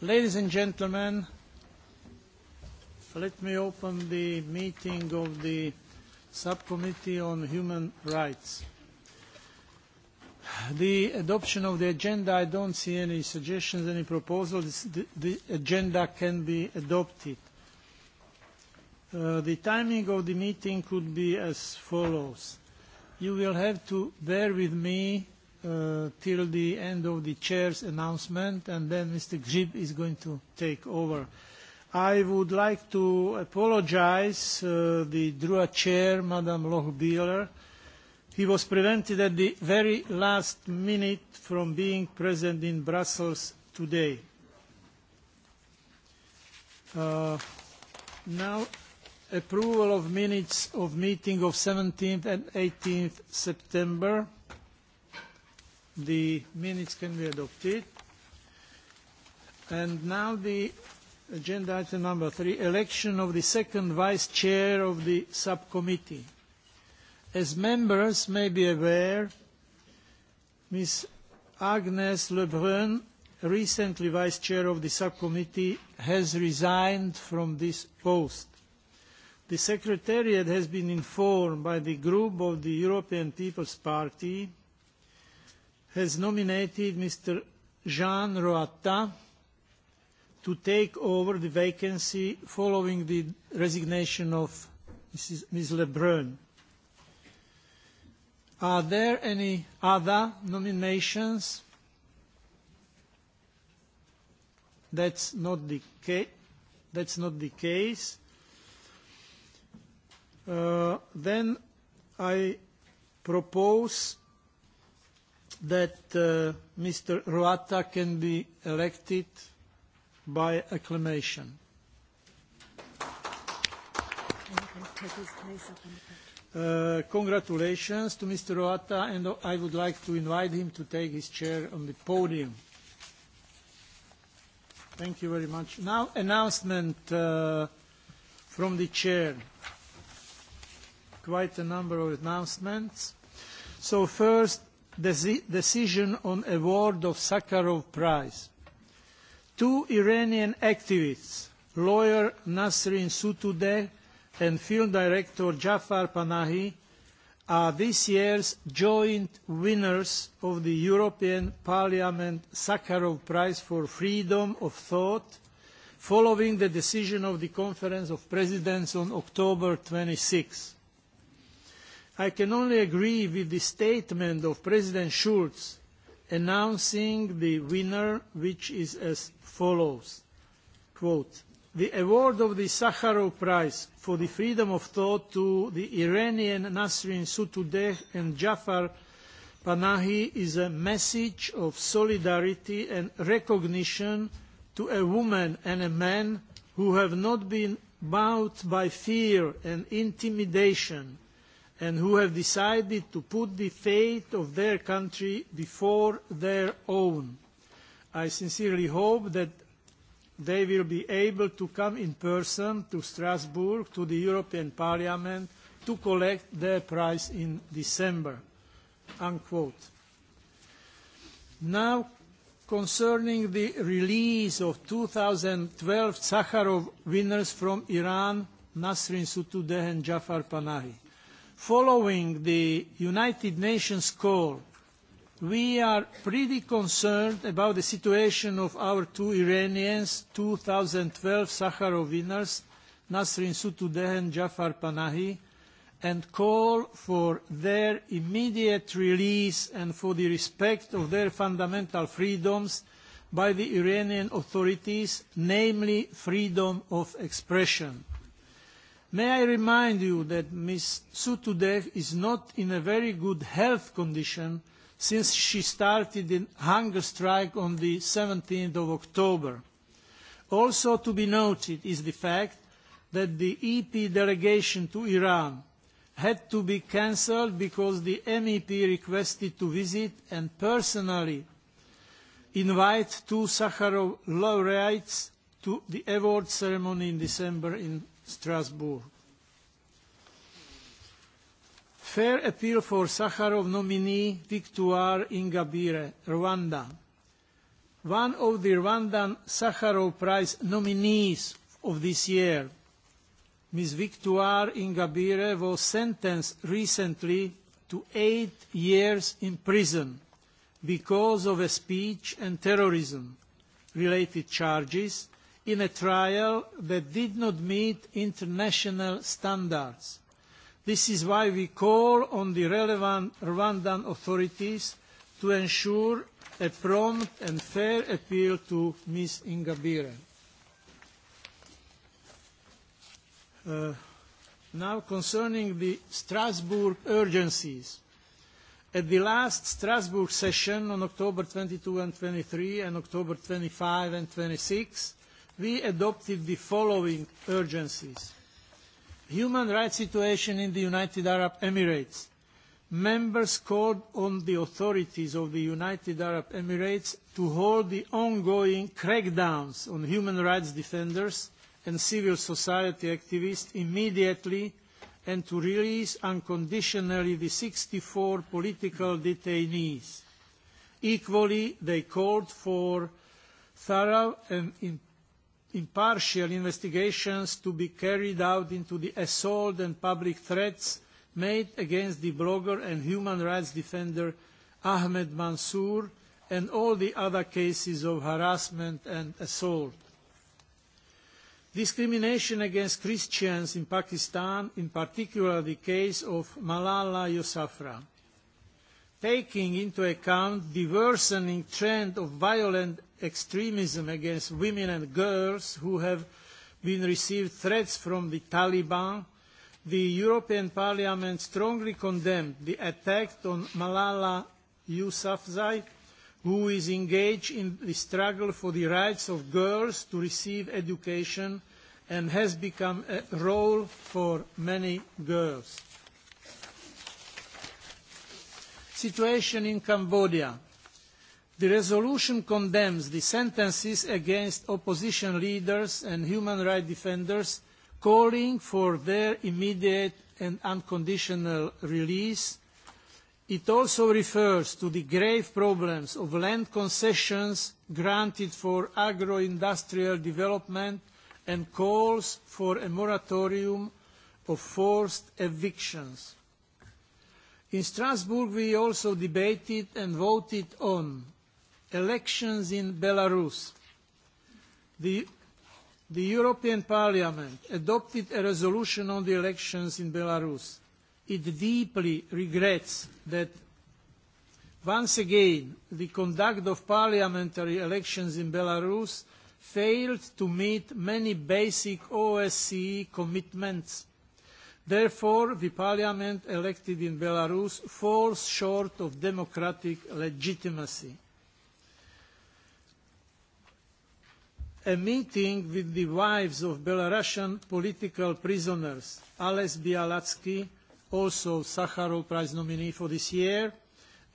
Ladies and gentlemen, let me open the meeting of the Subcommittee on Human Rights. The adoption of the agenda, I don't see any suggestions, any proposals. The, the agenda can be adopted. Uh, the timing of the meeting could be as follows. You will have to bear with me uh, till the end of the chair's announcement, and then Mr. Grib is going to take over. I would like to apologize uh, the DRUA chair, Madam Lochbieler. He was prevented at the very last minute from being present in Brussels today. Uh, now, approval of minutes of meeting of 17th and 18th September. The minutes can be adopted. And now the agenda item number three, election of the second vice chair of the subcommittee. As members may be aware, Ms. Agnes Lebrun, recently vice chair of the subcommittee, has resigned from this post. The Secretariat has been informed by the group of the European People's Party has nominated Mr. Jean Roatta to take over the vacancy following the resignation of Mrs. Ms. Lebrun. Are there any other nominations? That's not the, that's not the case. Uh, then I propose that uh, Mr. Ruata can be elected by acclamation. Uh, congratulations to Mr. Ruata, and I would like to invite him to take his chair on the podium. Thank you very much. Now, announcement uh, from the chair. Quite a number of announcements. So first, decision on award of Sakharov Prize. Two Iranian activists, lawyer Nasrin Sotoudeh and film director Jafar Panahi, are this year's joint winners of the European Parliament Sakharov Prize for Freedom of Thought, following the decision of the Conference of Presidents on October 26. I can only agree with the statement of President Schulz announcing the winner, which is as follows. Quote, the award of the Sakharov Prize for the freedom of thought to the Iranian Nasrin Sotoudeh and Jafar Panahi is a message of solidarity and recognition to a woman and a man who have not been bowed by fear and intimidation and who have decided to put the fate of their country before their own. I sincerely hope that they will be able to come in person to Strasbourg, to the European Parliament, to collect their prize in December. Unquote. Now, concerning the release of 2012 Sakharov winners from Iran, Nasrin Sotoudeh and Jafar Panahi. Following the United Nations call, we are pretty concerned about the situation of our two Iranians, 2012 Sakharov winners, Nasrin Sotoudeh and Jafar Panahi, and call for their immediate release and for the respect of their fundamental freedoms by the Iranian authorities, namely freedom of expression. May I remind you that Ms. Sutudeh is not in a very good health condition since she started a hunger strike on the 17th of October. Also to be noted is the fact that the EP delegation to Iran had to be cancelled because the MEP requested to visit and personally invite two Sakharov laureates to the award ceremony in December in Strasbourg. Fair appeal for Sakharov nominee Victoire Ingabire, Rwanda. One of the Rwandan Sakharov Prize nominees of this year, Ms. Victoire Ingabire was sentenced recently to eight years in prison because of a speech and terrorism related charges in a trial that did not meet international standards. This is why we call on the relevant Rwandan authorities to ensure a prompt and fair appeal to Ms. Ingabire. Uh, now concerning the Strasbourg urgencies. At the last Strasbourg session on October 22 and 23 and October 25 and 26, we adopted the following urgencies. Human rights situation in the United Arab Emirates. Members called on the authorities of the United Arab Emirates to halt the ongoing crackdowns on human rights defenders and civil society activists immediately and to release unconditionally the 64 political detainees. Equally, they called for thorough and impartial investigations to be carried out into the assault and public threats made against the blogger and human rights defender Ahmed Mansour and all the other cases of harassment and assault. Discrimination against Christians in Pakistan, in particular the case of Malala Yousafzai taking into account the worsening trend of violent extremism against women and girls who have been received threats from the Taliban, the European Parliament strongly condemned the attack on Malala Yousafzai, who is engaged in the struggle for the rights of girls to receive education and has become a role for many girls. situation in Cambodia. The resolution condemns the sentences against opposition leaders and human rights defenders, calling for their immediate and unconditional release. It also refers to the grave problems of land concessions granted for agro-industrial development and calls for a moratorium of forced evictions. In Strasbourg, we also debated and voted on elections in Belarus. The, the European Parliament adopted a resolution on the elections in Belarus. It deeply regrets that once again the conduct of parliamentary elections in Belarus failed to meet many basic OSCE commitments Therefore, the parliament elected in Belarus falls short of democratic legitimacy. A meeting with the wives of Belarusian political prisoners, Ales Bialatsky, also Sakharov Prize nominee for this year,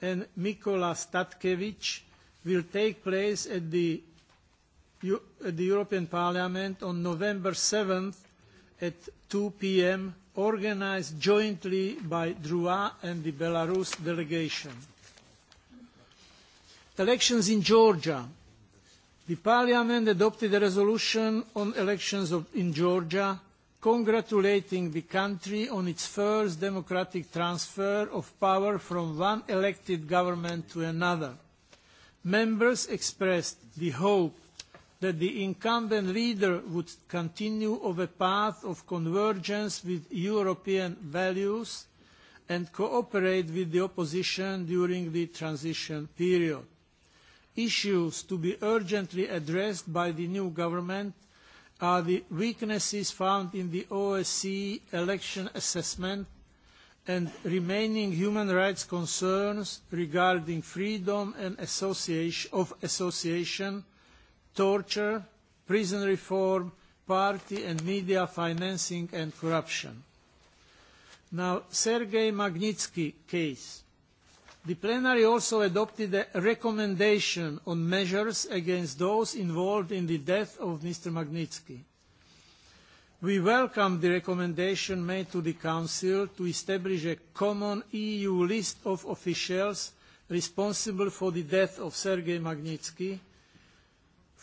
and Mikola Statkevich, will take place at the, at the European Parliament on November 7th at 2 p.m organized jointly by Drua and the Belarus delegation. Elections in Georgia. The parliament adopted a resolution on elections of, in Georgia, congratulating the country on its first democratic transfer of power from one elected government to another. Members expressed the hope that the incumbent leader would continue on a path of convergence with European values and cooperate with the opposition during the transition period. Issues to be urgently addressed by the new government are the weaknesses found in the OSCE election assessment and remaining human rights concerns regarding freedom and association, of association torture, prison reform, party and media financing and corruption. Now, Sergei Magnitsky case. The plenary also adopted a recommendation on measures against those involved in the death of Mr. Magnitsky. We welcome the recommendation made to the Council to establish a common EU list of officials responsible for the death of Sergei Magnitsky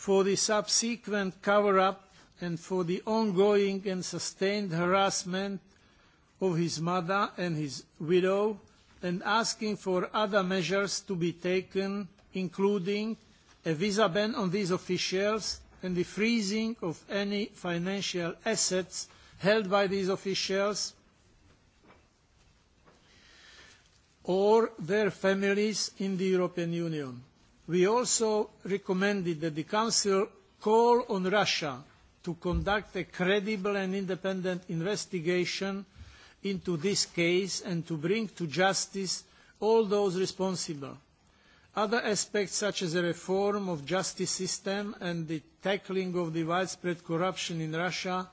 for the subsequent cover-up and for the ongoing and sustained harassment of his mother and his widow, and asking for other measures to be taken, including a visa ban on these officials and the freezing of any financial assets held by these officials or their families in the European Union. We also recommended that the Council call on Russia to conduct a credible and independent investigation into this case and to bring to justice all those responsible. Other aspects such as the reform of justice system and the tackling of the widespread corruption in Russia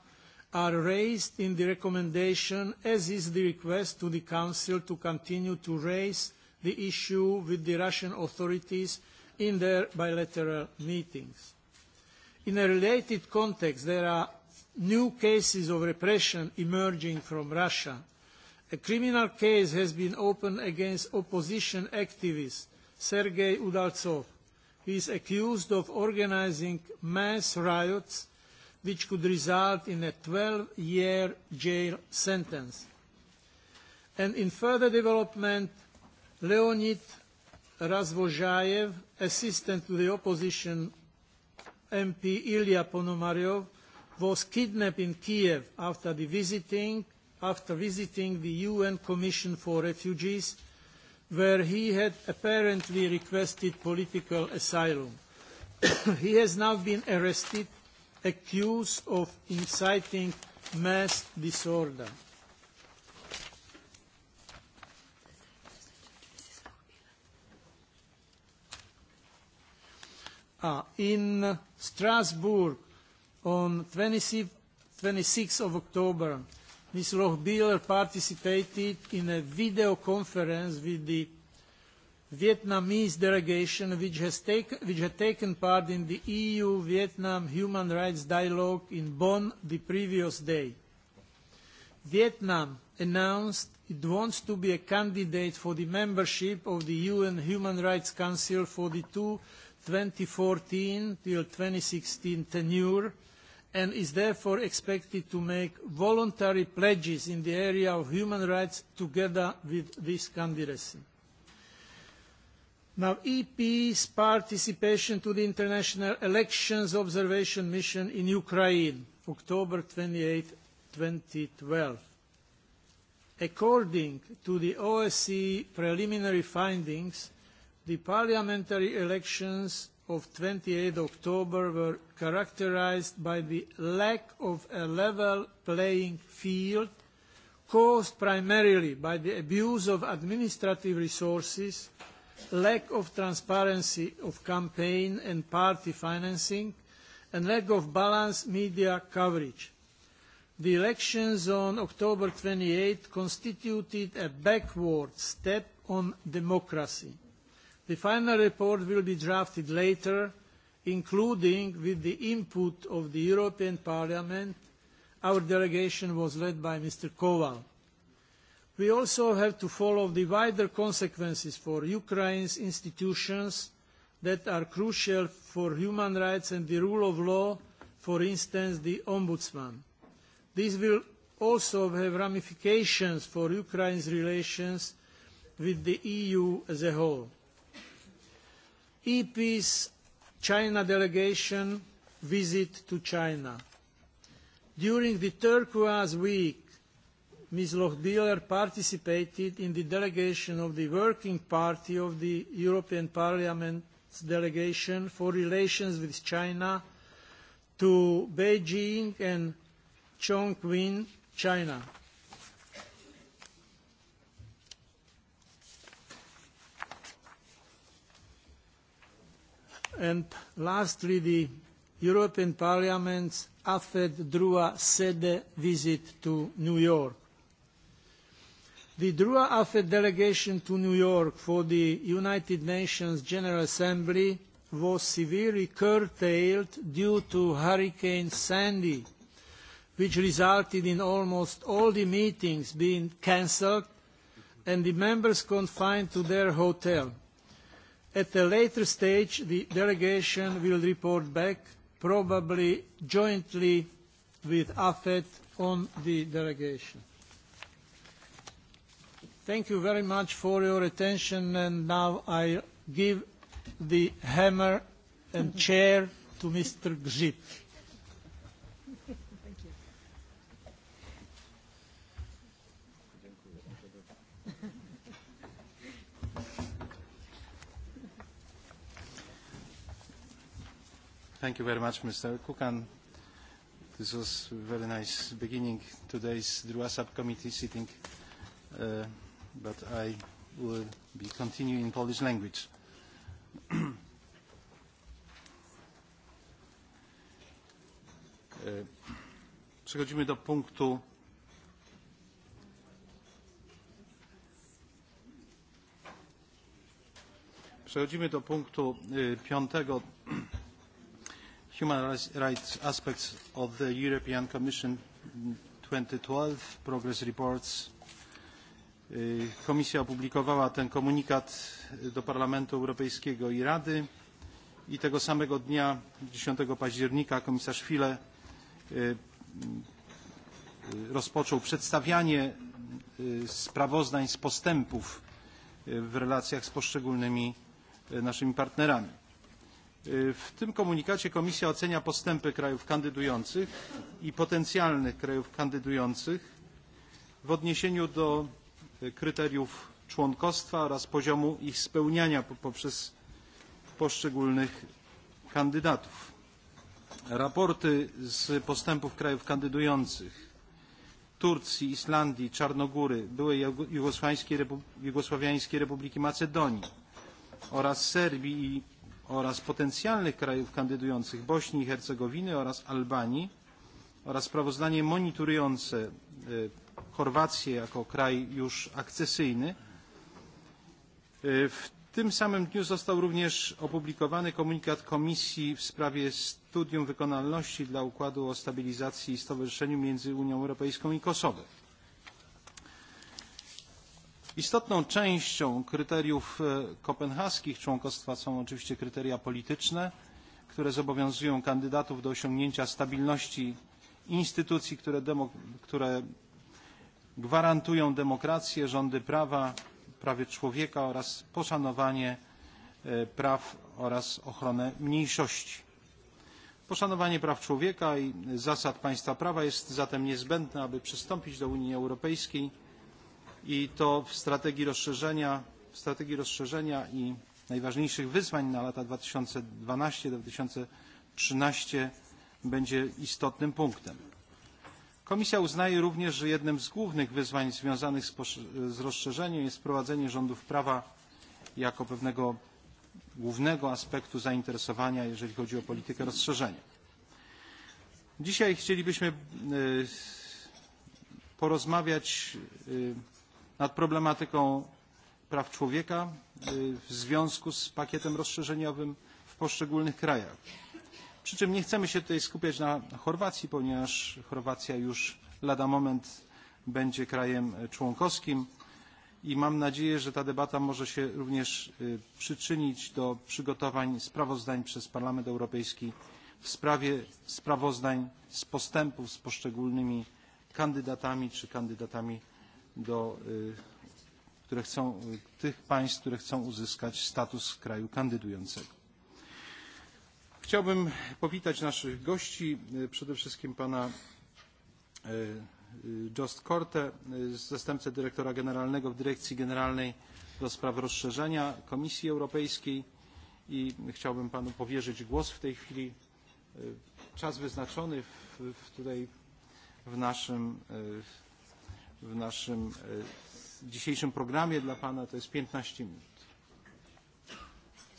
are raised in the recommendation, as is the request to the Council to continue to raise the issue with the Russian authorities in their bilateral meetings. In a related context, there are new cases of repression emerging from Russia. A criminal case has been opened against opposition activist Sergei Udaltsov. He is accused of organising mass riots which could result in a 12-year jail sentence. And in further development, Leonid Razvozhayev assistant to the opposition MP Ilya Ponomaryov, was kidnapped in Kiev after, visiting, after visiting the UN Commission for Refugees, where he had apparently requested political asylum. he has now been arrested, accused of inciting mass disorder. ah, in Strasbourg on 26th, of October. Ms. Lochbihler participated in a video conference with the Vietnamese delegation which, has take, which had taken part in the EU-Vietnam human rights dialogue in Bonn the previous day. Vietnam announced it wants to be a candidate for the membership of the UN Human Rights Council for the two 2014 till 2016 tenure and is therefore expected to make voluntary pledges in the area of human rights together with this candidacy. Now, EP's participation to the International Elections Observation Mission in Ukraine, October 28, 2012. According to the OSCE preliminary findings, The parliamentary elections of 28 October were characterized by the lack of a level playing field caused primarily by the abuse of administrative resources, lack of transparency of campaign and party financing, and lack of balanced media coverage. The elections on October 28 constituted a backward step on democracy The final report will be drafted later, including with the input of the European Parliament. Our delegation was led by Mr. Koval. We also have to follow the wider consequences for Ukraine's institutions that are crucial for human rights and the rule of law, for instance, the Ombudsman. This will also have ramifications for Ukraine's relations with the EU as a whole. EP's China delegation visit to China. During the turquoise week, Ms. Lochbihler participated in the delegation of the Working Party of the European Parliament's delegation for relations with China to Beijing and Chongqing, China. And lastly, the European Parliament's AFED DRUA SEDE visit to New York. The DRUA AFED delegation to New York for the United Nations General Assembly was severely curtailed due to Hurricane Sandy, which resulted in almost all the meetings being cancelled and the members confined to their hotel. At a later stage, the delegation will report back, probably jointly with AFET, on the delegation. Thank you very much for your attention, and now I give the hammer and chair to Mr. Grzyb. Thank you very much, Mr. Kukan. This was a very nice beginning today's DRUA subcommittee sitting, uh, but I will be continuing in Polish language. Uh, przechodzimy do punktu Przechodzimy do punktu piątego human rights aspects of the European Commission 2012 Progress Reports. Eh, Komisja opublikowała ten komunikat do Parlamentu Europejskiego i Rady i tego samego dnia 10 października komisarz File e, mm, rozpoczął przedstawianie e, sprawozdań z postępów e, w relacjach z poszczególnymi naszymi partnerami. W tym komunikacie Komisja ocenia postępy krajów kandydujących i potencjalnych krajów kandydujących w odniesieniu do kryteriów członkostwa oraz poziomu ich spełniania poprzez poszczególnych kandydatów. Raporty z postępów krajów kandydujących Turcji, Islandii, Czarnogóry, byłej Jugosławiańskiej Republiki Macedonii oraz Serbii i oraz potencjalnych krajów kandydujących Bośni i Hercegowiny oraz Albanii oraz sprawozdanie monitorujące Chorwację jako kraj już akcesyjny. W tym samym dniu został również opublikowany komunikat Komisji w sprawie studium wykonalności dla układu o stabilizacji i stowarzyszeniu między Unią Europejską i Kosowem. Istotną częścią kryteriów e, kopenhaskich członkostwa są oczywiście kryteria polityczne, które zobowiązują kandydatów do osiągnięcia stabilności instytucji, które, demo, które gwarantują demokrację, rządy prawa, prawie człowieka oraz poszanowanie e, praw oraz ochronę mniejszości. Poszanowanie praw człowieka i zasad państwa prawa jest zatem niezbędne, aby przystąpić do Unii Europejskiej i to w strategii rozszerzenia, w strategii rozszerzenia i najważniejszych wyzwań na lata 2012-2013 będzie istotnym punktem. Komisja uznaje również, że jednym z głównych wyzwań związanych z, z rozszerzeniem jest wprowadzenie rządów prawa jako pewnego głównego aspektu zainteresowania, jeżeli chodzi o politykę rozszerzenia. Dzisiaj chcielibyśmy porozmawiać nad problematyką praw człowieka w związku z pakietem rozszerzeniowym w poszczególnych krajach. Przy czym nie chcemy się tutaj skupiać na Chorwacji, ponieważ Chorwacja już lada moment będzie krajem członkowskim i mam nadzieję, że ta debata może się również przyczynić do przygotowań sprawozdań przez Parlament Europejski w sprawie sprawozdań z postępów z poszczególnymi kandydatami czy kandydatami do, które chcą, tych państw, które chcą uzyskać status kraju kandydującego. Chciałbym powitać naszych gości, przede wszystkim pana Just Korte, zastępcę dyrektora generalnego w Dyrekcji Generalnej do spraw rozszerzenia Komisji Europejskiej i chciałbym panu powierzyć głos w tej chwili. Czas wyznaczony w, w tutaj w naszym w w naszym e, dzisiejszym programie dla Pana to jest 15 minut.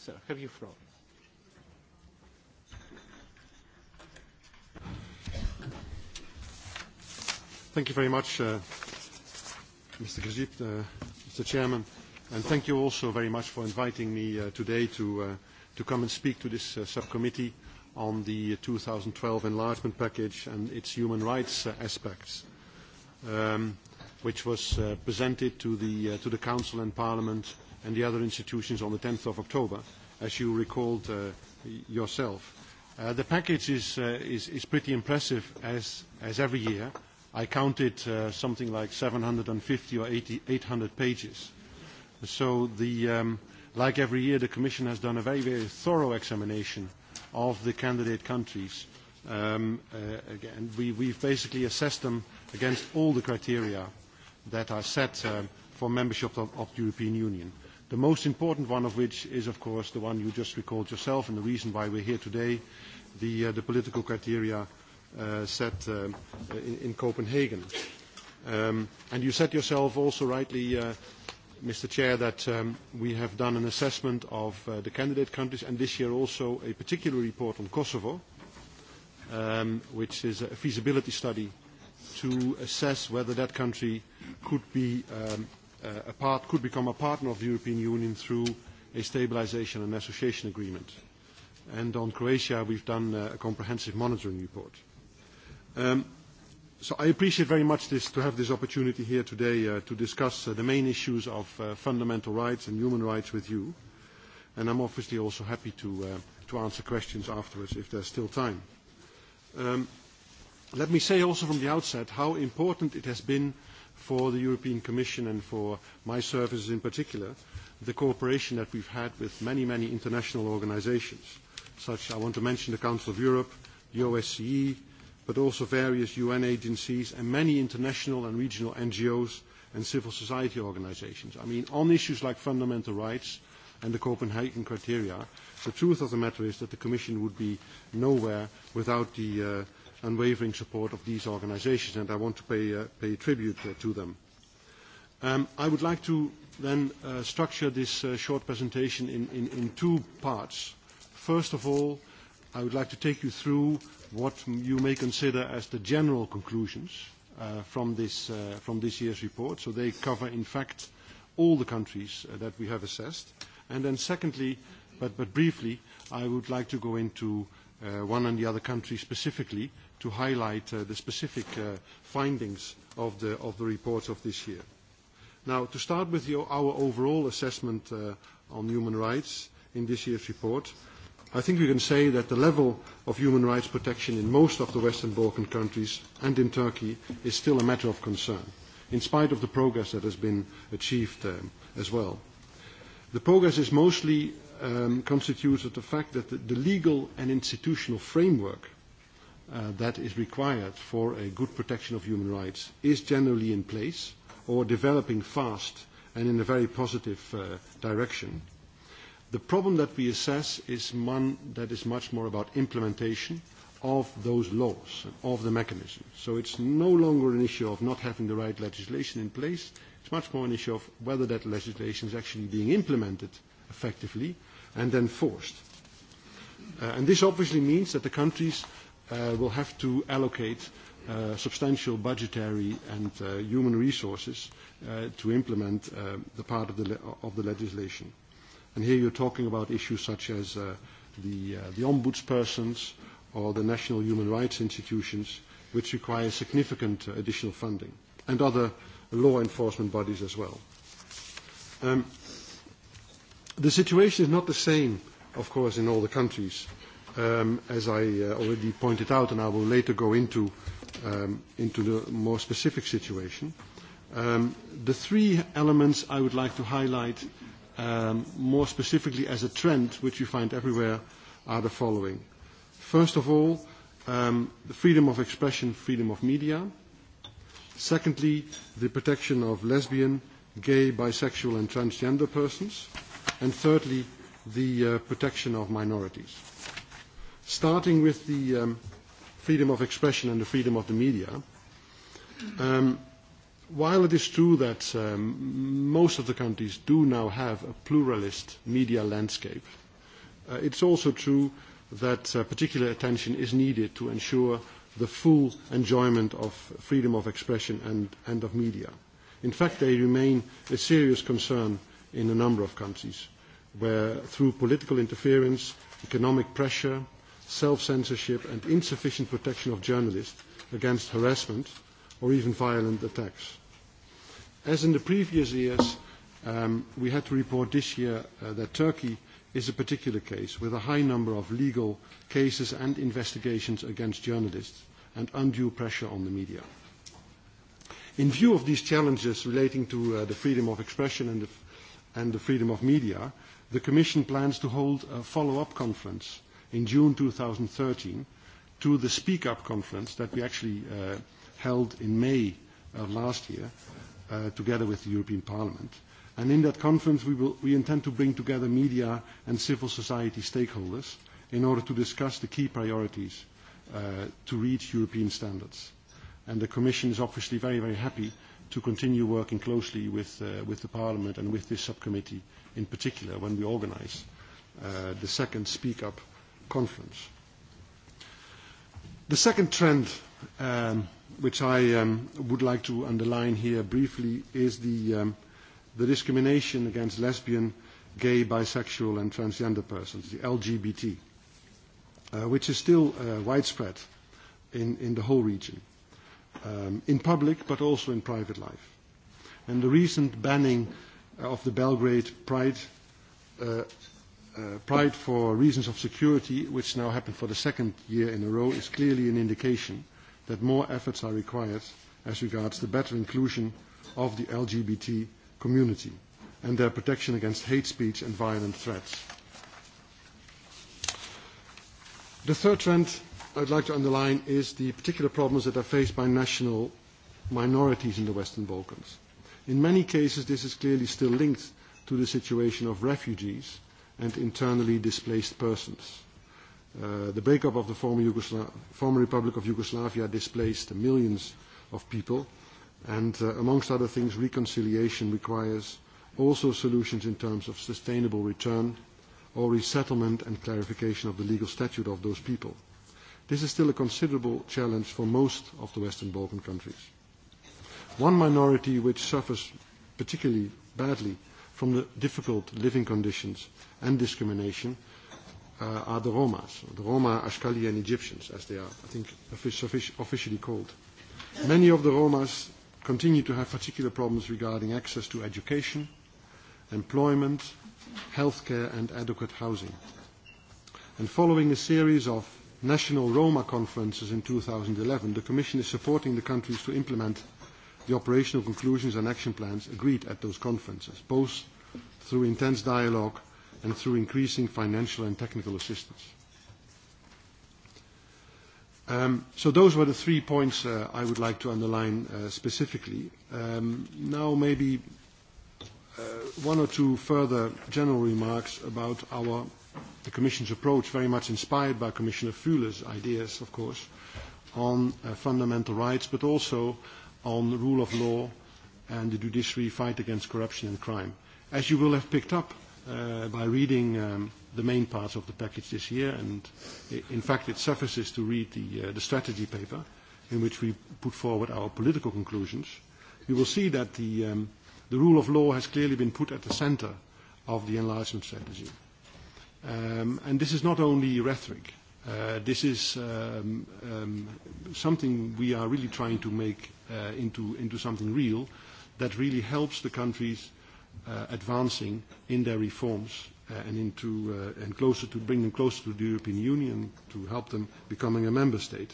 Sir, have you floor. Thank you very much, uh, Mr. Grzyb, uh, Mr. Chairman, and thank you also very much for inviting me uh, today to, uh, to come and speak to this uh, subcommittee on the 2012 enlargement package and its human rights uh, aspects. Um, which was uh, presented to the, uh, to the Council and Parliament and the other institutions on the 10th of October, as you recalled uh, yourself. Uh, the package is, uh, is, is pretty impressive as, as every year. I counted uh, something like 750 or 80, 800 pages. So the, um, like every year, the Commission has done a very, very thorough examination of the candidate countries. Um, uh, again, we, we've basically assessed them against all the criteria that are set um, for membership of, of the European Union. The most important one of which is, of course, the one you just recalled yourself and the reason why we're here today, the, uh, the political criteria uh, set uh, in, in Copenhagen. Um, and you said yourself also rightly, uh, Mr. Chair, that um, we have done an assessment of uh, the candidate countries and this year also a particular report on Kosovo, um, which is a feasibility study uh, to assess whether that country could, be, um, uh, a part, could become a partner of the European Union through a stabilization and association agreement. And on Croatia, we've done a comprehensive monitoring report. Um, so I appreciate very much this, to have this opportunity here today uh, to discuss uh, the main issues of uh, fundamental rights and human rights with you. And I'm obviously also happy to, uh, to answer questions afterwards if there's still time. Um, Let me say also from the outset how important it has been for the European Commission and for my services in particular, the cooperation that we've had with many, many international organizations, such I want to mention the Council of Europe, the OSCE, but also various UN agencies and many international and regional NGOs and civil society organizations. I mean, on issues like fundamental rights and the Copenhagen criteria, the truth of the matter is that the Commission would be nowhere without the uh, unwavering support of these organisations, and I want to pay, uh, pay tribute uh, to them. Um, I would like to then uh, structure this uh, short presentation in, in, in two parts. First of all, I would like to take you through what you may consider as the general conclusions uh, from, this, uh, from this year's report. So they cover, in fact, all the countries uh, that we have assessed. And then secondly, but, but briefly, I would like to go into uh, one and the other country specifically to highlight uh, the specific uh, findings of the, of the report of this year. Now, to start with your, our overall assessment uh, on human rights in this year's report, I think we can say that the level of human rights protection in most of the Western Balkan countries and in Turkey is still a matter of concern, in spite of the progress that has been achieved um, as well. The progress is mostly um, constituted the fact that the, the legal and institutional framework uh, that is required for a good protection of human rights is generally in place or developing fast and in a very positive uh, direction. The problem that we assess is one that is much more about implementation of those laws, of the mechanism. So it's no longer an issue of not having the right legislation in place. It's much more an issue of whether that legislation is actually being implemented effectively and then forced. Uh, and this obviously means that the countries uh, will have to allocate uh, substantial budgetary and uh, human resources uh, to implement uh, the part of the, le- of the legislation. And here you're talking about issues such as uh, the, uh, the ombudspersons or the national human rights institutions, which require significant uh, additional funding, and other law enforcement bodies as well. Um, the situation is not the same, of course, in all the countries um, as I uh, already pointed out, and I will later go into, um, into the more specific situation. Um, the three elements I would like to highlight um, more specifically as a trend, which you find everywhere, are the following. First of all, um, the freedom of expression, freedom of media. Secondly, the protection of lesbian, gay, bisexual and transgender persons. And thirdly, the uh, protection of minorities. Starting with the um, freedom of expression and the freedom of the media, um, while it is true that um, most of the countries do now have a pluralist media landscape, uh, it's also true that uh, particular attention is needed to ensure the full enjoyment of freedom of expression and, and of media. In fact, they remain a serious concern in a number of countries, where through political interference, economic pressure, self-censorship and insufficient protection of journalists against harassment or even violent attacks. As in the previous years, um, we had to report this year uh, that Turkey is a particular case with a high number of legal cases and investigations against journalists and undue pressure on the media. In view of these challenges relating to uh, the freedom of expression and the, and the freedom of media, the Commission plans to hold a follow-up conference in June 2013 to the Speak Up conference that we actually uh, held in May of last year uh, together with the European Parliament. And in that conference, we, will, we intend to bring together media and civil society stakeholders in order to discuss the key priorities uh, to reach European standards. And the Commission is obviously very, very happy to continue working closely with, uh, with the Parliament and with this subcommittee in particular when we organize uh, the second Speak Up conference. The second trend um, which I um, would like to underline here briefly is the, um, the discrimination against lesbian, gay, bisexual and transgender persons, the LGBT, uh, which is still uh, widespread in, in the whole region, um, in public but also in private life. And the recent banning of the Belgrade Pride uh, Uh, plight for reasons of security, which now happened for the second year in a row, is clearly an indication that more efforts are required as regards the better inclusion of the LGBT community and their protection against hate speech and violent threats. The third trend I'd like to underline is the particular problems that are faced by national minorities in the Western Balkans. In many cases, this is clearly still linked to the situation of refugees and internally displaced persons. Uh, the breakup of the former, Yugosla- former Republic of Yugoslavia displaced millions of people, and uh, amongst other things, reconciliation requires also solutions in terms of sustainable return or resettlement and clarification of the legal statute of those people. This is still a considerable challenge for most of the Western Balkan countries. One minority which suffers particularly badly from the difficult living conditions and discrimination uh, are the Romas. The Roma, Ashkali and Egyptians, as they are, I think, officially called. Many of the Romas continue to have particular problems regarding access to education, employment, healthcare and adequate housing. And following a series of national Roma conferences in 2011, the Commission is supporting the countries to implement the operational conclusions and action plans agreed at those conferences, both through intense dialogue and through increasing financial and technical assistance. Um, so those were the three points uh, I would like to underline uh, specifically. Um, now maybe uh, one or two further general remarks about our, the Commission's approach, very much inspired by Commissioner Fuller's ideas, of course, on uh, fundamental rights, but also on the rule of law and the judiciary fight against corruption and crime. Uh, As you will have picked up uh, by reading um, the main parts of the package this year, and in fact it suffices to read the, uh, the strategy paper in which we put forward our political conclusions, you will see that the, um, the rule of law has clearly been put at the center of the enlargement strategy. Um, and this is not only rhetoric. Uh, this is um, um, something we are really trying to make uh, into, into something real that really helps the countries Uh, advancing in their reforms uh, and into uh, and closer to bring them closer to the European Union to help them becoming a member state.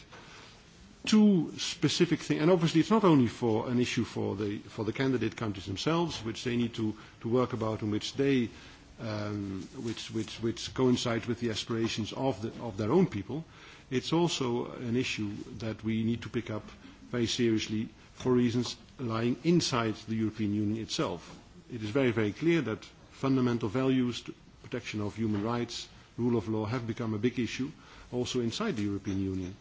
Two specific things, and obviously it's not only for an issue for the for the candidate countries themselves, which they need to to work about and which they um, which which which coincides with the aspirations of the of their own people. It's also an issue that we need to pick up very seriously for reasons lying inside the European Union itself it is very, very clear that fundamental values, protection of human rights, rule of law have become a big issue also inside the European Union,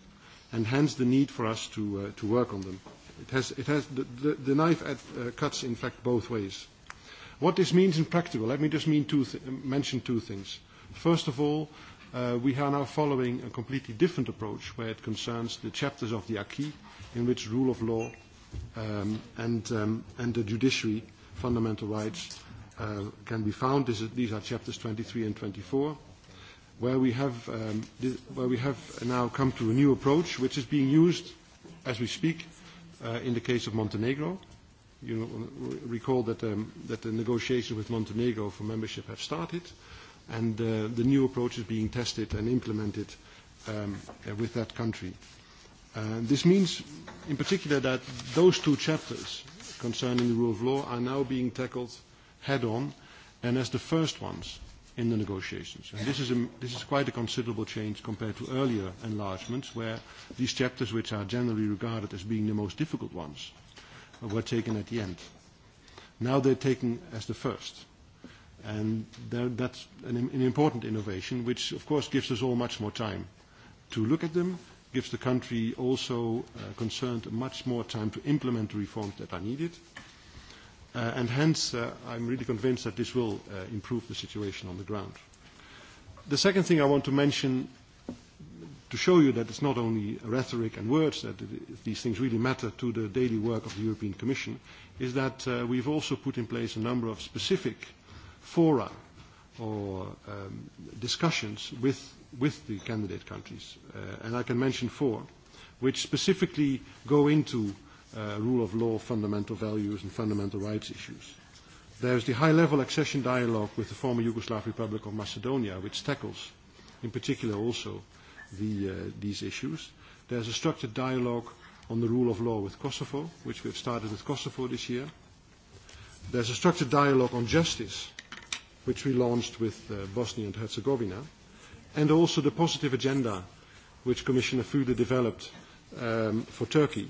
and hence the need for us to, uh, to work on them. It has, it has the, the, the knife at, uh, cuts, in fact, both ways. What this means in practical, let me just mean two th- mention two things. First of all, uh, we are now following a completely different approach where it concerns the chapters of the acquis in which rule of law um, and, um, and the judiciary fundamental rights uh, can be found. This is, these are chapters 23 and 24, where we, have, um, this, where we have now come to a new approach, which is being used as we speak uh, in the case of Montenegro. You know, recall that, um, that the negotiations with Montenegro for membership have started, and uh, the new approach is being tested and implemented um, uh, with that country. Uh, this means, in particular, that those two chapters, concerning the rule of law are now being tackled head-on and as the first ones in the negotiations. And this is, a, this is quite a considerable change compared to earlier enlargements where these chapters, which are generally regarded as being the most difficult ones, were taken at the end. Now they're taken as the first. And that's an, an important innovation, which of course gives us all much more time to look at them gives the country also uh, concerned much more time to implement the reforms that are needed. Uh, and hence, uh, I'm really convinced that this will uh, improve the situation on the ground. The second thing I want to mention to show you that it's not only rhetoric and words that these things really matter to the daily work of the European Commission is that uh, we've also put in place a number of specific fora or um, discussions with with the candidate countries. Uh, and I can mention four, which specifically go into uh, rule of law, fundamental values, and fundamental rights issues. There is the high-level accession dialogue with the former Yugoslav Republic of Macedonia, which tackles, in particular, also the, uh, these issues. There is a structured dialogue on the rule of law with Kosovo, which we have started with Kosovo this year. There's a structured dialogue on justice, which we launched with uh, Bosnia and Herzegovina and also the positive agenda which Commissioner Fuda developed um, for Turkey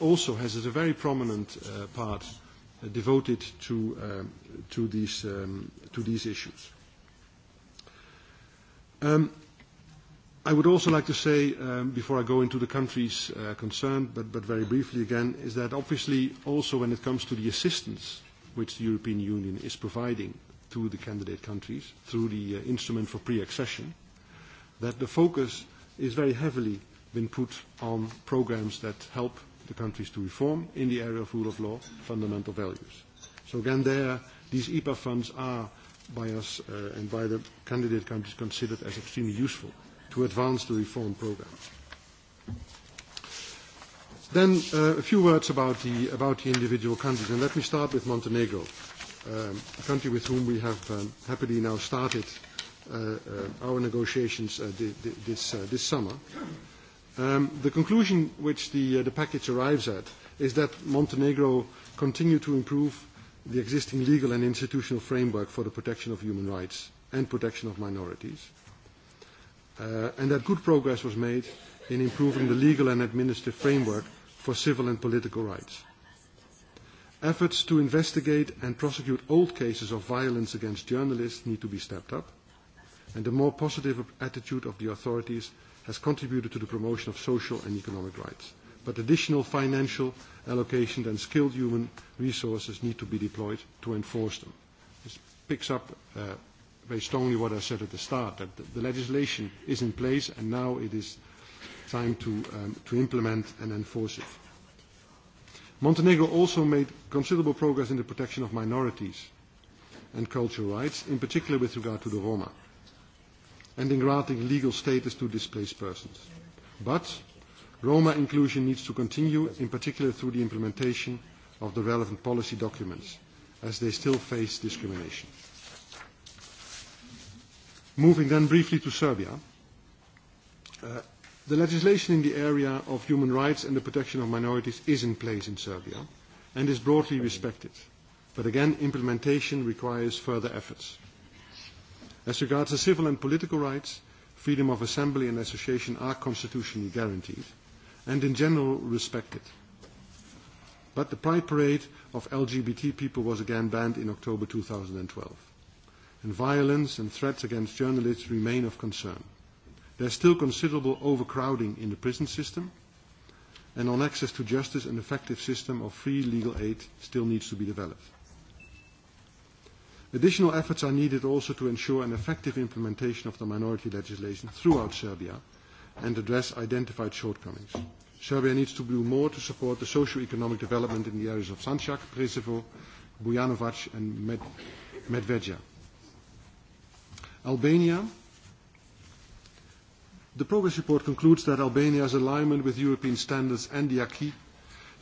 also has a very prominent uh, part uh, devoted to, um, to, these, um, to these issues. Um, I would also like to say, um, before I go into the countries uh, concerned, but, but very briefly again, is that obviously also when it comes to the assistance which the European Union is providing to the candidate countries through the uh, instrument for pre-accession, that the focus is very heavily been put on programs that help the countries to reform in the area of rule of law, fundamental values. So again, there, these EPA funds are by us uh, and by the candidate countries considered as extremely useful to advance the reform program. Then uh, a few words about the, about the individual countries, and let me start with Montenegro, um, a country with whom we have um, happily now started Uh, uh, our negotiations uh, this, this summer. Um, the conclusion which the, the package arrives at is that Montenegro continued to improve the existing legal and institutional framework for the protection of human rights and protection of minorities, uh, and that good progress was made in improving the legal and administrative framework for civil and political rights. Efforts to investigate and prosecute old cases of violence against journalists need to be stepped up and the more positive attitude of the authorities has contributed to the promotion of social and economic rights. But additional financial allocation and skilled human resources need to be deployed to enforce them. This picks up uh, very strongly what I said at the start, that the legislation is in place and now it is time to, um, to implement and enforce it. Montenegro also made considerable progress in the protection of minorities and cultural rights, in particular with regard to the Roma and in granting legal status to displaced persons. But Roma inclusion needs to continue, in particular through the implementation of the relevant policy documents, as they still face discrimination. Moving then briefly to Serbia. Uh, the legislation in the area of human rights and the protection of minorities is in place in Serbia and is broadly respected. But again, implementation requires further efforts. As regards the civil and political rights, freedom of assembly and association are constitutionally guaranteed and in general respected. But the pride parade of LGBT people was again banned in October 2012. And violence and threats against journalists remain of concern. There's still considerable overcrowding in the prison system, and on access to justice, an effective system of free legal aid still needs to be developed. Additional efforts are needed also to ensure an effective implementation of the minority legislation throughout Serbia and address identified shortcomings. Serbia needs to do more to support the socio-economic development in the areas of Sanjak, Presevo, Bujanovac and Med Medvedja. Albania. The progress report concludes that Albania's alignment with European standards and the acquis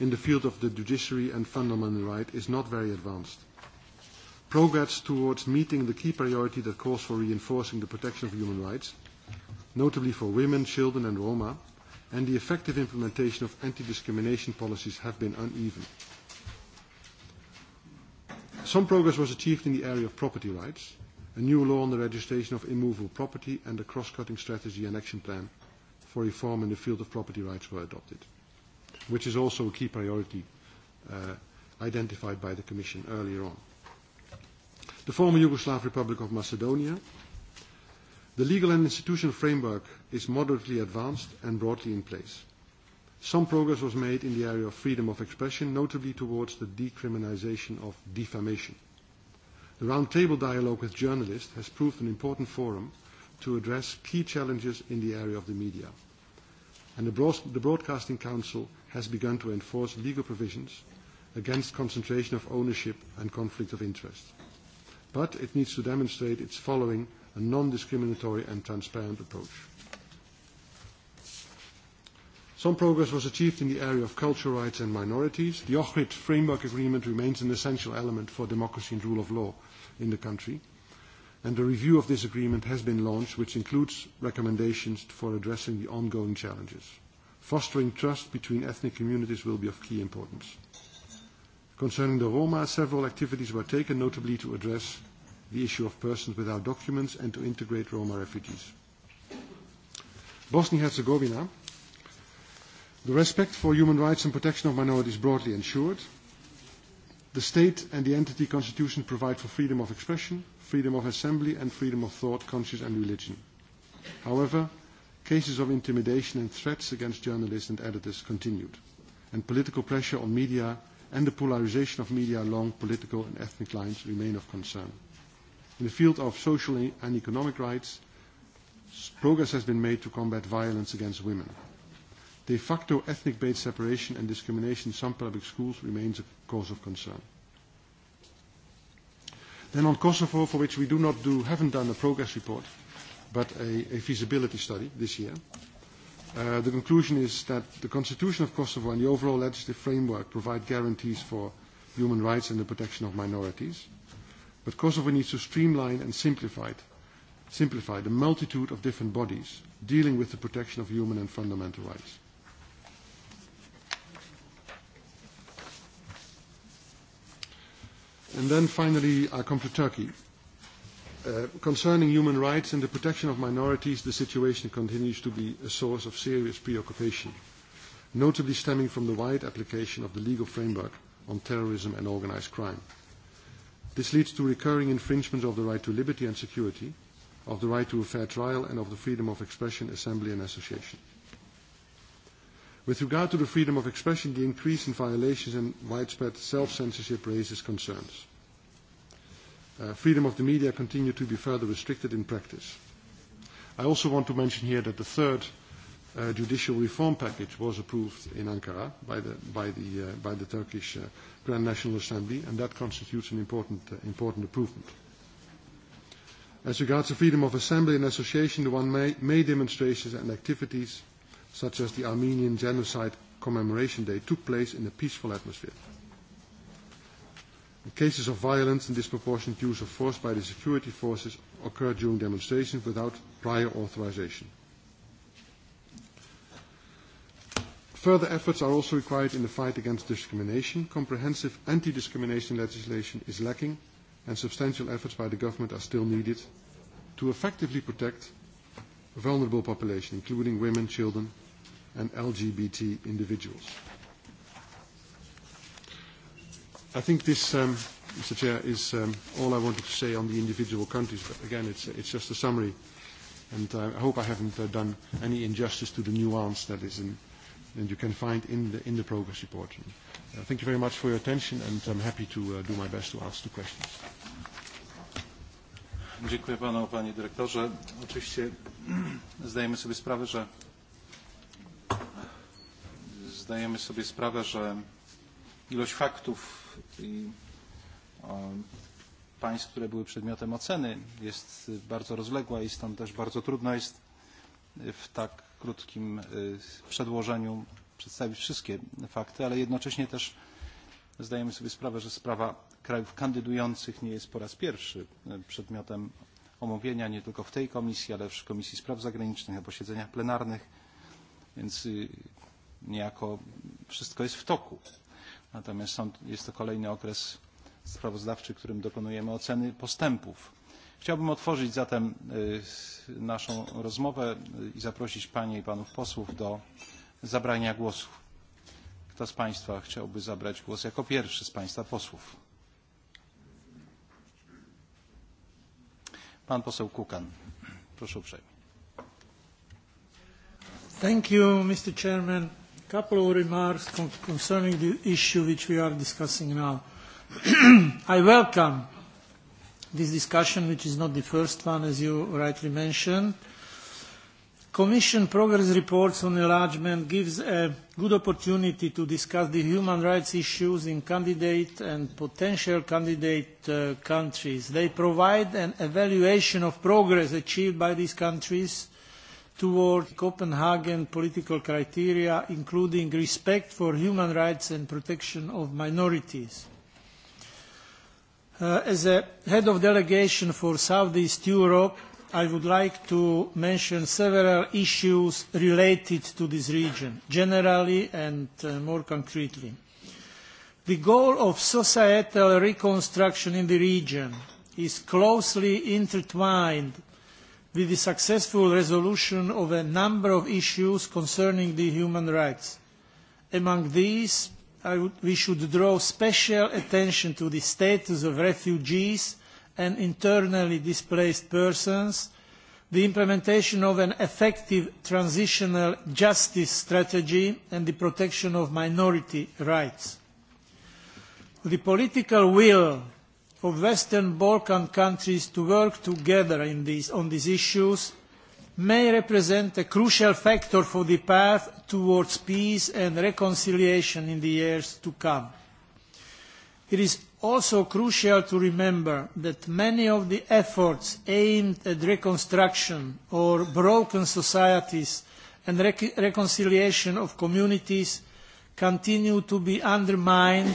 in the field of the judiciary and fundamental right is not very advanced progress towards meeting the key priority that calls for reinforcing the protection of human rights, notably for women, children and Roma, and the effective implementation of anti-discrimination policies have been uneven. Some progress was achieved in the area of property rights, a new law on the registration of immovable property and a cross-cutting strategy and action plan for reform in the field of property rights were adopted, which is also a key priority uh, identified by the Commission earlier on the former Yugoslav Republic of Macedonia. The legal and institutional framework is moderately advanced and broadly in place. Some progress was made in the area of freedom of expression, notably towards the decriminalization of defamation. The roundtable dialogue with journalists has proved an important forum to address key challenges in the area of the media. And the, broad, the Broadcasting Council has begun to enforce legal provisions against concentration of ownership and conflict of interest but it needs to demonstrate it's following a non-discriminatory and transparent approach. Some progress was achieved in the area of cultural rights and minorities. The Ohrid Framework Agreement remains an essential element for democracy and rule of law in the country, and a review of this agreement has been launched, which includes recommendations for addressing the ongoing challenges. Fostering trust between ethnic communities will be of key importance. Concerning the Roma, several activities were taken, notably to address the issue of persons without documents and to integrate Roma refugees. Bosnia-Herzegovina, the respect for human rights and protection of minorities broadly ensured. The state and the entity constitution provide for freedom of expression, freedom of assembly and freedom of thought, conscience and religion. However, cases of intimidation and threats against journalists and editors continued, and political pressure on media and the polarization of media along political and ethnic lines remain of concern. In the field of social and economic rights, progress has been made to combat violence against women. De facto ethnic-based separation and discrimination in some public schools remains a cause of concern. Then on Kosovo, for which we do not do, haven't done a progress report, but a, a feasibility study this year, Uh, the conclusion is that the Constitution of Kosovo and the overall legislative framework provide guarantees for human rights and the protection of minorities. But Kosovo needs to streamline and simplify, simplify the multitude of different bodies dealing with the protection of human and fundamental rights. And then finally, I come to Turkey. Uh, concerning human rights and the protection of minorities, the situation continues to be a source of serious preoccupation, notably stemming from the wide application of the legal framework on terrorism and organized crime. This leads to recurring infringements of the right to liberty and security, of the right to a fair trial, and of the freedom of expression, assembly, and association. With regard to the freedom of expression, the increase in violations and widespread self-censorship raises concerns. Uh, freedom of the media continue to be further restricted in practice. I also want to mention here that the third uh, judicial reform package was approved in Ankara by the, by the, uh, by the Turkish uh, Grand National Assembly, and that constitutes an important, uh, important improvement. As regards the freedom of assembly and association, the one May, May demonstrations and activities, such as the Armenian Genocide Commemoration Day, took place in a peaceful atmosphere. Cases of violence and disproportionate use of force by the security forces occur during demonstrations without prior authorization. Further efforts are also required in the fight against discrimination. Comprehensive anti-discrimination legislation is lacking and substantial efforts by the government are still needed to effectively protect vulnerable population, including women, children and LGBT individuals. I think this, um, Mr. Chair, is um, all I wanted to say on the individual countries. But again, it's, it's just a summary. And uh, I hope I haven't uh, done any injustice to the nuance that is in, and you can find in the, in the progress report. Uh, thank you very much for your attention, and I'm happy to uh, do my best to answer the questions. Dziękuję panu, panie dyrektorze. Oczywiście zdajemy sobie sprawę, że zdajemy sobie sprawę, że ilość faktów i państw, które były przedmiotem oceny, jest bardzo rozległa i stąd też bardzo trudno jest w tak krótkim przedłożeniu przedstawić wszystkie fakty, ale jednocześnie też zdajemy sobie sprawę, że sprawa krajów kandydujących nie jest po raz pierwszy przedmiotem omówienia nie tylko w tej komisji, ale w Komisji Spraw Zagranicznych, na posiedzeniach plenarnych, więc niejako wszystko jest w toku. Natomiast są, jest to kolejny okres sprawozdawczy, którym dokonujemy oceny postępów. Chciałbym otworzyć zatem naszą rozmowę i zaprosić Panie i Panów posłów do zabrania głosu. Kto z Państwa chciałby zabrać głos jako pierwszy z Państwa posłów? Pan poseł Kukan. Proszę uprzejmie. Thank you, Mr. Chairman couple of remarks con concerning the issue which we are discussing now. I welcome this discussion, which is not the first one, as you rightly mentioned. Commission progress reports on enlargement gives a good opportunity to discuss the human rights issues in candidate and potential candidate uh, countries. They provide an evaluation of progress achieved by these countries toward Copenhagen political criteria, including respect for human rights and protection of minorities. Uh, as a head of delegation for Southeast Europe, I would like to mention several issues related to this region, generally and uh, more concretely. The goal of societal reconstruction in the region is closely intertwined with the successful resolution of a number of issues concerning the human rights. Among these, we should draw special attention to the status of refugees and internally displaced persons, the implementation of an effective transitional justice strategy and the protection of minority rights. The political will Of Western Balkan countries to work together these, on these issues may represent a crucial factor for the path towards peace and reconciliation in the years to come. It is also crucial to remember that many of the efforts aimed at reconstruction or broken societies and rec reconciliation of communities continue to be undermined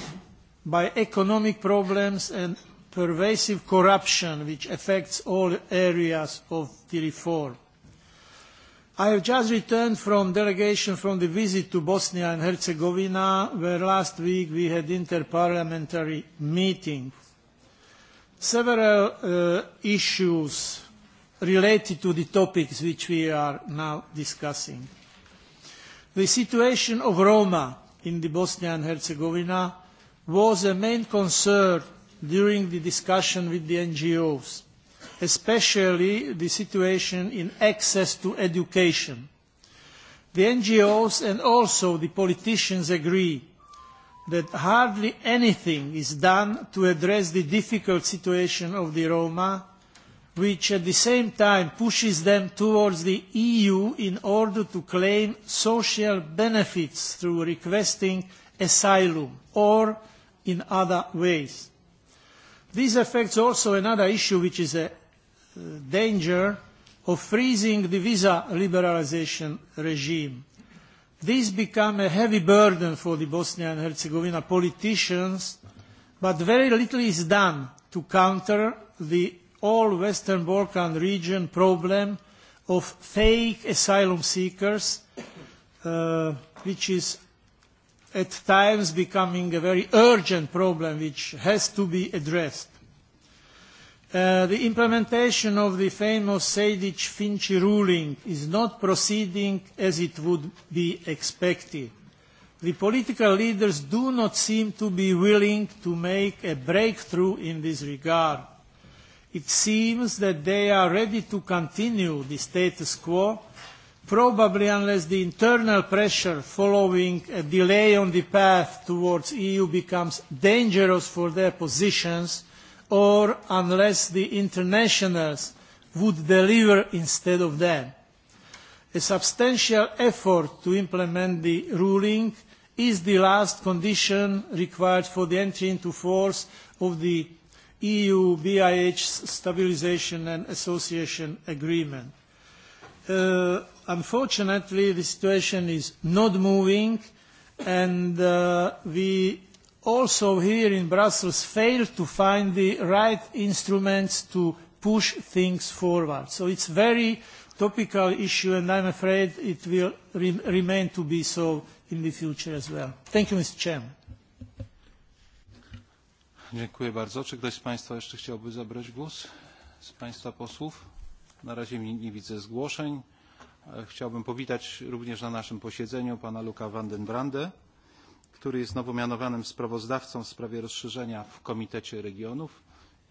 by economic problems and pervasive corruption which affects all areas of the reform. I have just returned from delegation from the visit to Bosnia and Herzegovina, where last week we had interparliamentary meeting. Several uh, issues related to the topics which we are now discussing. The situation of Roma in the Bosnia and Herzegovina was a main concern during the discussion with the NGOs, especially the situation in access to education. The NGOs and also the politicians agree that hardly anything is done to address the difficult situation of the Roma, which at the same time pushes them towards the EU in order to claim social benefits through requesting asylum or in other ways. This affects also another issue, which is a uh, danger of freezing the visa liberalization regime. This become a heavy burden for the Bosnia and Herzegovina politicians, but very little is done to counter the all Western Balkan region problem of fake asylum seekers, uh, which is at times becoming a very urgent problem which has to be addressed. Uh, the implementation of the famous Sejdic-Finci ruling is not proceeding as it would be expected. The political leaders do not seem to be willing to make a breakthrough in this regard. It seems that they are ready to continue the status quo probably unless the internal pressure following a delay on the path towards EU becomes dangerous for their positions or unless the internationals would deliver instead of them. A substantial effort to implement the ruling is the last condition required for the entry into force of the EU BIH stabilisation and association agreement. Uh, unfortunately, the situation is not moving, and uh, we also here in Brussels fail to find the right instruments to push things forward. So it's very topical issue, and I'm afraid it will re remain to be so in the future as well. Thank you, Mr. Chairman. Dziękuję bardzo. Czy ktoś z Państwa jeszcze chciałby zabrać głos? Z Państwa posłów? Na razie nie, nie widzę zgłoszeń. E, chciałbym powitać również na naszym posiedzeniu pana Luka van den Brande, który jest nowo mianowanym sprawozdawcą w sprawie rozszerzenia w Komitecie Regionów.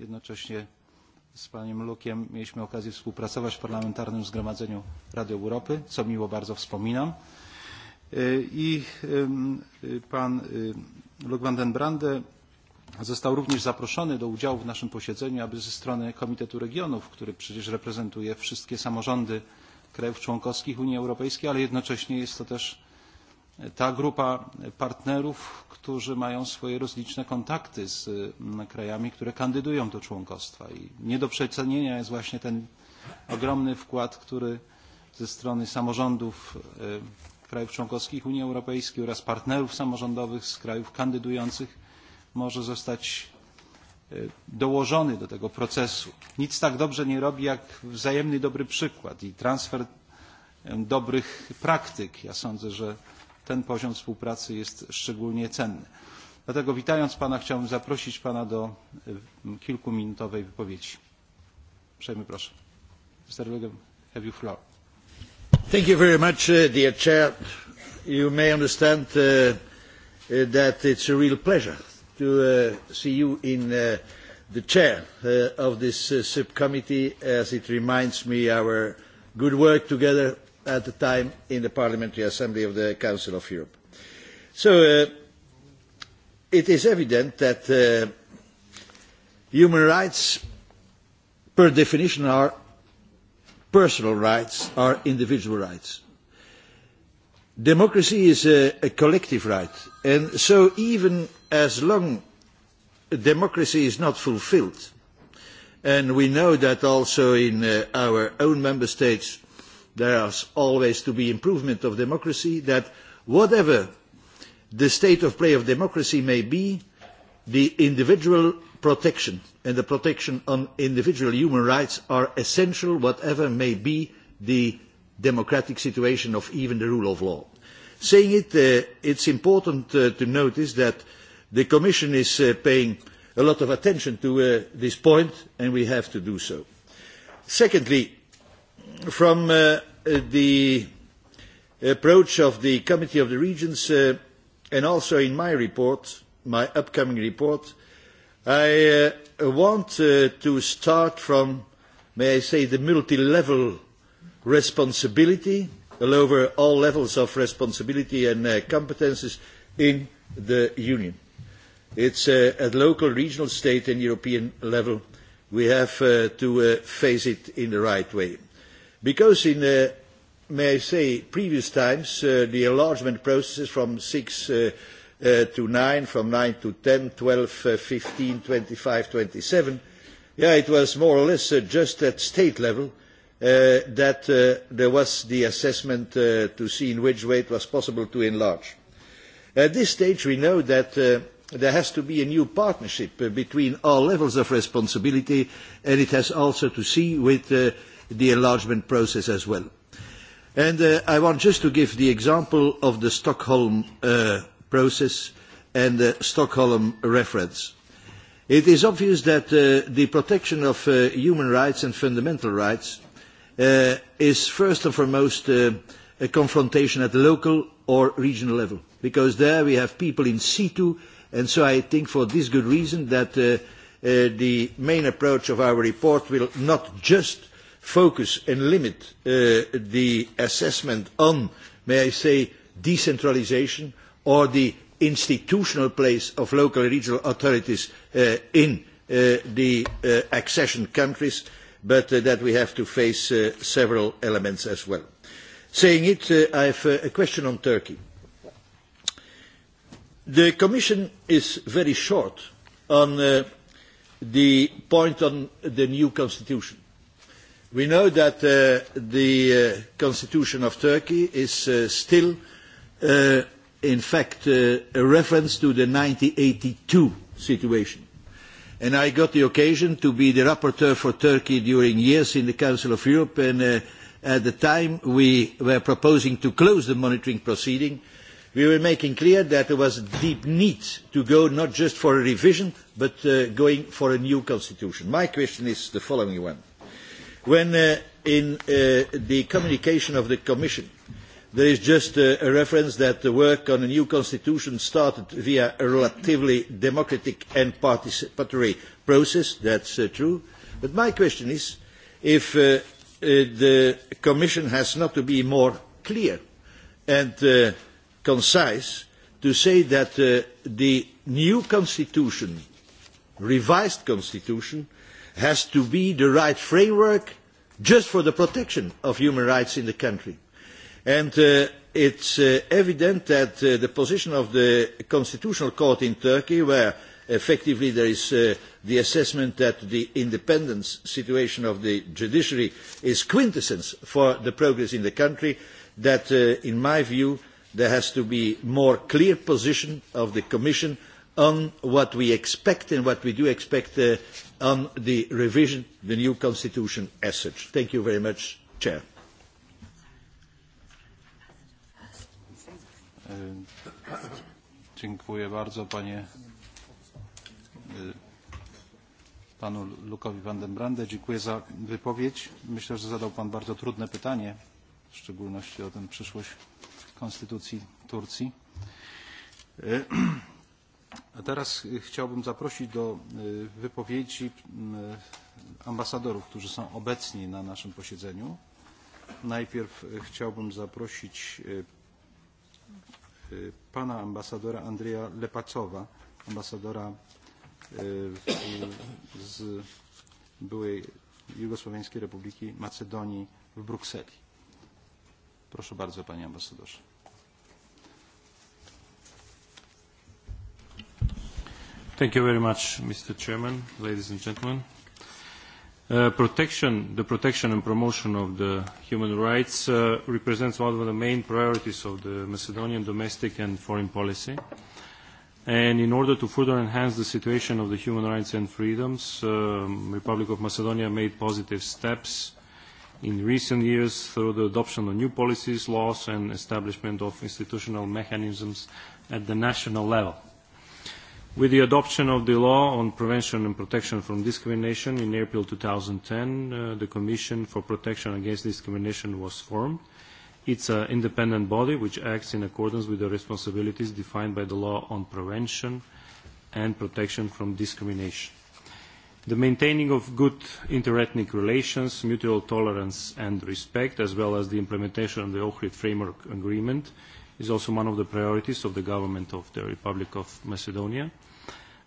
Jednocześnie z panem Lukiem mieliśmy okazję współpracować w Parlamentarnym Zgromadzeniu Rady Europy, co miło bardzo wspominam. E, I pan e, Luk van den Brande został również zaproszony do udziału w naszym posiedzeniu, aby ze strony Komitetu Regionów, który przecież reprezentuje wszystkie samorządy krajów członkowskich Unii Europejskiej, ale jednocześnie jest to też ta grupa partnerów, którzy mają swoje rozliczne kontakty z mm, krajami, które kandydują do członkostwa. I nie do przecenienia jest właśnie ten ogromny wkład, który ze strony samorządów krajów członkowskich Unii Europejskiej oraz partnerów samorządowych z krajów kandydujących może zostać E, dołożony do tego procesu. Nic tak dobrze nie robi jak wzajemny dobry przykład i transfer e, dobrych praktyk. Ja sądzę, że ten poziom współpracy jest szczególnie cenny. Dlatego witając Pana chciałbym zaprosić Pana do e, kilkuminutowej wypowiedzi. Uprzejmy proszę. Mr. Wiggum, have you floor. Thank you very much, uh, dear Chair. You may understand uh, uh, that it's a real pleasure to uh, see you in uh, the chair uh, of this uh, subcommittee as it reminds me our good work together at the time in the Parliamentary Assembly of the Council of Europe. So uh, it is evident that uh, human rights per definition are personal rights, are individual rights Democracy is a, a collective right, and so even as long democracy is not fulfilled, and we know that also in uh, our own member states there is always to be improvement of democracy, that whatever the state of play of democracy may be, the individual protection and the protection on individual human rights are essential, whatever may be the democratic situation of even the rule of law. Saying it, uh, it's important uh, to notice that the Commission is uh, paying a lot of attention to uh, this point, and we have to do so. Secondly, from uh, the approach of the Committee of the Regions, uh, and also in my report, my upcoming report, I uh, want uh, to start from, may I say, the multi-level responsibility, all over all levels of responsibility and uh, competences in the Union. It's uh, at local, regional, state and European level we have uh, to uh, face it in the right way. Because in, uh, may I say, previous times, uh, the enlargement processes from 6 uh, uh, to 9, from 9 to 10, 12, uh, 15, 25, 27, yeah, it was more or less uh, just at state level, Uh, that uh, there was the assessment uh, to see in which way it was possible to enlarge. At this stage, we know that there has to be a new partnership between all levels of responsibility, and it has also to see with the enlargement process as well. And uh, I want just to give the example of the Stockholm uh, process and the Stockholm reference. It is obvious that uh, the protection of human rights and fundamental rights uh, is first and foremost uh, a confrontation at the local or regional level, because there we have people in situ, and so I think for this good reason that uh, uh, the main approach of our report will not just focus and limit uh, the assessment on, may I say, decentralisation or the institutional place of local and regional authorities uh, in uh, the uh, accession countries, uh, but uh, that we have to face uh, several elements as well. Saying it, uh, I have uh, a question on Turkey. The Commission is very short on uh, the point on the new constitution. We know that uh, the constitution of Turkey is still, in fact, a reference to the 1982 situation and I got the occasion to be the rapporteur for Turkey during years in the Council of Europe, and uh, at the time we were proposing to close the monitoring proceeding, we were making clear that there was a deep need to go not just for a revision, but uh, going for a new constitution. My question is the following one. When uh, in uh, the communication of the Commission, There is just a, reference that the work on a new constitution started via a relatively democratic and participatory process. That's uh, true. But my question is if uh, uh, the Commission has not to be more clear and uh, concise to say that uh, the new constitution, revised constitution, has to be the right framework just for the protection of human rights in the country And uh, is uh, evident that uh, the position of the Constitutional Court in Turkey, where effectively there is uh, the assessment that the independent situation of the judiciary is quintessence for the progress in the country, that uh, in my view there has to be more clear position of the Commission on what we expect and what we do expect uh, on the revision, the new constitution as such. Thank you very much, Chair. Eh, dziękuję bardzo panie eh, panu Lukowi van den Brande. Dziękuję za wypowiedź. Myślę, że zadał pan bardzo trudne pytanie, w szczególności o tę przyszłość konstytucji Turcji. Eh, a teraz chciałbym zaprosić do wypowiedzi ambasadorów, którzy są obecni na naszym posiedzeniu. Najpierw chciałbym zaprosić pana ambasadora Andrzeja Lepacowa, ambasadora z byłej Jugosłowiańskiej Republiki Macedonii w Brukseli. Proszę bardzo, panie ambasadorze. Thank you very much, Mr. Chairman, ladies and gentlemen. Uh, protection, the protection and promotion of the human rights uh, represents one of the main priorities of the Macedonian domestic and foreign policy. And in order to further enhance the situation of the human rights and freedoms, the um, Republic of Macedonia made positive steps in recent years through the adoption of new policies, laws, and establishment of institutional mechanisms at the national level. With the adoption of the law on prevention and protection from discrimination in April 2010, uh, the Commission for Protection Against Discrimination was formed. It's an independent body which acts in accordance with the responsibilities defined by the law on prevention and protection from discrimination. The maintaining of good interethnic relations, mutual tolerance and respect, as well as the implementation of the Ohrid Framework Agreement, is also one of the priorities of the government of the Republic of Macedonia.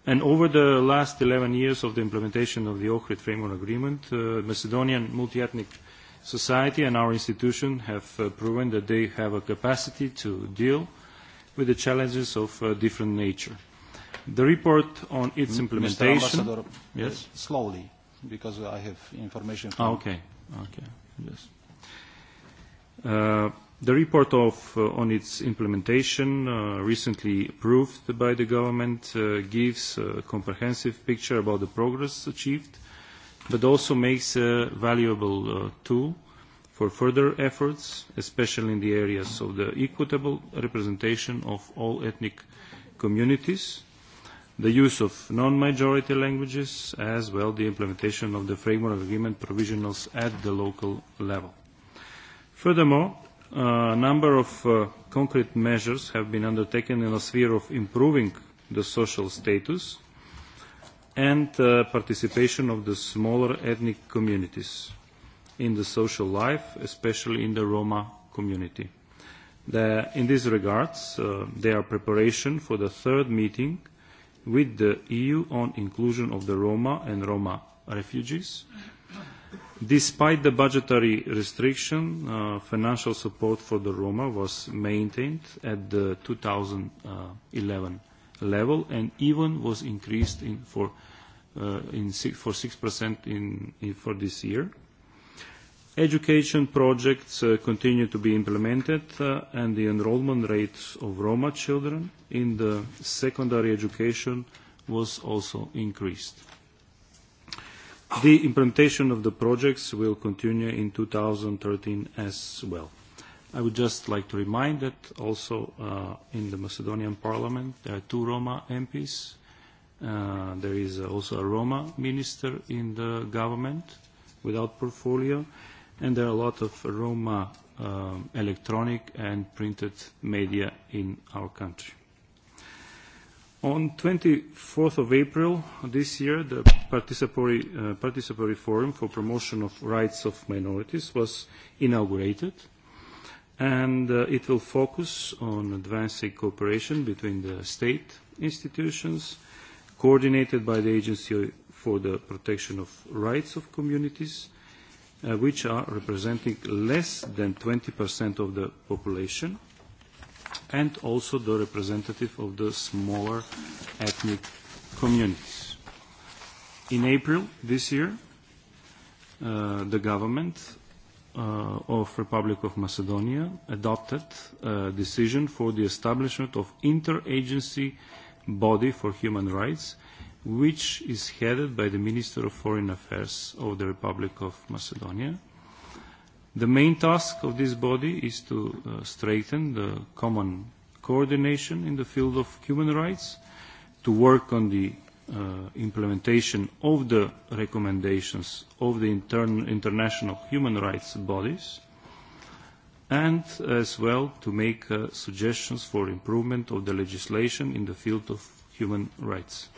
And over the last 11 years of the implementation of the Ohrid Framework Agreement, uh, Macedonian multi-ethnic society and our institution have uh, proven that they have a capacity to deal with the challenges of uh, different nature. The report on its implementation... Mr. Ambassador, yes? slowly, because I have information from... Ah, okay, okay, yes. Uh, The report of, uh, on its implementation, uh, recently approved by the government, uh, gives a comprehensive picture about the progress achieved, but also makes a valuable uh, tool for further efforts, especially in the areas of the equitable representation of all ethnic communities, the use of non-majority languages, as well the implementation of the framework agreement provisionals at the local level. Furthermore, a uh, number of uh, concrete measures have been undertaken in the sphere of improving the social status and uh, participation of the smaller ethnic communities in the social life, especially in the Roma community. The, in this regards, uh, there are preparation for the third meeting with the EU on inclusion of the Roma and Roma refugees. Mm-hmm Despite the budgetary restriction, uh, financial support for the Roma was maintained at the 2011 level and even was increased in for, uh, in six, for 6% in, in for this year. Education projects uh, continue to be implemented, uh, and the enrollment rates of Roma children in the secondary education was also increased. The implementation of the projects will continue in 2013 as well. I would just like to remind that also uh, in the Macedonian parliament there are two Roma MPs. Uh, there is also a Roma minister in the government without portfolio. And there are a lot of Roma um, electronic and printed media in our country. On 24th of April this year, the participatory, uh, participatory Forum for Promotion of Rights of Minorities was inaugurated, and uh, it will focus on advancing cooperation between the state institutions, coordinated by the Agency for the Protection of Rights of Communities, uh, which are representing less than 20% of the population, and also the representative of the smaller ethnic communities. In April this year, uh, the government uh, of Republic of Macedonia adopted a decision for the establishment of interagency body for human rights, which is headed by the Minister of Foreign Affairs of the Republic of Macedonia The main task of this body is to uh, strengthen the common coordination in the field of human rights, to work on the uh, implementation of the recommendations of the intern international human rights bodies, and as well to make uh, suggestions for improvement of the legislation in the field of human rights.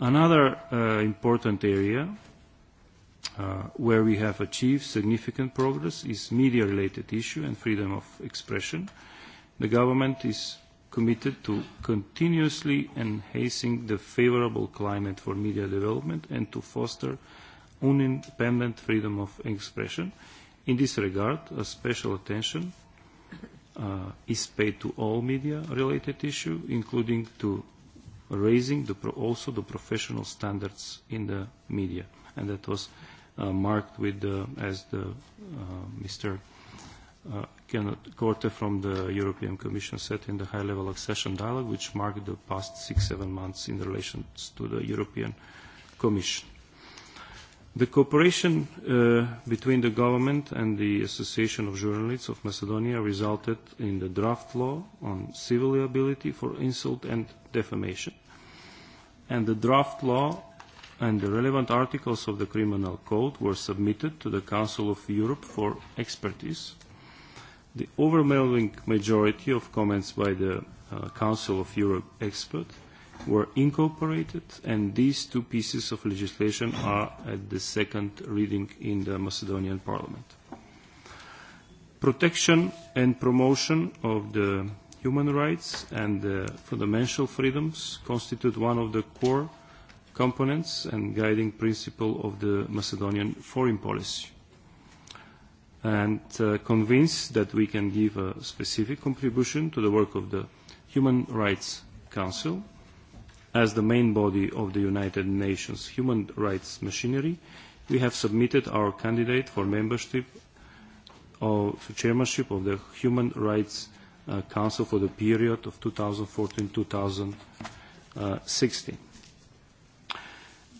Another uh, important area Uh, where we have achieved significant progress is media-related issue and freedom of expression. The government is committed to continuously enhancing the favorable climate for media development and to foster independent freedom of expression. In this regard, a special attention uh, is paid to all media-related issues, including to raising the pro also the professional standards in the media. And that was Uh, marked with, the, as the uh, Mr. Uh, Korte from the European Commission said in the high-level accession dialogue, which marked the past six, seven months in relation to the European Commission. The cooperation uh, between the government and the Association of Journalists of Macedonia resulted in the draft law on civil liability for insult and defamation and the draft law and the relevant articles of the Criminal Code were submitted to the Council of Europe for expertise. The overwhelming majority of comments by the uh, Council of Europe expert were incorporated, and these two pieces of legislation are at the second reading in the Macedonian Parliament. Protection and promotion of the human rights and the fundamental freedoms constitute one of the core components and guiding principle of the Macedonian foreign policy and uh, convinced that we can give a specific contribution to the work of the Human Rights Council as the main body of the United Nations human rights machinery, we have submitted our candidate for membership of for chairmanship of the Human Rights uh, Council for the period of 2014-2016.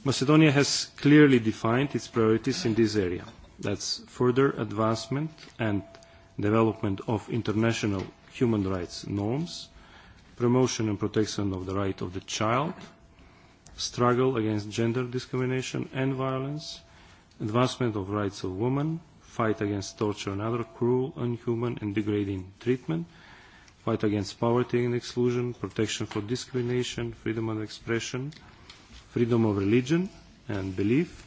Macedonia has clearly defined its priorities in this area. That's further advancement and development of international human rights norms, promotion and protection of the right of the child, struggle against gender discrimination and violence, advancement of rights of women, fight against torture and other cruel, inhuman and degrading treatment, fight against poverty and exclusion, protection for discrimination, freedom of expression, freedom of religion and belief,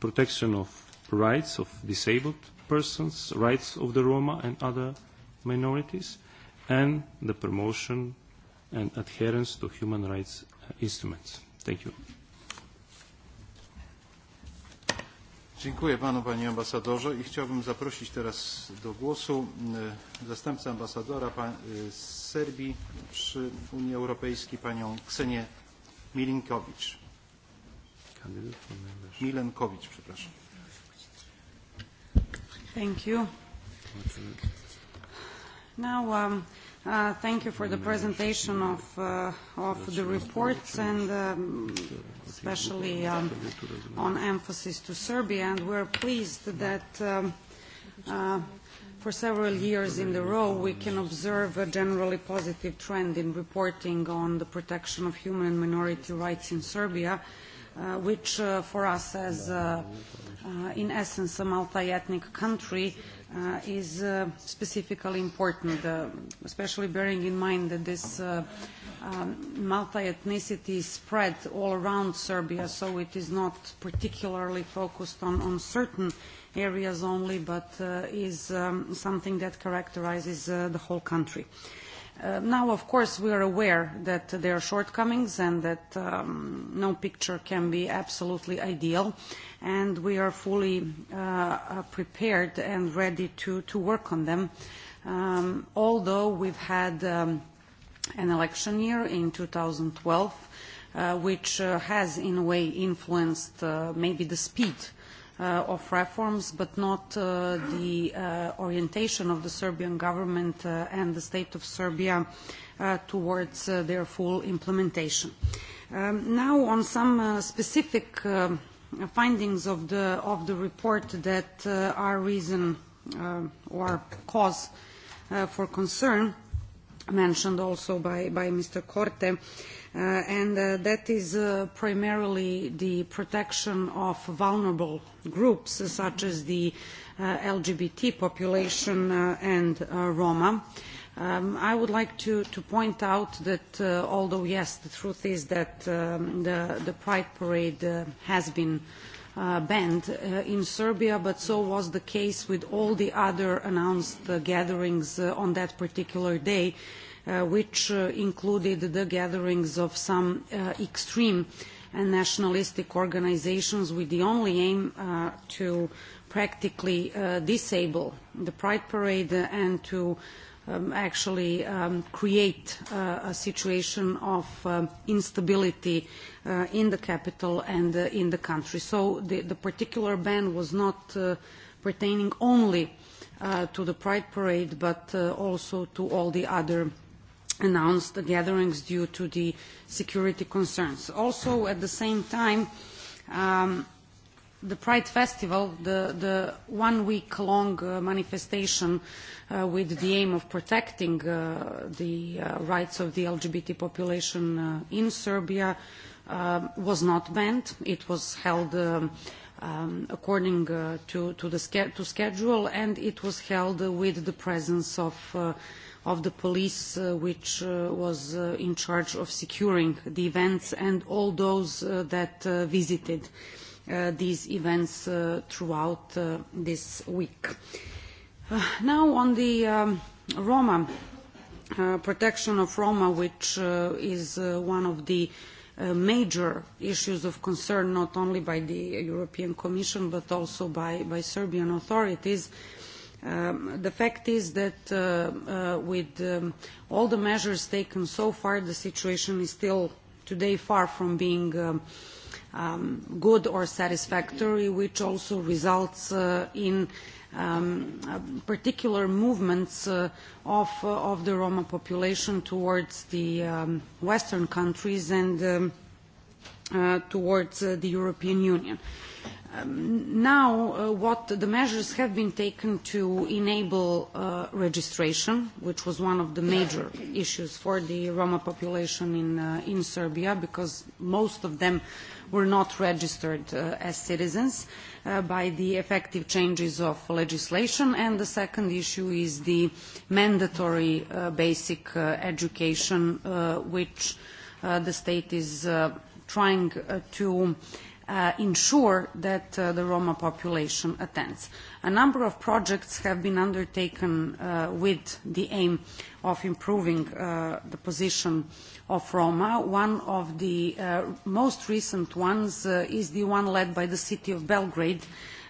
protection of rights of disabled persons, rights of the Roma and other minorities, and the promotion and adherence to human rights uh, instruments. Thank you. Dziękuję panu, panie ambasadorze i chciałbym zaprosić teraz do głosu e, zastępcę ambasadora e, z Serbii przy Unii Europejskiej, panią Ksenię Milinkowicz. Milenkowicz, przepraszam. Thank you. Now, um, uh, thank you for the presentation of, uh, of the reports and um, especially um, on emphasis to Serbia. And we're pleased that um, uh, for several years in a row we can observe a generally positive trend in reporting on the protection of human and minority rights in Serbia. Uh, uh, which uh, for us as, uh, uh, in essence, a multi-ethnic country uh, is uh, specifically important, uh, especially bearing in mind that this uh, um, multi-ethnicity is spread all around Serbia, so it is not particularly focused on, on certain areas only, but uh, is um, something that characterizes uh, the whole country. Uh, Uh, now, of course, we are aware that there are shortcomings and that um, no picture can be absolutely ideal, and we are fully uh, uh prepared and ready to, to work on them. Um, although we've had um, an election year in 2012, uh, which uh, has in a way influenced uh, maybe the speed uh, uh, of reforms, but not uh, the uh, orientation of the Serbian government uh, and the state of Serbia uh, towards uh, their full implementation. Um, now on some uh, specific uh, findings of the, of the report that uh, are reason uh, or cause uh, for concern, mentioned also by, by Mr. Corte. Uh, and uh, that is uh, primarily the protection of vulnerable groups such as the uh, LGBT population uh, and Roma. Um, I would like to, to point out that although, yes, the truth is that um, the, the, Pride Parade has been Uh, banned uh, in Serbia, but so was the case with all the other announced uh, gatherings on that particular day. Uh, which uh, included the gatherings of some uh, extreme and uh, nationalistic organizations with the only aim uh, to practically uh, disable the Pride Parade and to um, actually um, create uh, a situation of um, instability uh, in the capital and uh, in the country. So the, the particular ban was not uh, pertaining only uh, to the Pride Parade, but uh, also to all the other announced gatherings due to the security concerns. Also, at the same time, um, the Pride Festival, the, the one-week-long uh, manifestation uh, with the aim of protecting uh, the uh, rights of the LGBT population uh, in Serbia, uh, was not banned. It was held um, um, according uh, to, to, the to schedule, and it was held uh, with the presence of uh, of the police uh, which uh, was uh, in charge of securing the events and all those uh, that uh, visited uh, these events throughout this week. now on the um, Roma, protection of Roma, which is one of the major issues of concern not only by the European Commission but also by, by Serbian authorities. Uh, Um, the fact is that uh, uh, with um, all the measures taken so far, the situation is still today far from being um, um, good or satisfactory, which also results uh, in um, uh, particular movements uh, of, uh, of the Roma population towards the um, Western countries and um, uh, towards uh, the European Union. Um, now, uh, what the measures have been taken to enable uh, registration, which was one of the major issues for the Roma population in, uh, in Serbia, because most of them were not registered uh, as citizens uh, by the effective changes of legislation. And the second issue is the mandatory uh, basic education, which the state is trying to uh, uh, ensure that uh, the Roma population attends. A number of projects have been undertaken uh, with the aim of improving uh, the position of Roma. One of the uh, most recent ones uh, is the one led by the city of Belgrade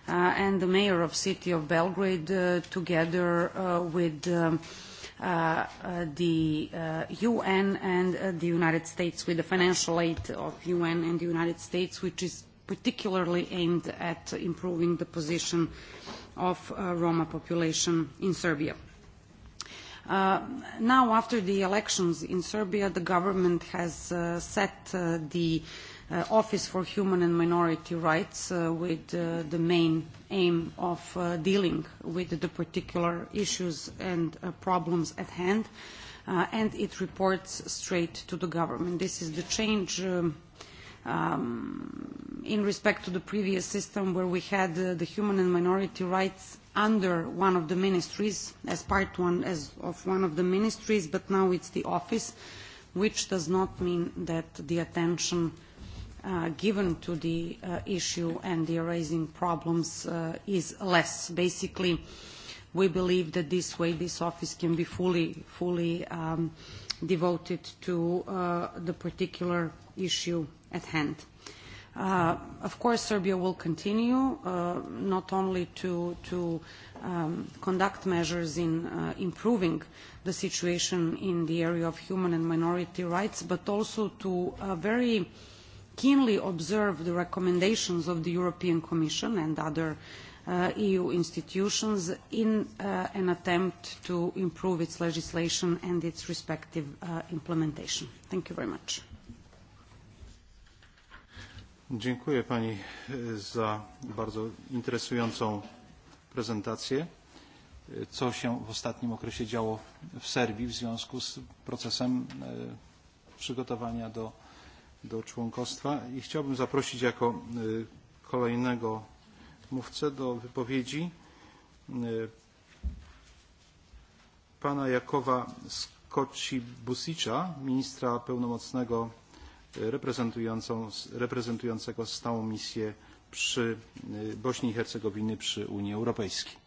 uh, and the mayor of city of Belgrade uh, together uh, with um, Uh, the uh, UN and uh, the United States with the financial aid of UN and the United States, which is particularly aimed at improving the position of uh, Roma population in Serbia. Uh, now, after the elections in Serbia, the government has uh, set uh, the uh, uh, Office for Human and Minority Rights uh, with uh, the main aim of uh, dealing with the particular issues and uh, problems at hand, uh, and it reports straight to the government. This is the change um, um, in respect to the previous system where we had uh, the human and minority rights under one of the ministries, as part one as of one of the ministries, but now it's the office, which does not mean that the attention uh, Uh, given to the uh, issue and the raising problems uh, is less. Basically, we believe that this way this office can be fully, fully um, devoted to uh, the particular issue at hand. Uh, of course, Serbia will continue not only to, to um, conduct measures in improving the situation in the area of human and minority rights, but also to very keenly observe the recommendations of the European Commission and other uh, EU institutions in uh, an attempt to improve its legislation and its respective uh, implementation. Thank you very much. Dziękuję Pani e, za bardzo interesującą prezentację, e, co się w ostatnim okresie działo w Serbii w związku z procesem e, przygotowania do do członkostwa i chciałbym zaprosić jako kolejnego mówcę do wypowiedzi pana Jakowa Skocibusicza, ministra pełnomocnego reprezentującego stałą misję przy Bośni i Hercegowiny przy Unii Europejskiej.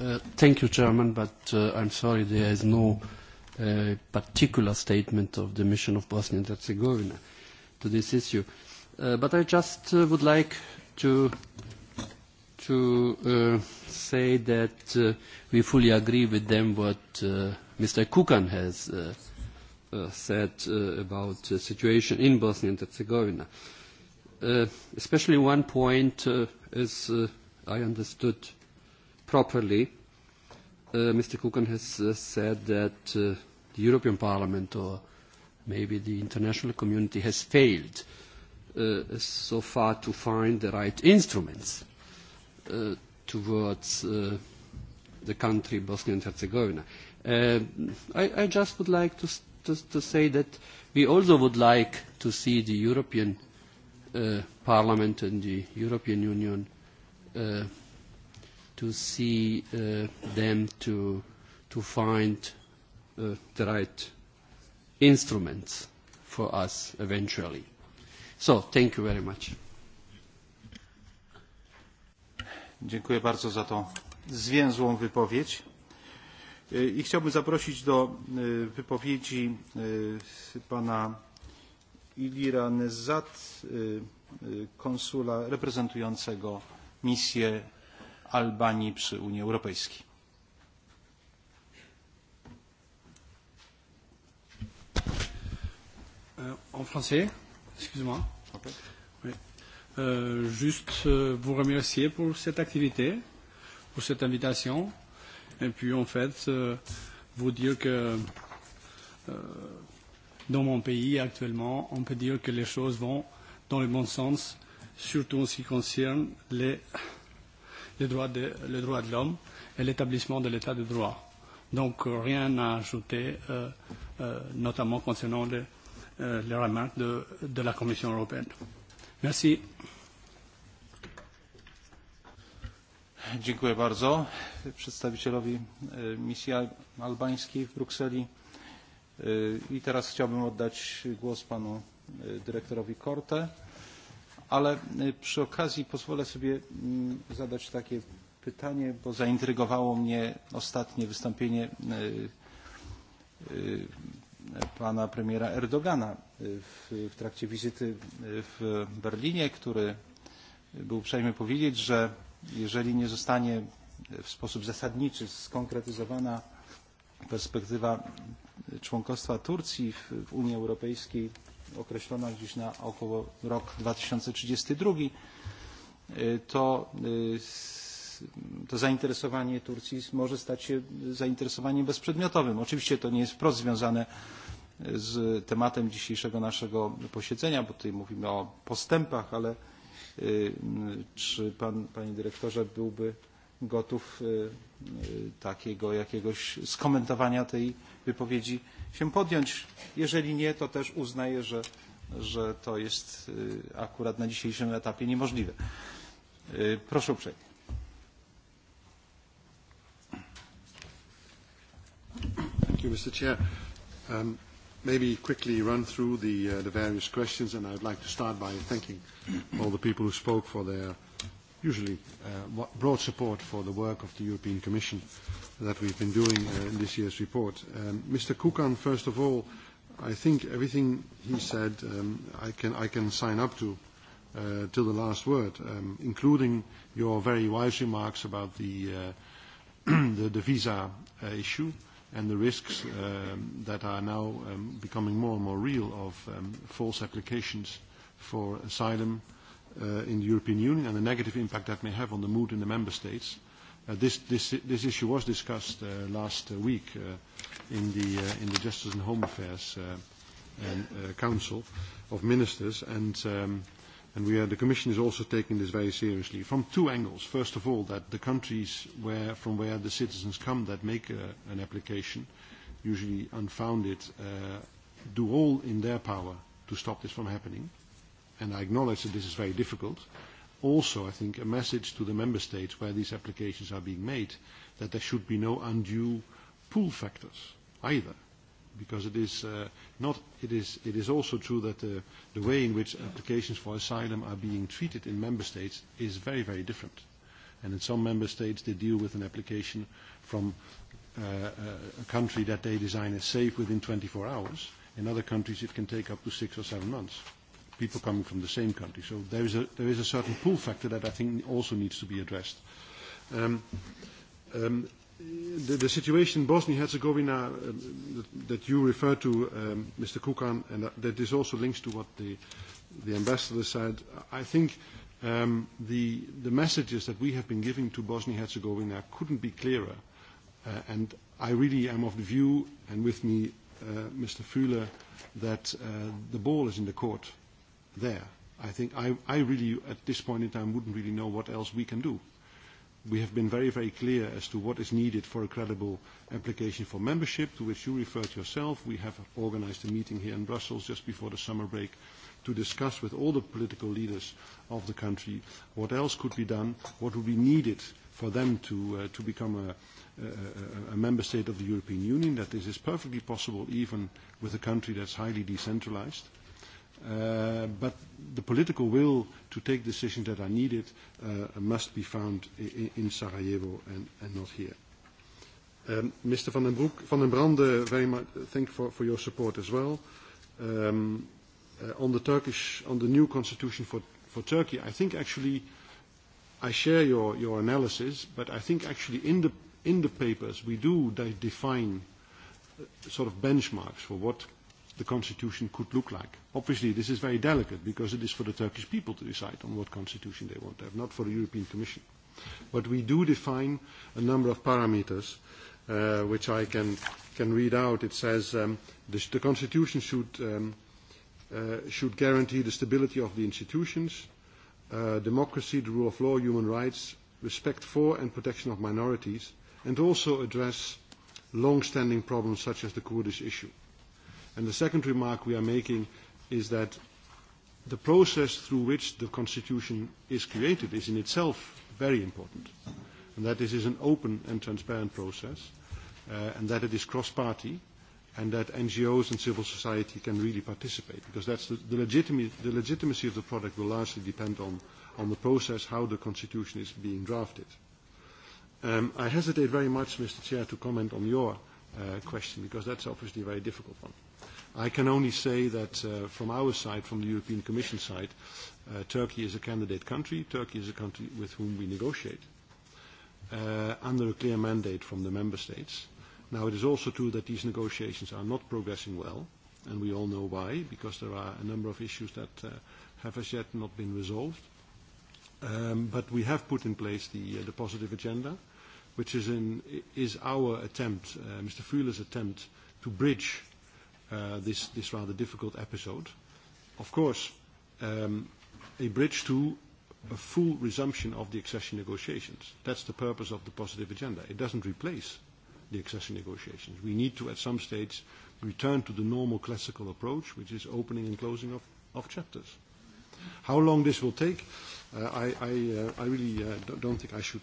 Uh, thank you, Chairman, but uh, I'm sorry there is no uh, Uh, particular statement of the mission of Bosnia and Herzegovina to this issue. Uh, but I just uh, would like to to uh, say that uh, we fully agree with them what uh, Mr. Kukan has uh, uh, said uh, about the situation in Bosnia and Herzegovina. Uh, especially one point uh, is, uh, I understood properly, Uh, Mr. Kukan has uh, said that uh, the European Parliament or maybe the international community has failed so far to find the right instruments towards the country Bosnia and Herzegovina. Uh, I, I just would like to, to, to say that we also would like to see the European uh, Parliament and the European Union uh, to see uh, them to, to find uh, the right instruments for us eventually. So, thank you very much. Dziękuję bardzo za tą zwięzłą wypowiedź. I chciałbym zaprosić do wypowiedzi pana Ilira Nezat, konsula reprezentującego misję Albanii przy Unii Europejskiej. Euh, en français, excuse-moi. Oui. Euh, juste euh, vous remercier pour cette activité, pour cette invitation, et puis en fait euh, vous dire que euh, dans mon pays actuellement, on peut dire que les choses vont dans le bon sens, surtout en ce qui concerne les les droits de, les droits de l'homme et l'établissement de l'état de droit. Donc euh, rien à ajouter, euh, euh, notamment concernant les, euh, les remarques de, de la Commission européenne. Merci. Dziękuję bardzo przedstawicielowi e, misji albańskiej w Brukseli. E, I teraz chciałbym oddać głos panu e, dyrektorowi Korte ale przy okazji pozwolę sobie mm, zadać takie pytanie, bo zaintrygowało mnie ostatnie wystąpienie pana premiera Erdogana w, w trakcie wizyty w Berlinie, który był uprzejmy powiedzieć, że jeżeli nie zostanie w sposób zasadniczy skonkretyzowana perspektywa członkostwa Turcji w, w Unii Europejskiej określona gdzieś na około rok 2032, to, to zainteresowanie Turcji może stać się zainteresowaniem bezprzedmiotowym. Oczywiście to nie jest wprost związane z tematem dzisiejszego naszego posiedzenia, bo tutaj mówimy o postępach, ale czy pan, panie dyrektorze, byłby gotów takiego jakiegoś skomentowania tej wypowiedzi się podjąć. Jeżeli nie, to też uznaję, że, że to jest akurat na dzisiejszym etapie niemożliwe. Proszę uprzejmie. Thank you, Mr. Chair. Um, maybe quickly run through the, uh, the various questions, and I'd like to start by thanking all the people who spoke for their usually uh, broad support for the work of the European Commission that we've been doing uh, in this year's report. Um, Mr. Kukan, first of all, I think everything he said um, I, can, I can sign up to uh, till the last word, um, including your very wise remarks about the, uh, the, the visa uh, issue and the risks um, that are now um, becoming more and more real of um, false applications for asylum uh, uh, in the European Union and the negative impact that may have on the mood in the member states. Uh, this, this, this issue was discussed uh, last uh, week uh, in, the, uh, in the Justice and Home Affairs uh, and, uh, Council of Ministers, and, um, and we are, the Commission is also taking this very seriously from two angles. First of all, that the countries where, from where the citizens come that make uh, an application, usually unfounded, uh, do all in their power to stop this from happening and I acknowledge that this is very difficult, also, I think, a message to the member states where these applications are being made that there should be no undue pull factors either. Because it is, uh, not, it, is, it is also true that uh, the way in which applications for asylum are being treated in member states is very, very different. And in some member states, they deal with an application from uh, uh a country that they design as safe within 24 hours. In other countries, it can take up to six or seven months people coming from the same country. So there is a, there is a certain pull factor that I think also needs to be addressed. Um, um, the, the situation in Bosnia-Herzegovina uh, um, that, that you refer to, um, Mr. Kukan, and that, that this also links to what the, the ambassador said, I think um, the, the messages that we have been giving to Bosnia-Herzegovina couldn't be clearer. Uh, and I really am of the view, and with me, uh, Mr. Fuller, that uh, the ball is in the court. Uh, there. I think I, I really, at this point in time, wouldn't really know what else we can do. We have been very, very clear as to what is needed for a credible application for membership, to which you referred yourself. We have organized a meeting here in Brussels just before the summer break to discuss with all the political leaders of the country what else could be done, what would be needed for them to, uh, to become a, a, a member state of the European Union, that this is perfectly possible even with a country that's highly decentralized. Uh, Uh, but the political will to take decisions that are needed uh, must be found in, in Sarajevo and, and not here. Um, Mr. Van den, Broek, Van den Brande, very much uh, thank for, for your support as well. Um, uh, on the Turkish, on the new constitution for, for Turkey, I think actually I share your, your analysis, but I think actually in the, in the papers we do de- define uh, sort of benchmarks for what the constitution could look like. Obviously, this is very delicate because it is for the Turkish people to decide on what constitution they want to have, not for the European Commission. But we do define a number of parameters, uh, which I can, can read out. It says um, the, the constitution should, um, uh, should guarantee the stability of the institutions, uh, democracy, the rule of law, human rights, respect for and protection of minorities, and also address long-standing problems such as the Kurdish issue. And the second remark we are making is that the process through which the Constitution is created is in itself very important, and that this is an open and transparent process, uh, and that it is cross-party, and that NGOs and civil society can really participate, because that's the, the, legitimi- the legitimacy of the product will largely depend on, on the process, how the Constitution is being drafted. Um, I hesitate very much, Mr. Chair, to comment on your uh, question, because that's obviously a very difficult one. I can only say that uh, from our side, from the European Commission side, uh, Turkey is a candidate country. Turkey is a country with whom we negotiate uh, under a clear mandate from the member states. Now, it is also true that these negotiations are not progressing well, and we all know why, because there are a number of issues that uh, have as yet not been resolved. Um, but we have put in place the, uh, the positive agenda, which is, in, is our attempt, uh, Mr. Fuhler's attempt, to bridge Uh, this, this rather difficult episode. Of course, um, a bridge to a full resumption of the accession negotiations. That's the purpose of the positive agenda. It doesn't replace the accession negotiations. We need to, at some stage, return to the normal classical approach, which is opening and closing of, of chapters. How long this will take, uh, I, I, uh, I really uh, don't think I should,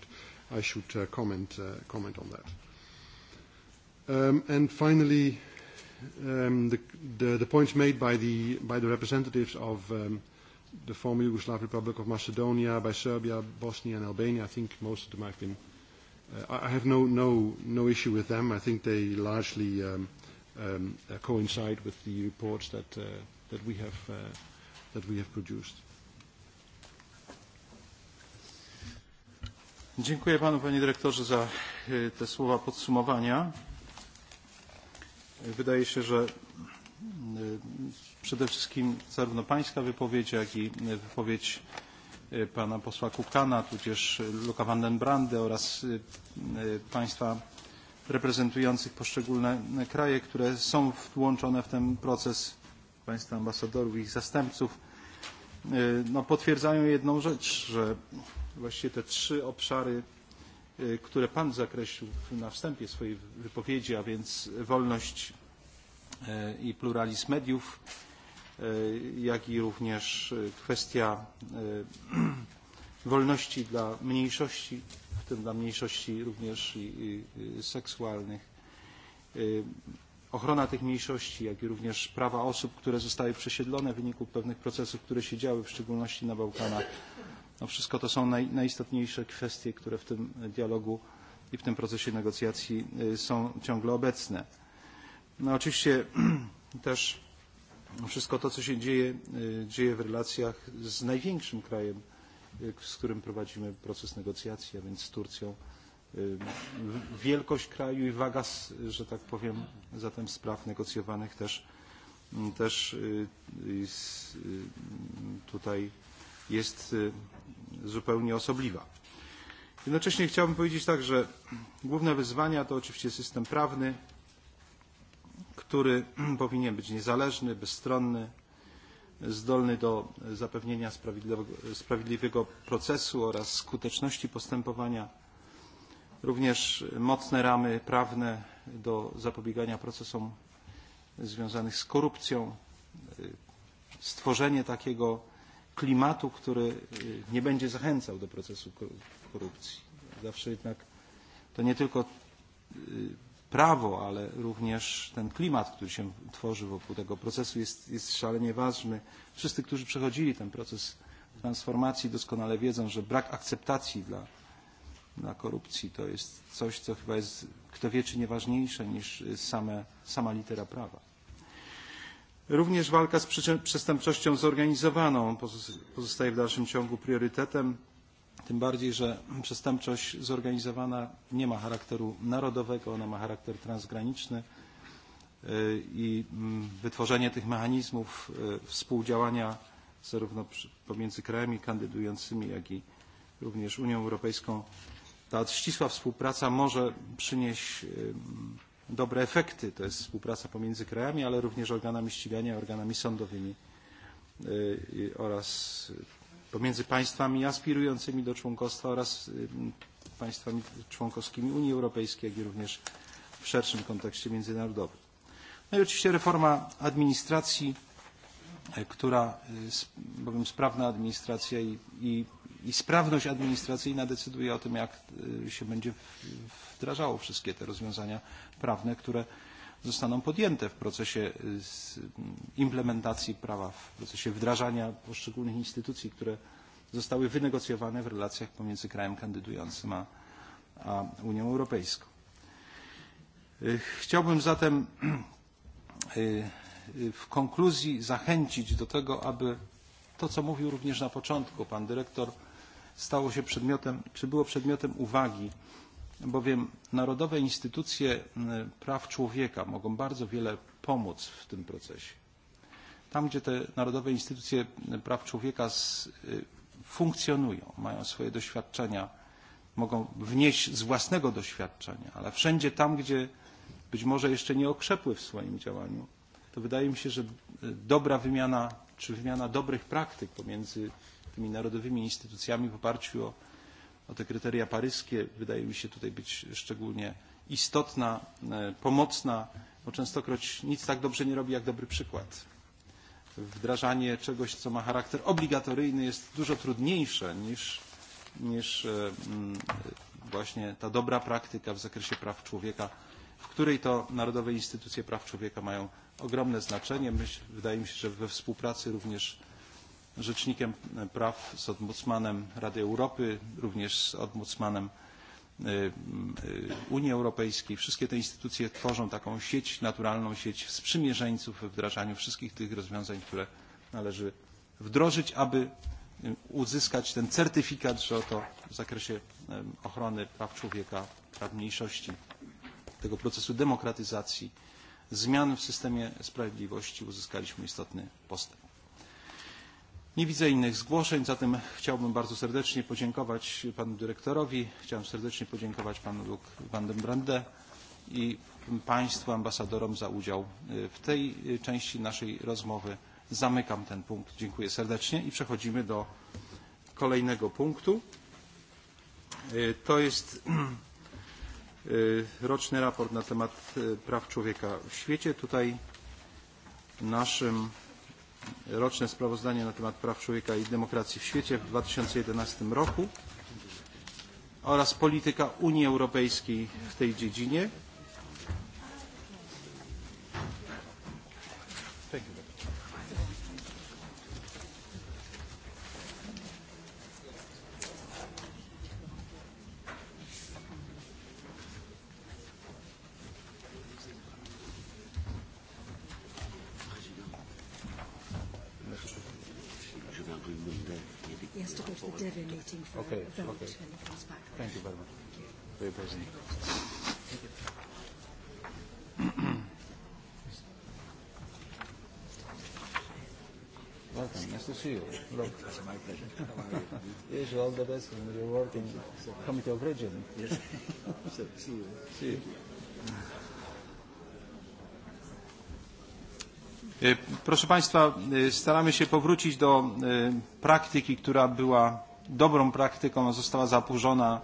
I should uh, comment, uh, comment on that. Um, and finally, um, the, the, the points made by the, by the representatives of um, the former Yugoslav Republic of Macedonia, by Serbia, Bosnia and Albania, I think most of them I've been, uh, I have no, no, no issue with them. I think they largely um, um, uh, coincide with the reports that, uh, that, we have, uh, that we have produced. Dziękuję panu, panie dyrektorze, za e, te słowa podsumowania. Wydaje się, że przede wszystkim zarówno pańska wypowiedź, jak i wypowiedź pana posła Kukana, tudzież Luka van den Brande oraz państwa reprezentujących poszczególne kraje, które są włączone w ten proces państwa ambasadorów i ich zastępców, no, potwierdzają jedną rzecz, że właściwie te trzy obszary E, które Pan zakreślił na wstępie swojej wypowiedzi, a więc wolność e, i pluralizm mediów, e, jak i również kwestia wolności dla mniejszości, w tym dla mniejszości również i, seksualnych, ochrona tych mniejszości, jak i również prawa osób, które zostały przesiedlone w wyniku pewnych procesów, które się działy, w szczególności na Bałkanach, No wszystko to są naj, najistotniejsze kwestie, które w tym dialogu i w tym procesie negocjacji są ciągle obecne. No oczywiście też wszystko to, co się dzieje, dzieje w relacjach z największym krajem, z którym prowadzimy proces negocjacji, a więc z Turcją. Wielkość kraju i waga, że tak powiem, zatem spraw negocjowanych też, mm, też tutaj jest zupełnie osobliwa. Jednocześnie chciałbym powiedzieć tak, że główne wyzwania to oczywiście system prawny, który powinien być niezależny, bezstronny, zdolny do zapewnienia sprawiedliwego, sprawiedliwego procesu oraz skuteczności postępowania, również mocne ramy prawne do zapobiegania procesom związanych z korupcją, stworzenie takiego klimatu, który nie będzie zachęcał do procesu korupcji. Zawsze jednak to nie tylko prawo, ale również ten klimat, który się tworzy wokół tego procesu jest, jest szalenie ważny. Wszyscy, którzy przechodzili ten proces transformacji doskonale wiedzą, że brak akceptacji dla, dla korupcji to jest coś, co chyba jest, kto wie, czy nieważniejsze niż same, sama litera prawa. Również walka z przestępczością zorganizowaną pozostaje w dalszym ciągu priorytetem, tym bardziej, że przestępczość zorganizowana nie ma charakteru narodowego, ona ma charakter transgraniczny i mm, wytworzenie tych mechanizmów współdziałania zarówno pomiędzy krajami kandydującymi, jak i również Unią Europejską, ta ścisła współpraca może przynieść dobre efekty. To jest współpraca pomiędzy krajami, ale również organami ścigania, organami sądowymi e, oraz e, pomiędzy państwami aspirującymi do członkostwa oraz e, państwami członkowskimi Unii Europejskiej, jak i również w szerszym kontekście międzynarodowym. No i oczywiście reforma administracji, która, bowiem sprawna administracja i, i i sprawność administracyjna decyduje o tym, jak się będzie wdrażało wszystkie te rozwiązania prawne, które zostaną podjęte w procesie mm, implementacji prawa, w procesie wdrażania poszczególnych instytucji, które zostały wynegocjowane w relacjach pomiędzy krajem kandydującym a, a Unią Europejską. Chciałbym zatem w konkluzji zachęcić do tego, aby to, co mówił również na początku pan dyrektor stało się przedmiotem, czy było przedmiotem uwagi, bowiem narodowe instytucje praw człowieka mogą bardzo wiele pomóc w tym procesie. Tam, gdzie te narodowe instytucje praw człowieka z, funkcjonują, mają swoje doświadczenia, mogą wnieść z własnego doświadczenia, ale wszędzie tam, gdzie być może jeszcze nie okrzepły w swoim działaniu, to wydaje mi się, że dobra wymiana czy wymiana dobrych praktyk pomiędzy tymi narodowymi instytucjami w oparciu o, o te kryteria paryskie wydaje mi się tutaj być szczególnie istotna, pomocna, bo częstokroć nic tak dobrze nie robi jak dobry przykład. Wdrażanie czegoś, co ma charakter obligatoryjny jest dużo trudniejsze niż, niż e, mm, właśnie ta dobra praktyka w zakresie praw człowieka, w której to Narodowe Instytucje Praw Człowieka mają ogromne znaczenie. Myśl, wydaje mi się, że we współpracy również Rzecznikiem Praw, z Ombudsmanem Rady Europy, również z Ombudsmanem Unii Europejskiej. Wszystkie te instytucje tworzą taką sieć, naturalną sieć sprzymierzeńców we wdrażaniu wszystkich tych rozwiązań, które należy wdrożyć, aby uzyskać ten certyfikat, że oto w zakresie ochrony praw człowieka, praw mniejszości, tego procesu demokratyzacji, zmian w systemie sprawiedliwości uzyskaliśmy istotny postęp. Nie widzę innych zgłoszeń, zatem chciałbym bardzo serdecznie podziękować panu dyrektorowi, chciałem serdecznie podziękować panu Luc van den Brande i państwu ambasadorom za udział w tej części naszej rozmowy. Zamykam ten punkt. Dziękuję serdecznie i przechodzimy do kolejnego punktu. To jest roczny raport na temat praw człowieka w świecie. Tutaj naszym roczne sprawozdanie na temat praw człowieka i demokracji w świecie w 2011 roku oraz polityka Unii Europejskiej w tej dziedzinie. the best in your work in Committee of Region. Yes. see you. See you. Proszę Państwa, e, staramy się powrócić do e, praktyki, która była dobrą praktyką, a została zaburzona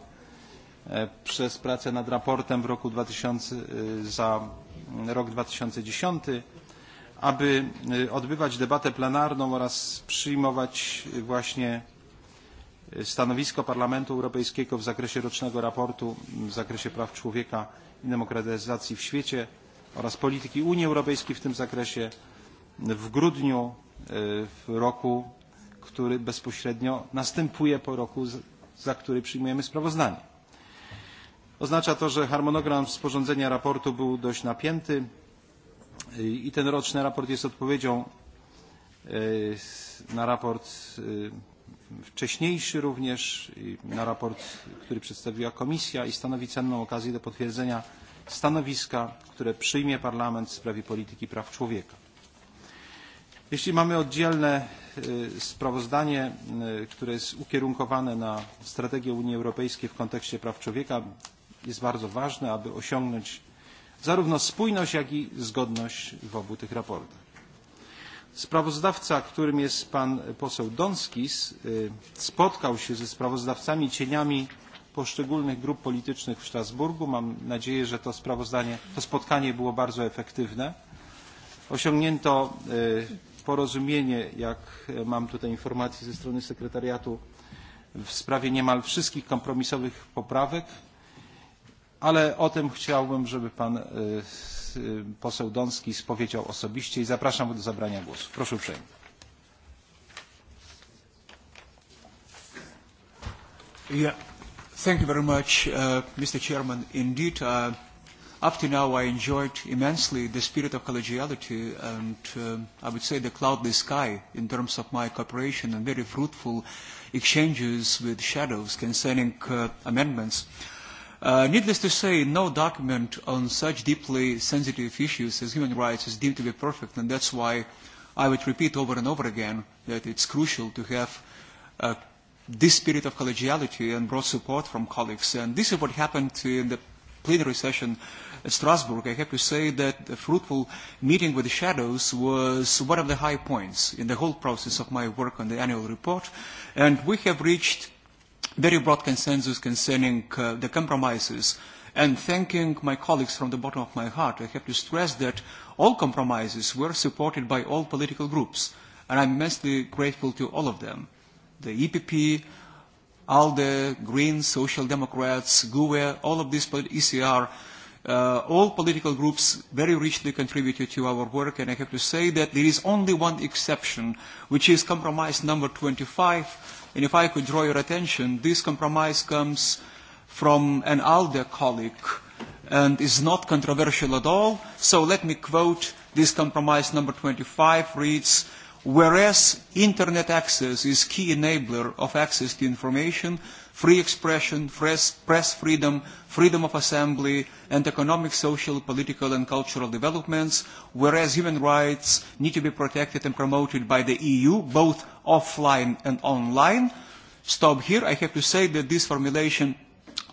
e, przez pracę nad raportem w roku 2000, za mm, rok 2010, aby odbywać debatę plenarną oraz przyjmować właśnie Stanowisko Parlamentu Europejskiego w zakresie rocznego raportu w zakresie praw człowieka i demokratyzacji w świecie oraz polityki Unii Europejskiej w tym zakresie w grudniu e, w roku, który bezpośrednio następuje po roku, za który przyjmujemy sprawozdanie. Oznacza to, że harmonogram sporządzenia raportu był dość napięty i ten roczny raport jest odpowiedzią e, na raport e, wcześniejszy również na raport, który przedstawiła Komisja i stanowi cenną okazję do potwierdzenia stanowiska, które przyjmie Parlament w sprawie polityki praw człowieka. Jeśli mamy oddzielne sprawozdanie, które jest ukierunkowane na strategię Unii Europejskiej w kontekście praw człowieka, jest bardzo ważne, aby osiągnąć zarówno spójność, jak i zgodność w obu tych raportach. Sprawozdawca, którym jest pan poseł Donskis, spotkał się ze sprawozdawcami cieniami poszczególnych grup politycznych w Strasburgu. Mam nadzieję, że to, sprawozdanie, to spotkanie było bardzo efektywne. Osiągnięto porozumienie, jak mam tutaj informacje ze strony sekretariatu, w sprawie niemal wszystkich kompromisowych poprawek, ale o tym chciałbym, żeby pan poseł Donskis powiedział osobiście i zapraszam do zabrania głosu. Proszę uprzejmie. Yeah. Thank you very much, uh, Mr. Chairman. Indeed, uh, up to now I enjoyed immensely the spirit of collegiality and uh, I would say the cloudless sky in terms of my cooperation and very fruitful exchanges with shadows concerning uh, amendments. Uh, Uh, needless to say, no document on such deeply sensitive issues as human rights is deemed to be perfect, and that's why I would repeat over and over again that it's crucial to have uh, this spirit of collegiality and broad support from colleagues. And this is what happened in the plenary session at Strasbourg. I have to say that the fruitful meeting with the shadows was one of the high points in the whole process of my work on the annual report, and we have reached very broad consensus concerning uh, the compromises and thanking my colleagues from the bottom of my heart. I have to stress that all compromises were supported by all political groups, and I'm immensely grateful to all of them. The EPP, ALDE, Greens, Social Democrats, GUE, all of these, ECR, uh, all political groups very richly contributed to our work, and I have to say that there is only one exception, which is compromise number 25, And if I could draw your attention, this compromise comes from an ALDE colleague and is not controversial at all. So let me quote this compromise number 25 reads, whereas internet access is key enabler of access to information, free expression, press, press freedom, freedom of assembly, and economic, social, political, and cultural developments, whereas human rights need to be protected and promoted by the EU, both offline and online. Stop here. I have to say that this formulation,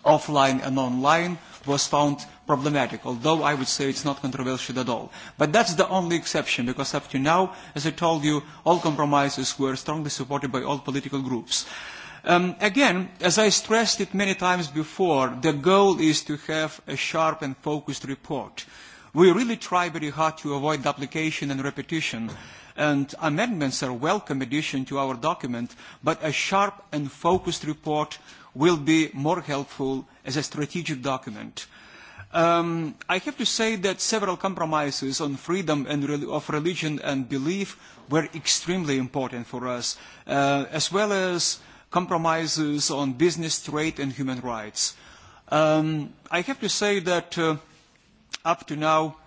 offline and online, was found problematic, although I would say it's not controversial at all. But that's the only exception, because up to now, as I told you, all compromises were strongly supported by all political groups. Um, again, as I stressed it many times before, the goal is to have a sharp and focused report we really try very hard to avoid duplication and repetition. And amendments are a welcome addition to our document, but a sharp and focused report will be more helpful as a strategic document. Um, I have to say that several compromises on freedom and re of religion and belief were extremely important for us, uh, as well as compromises on business, trade and human rights. Um, I have to say that uh, up to now,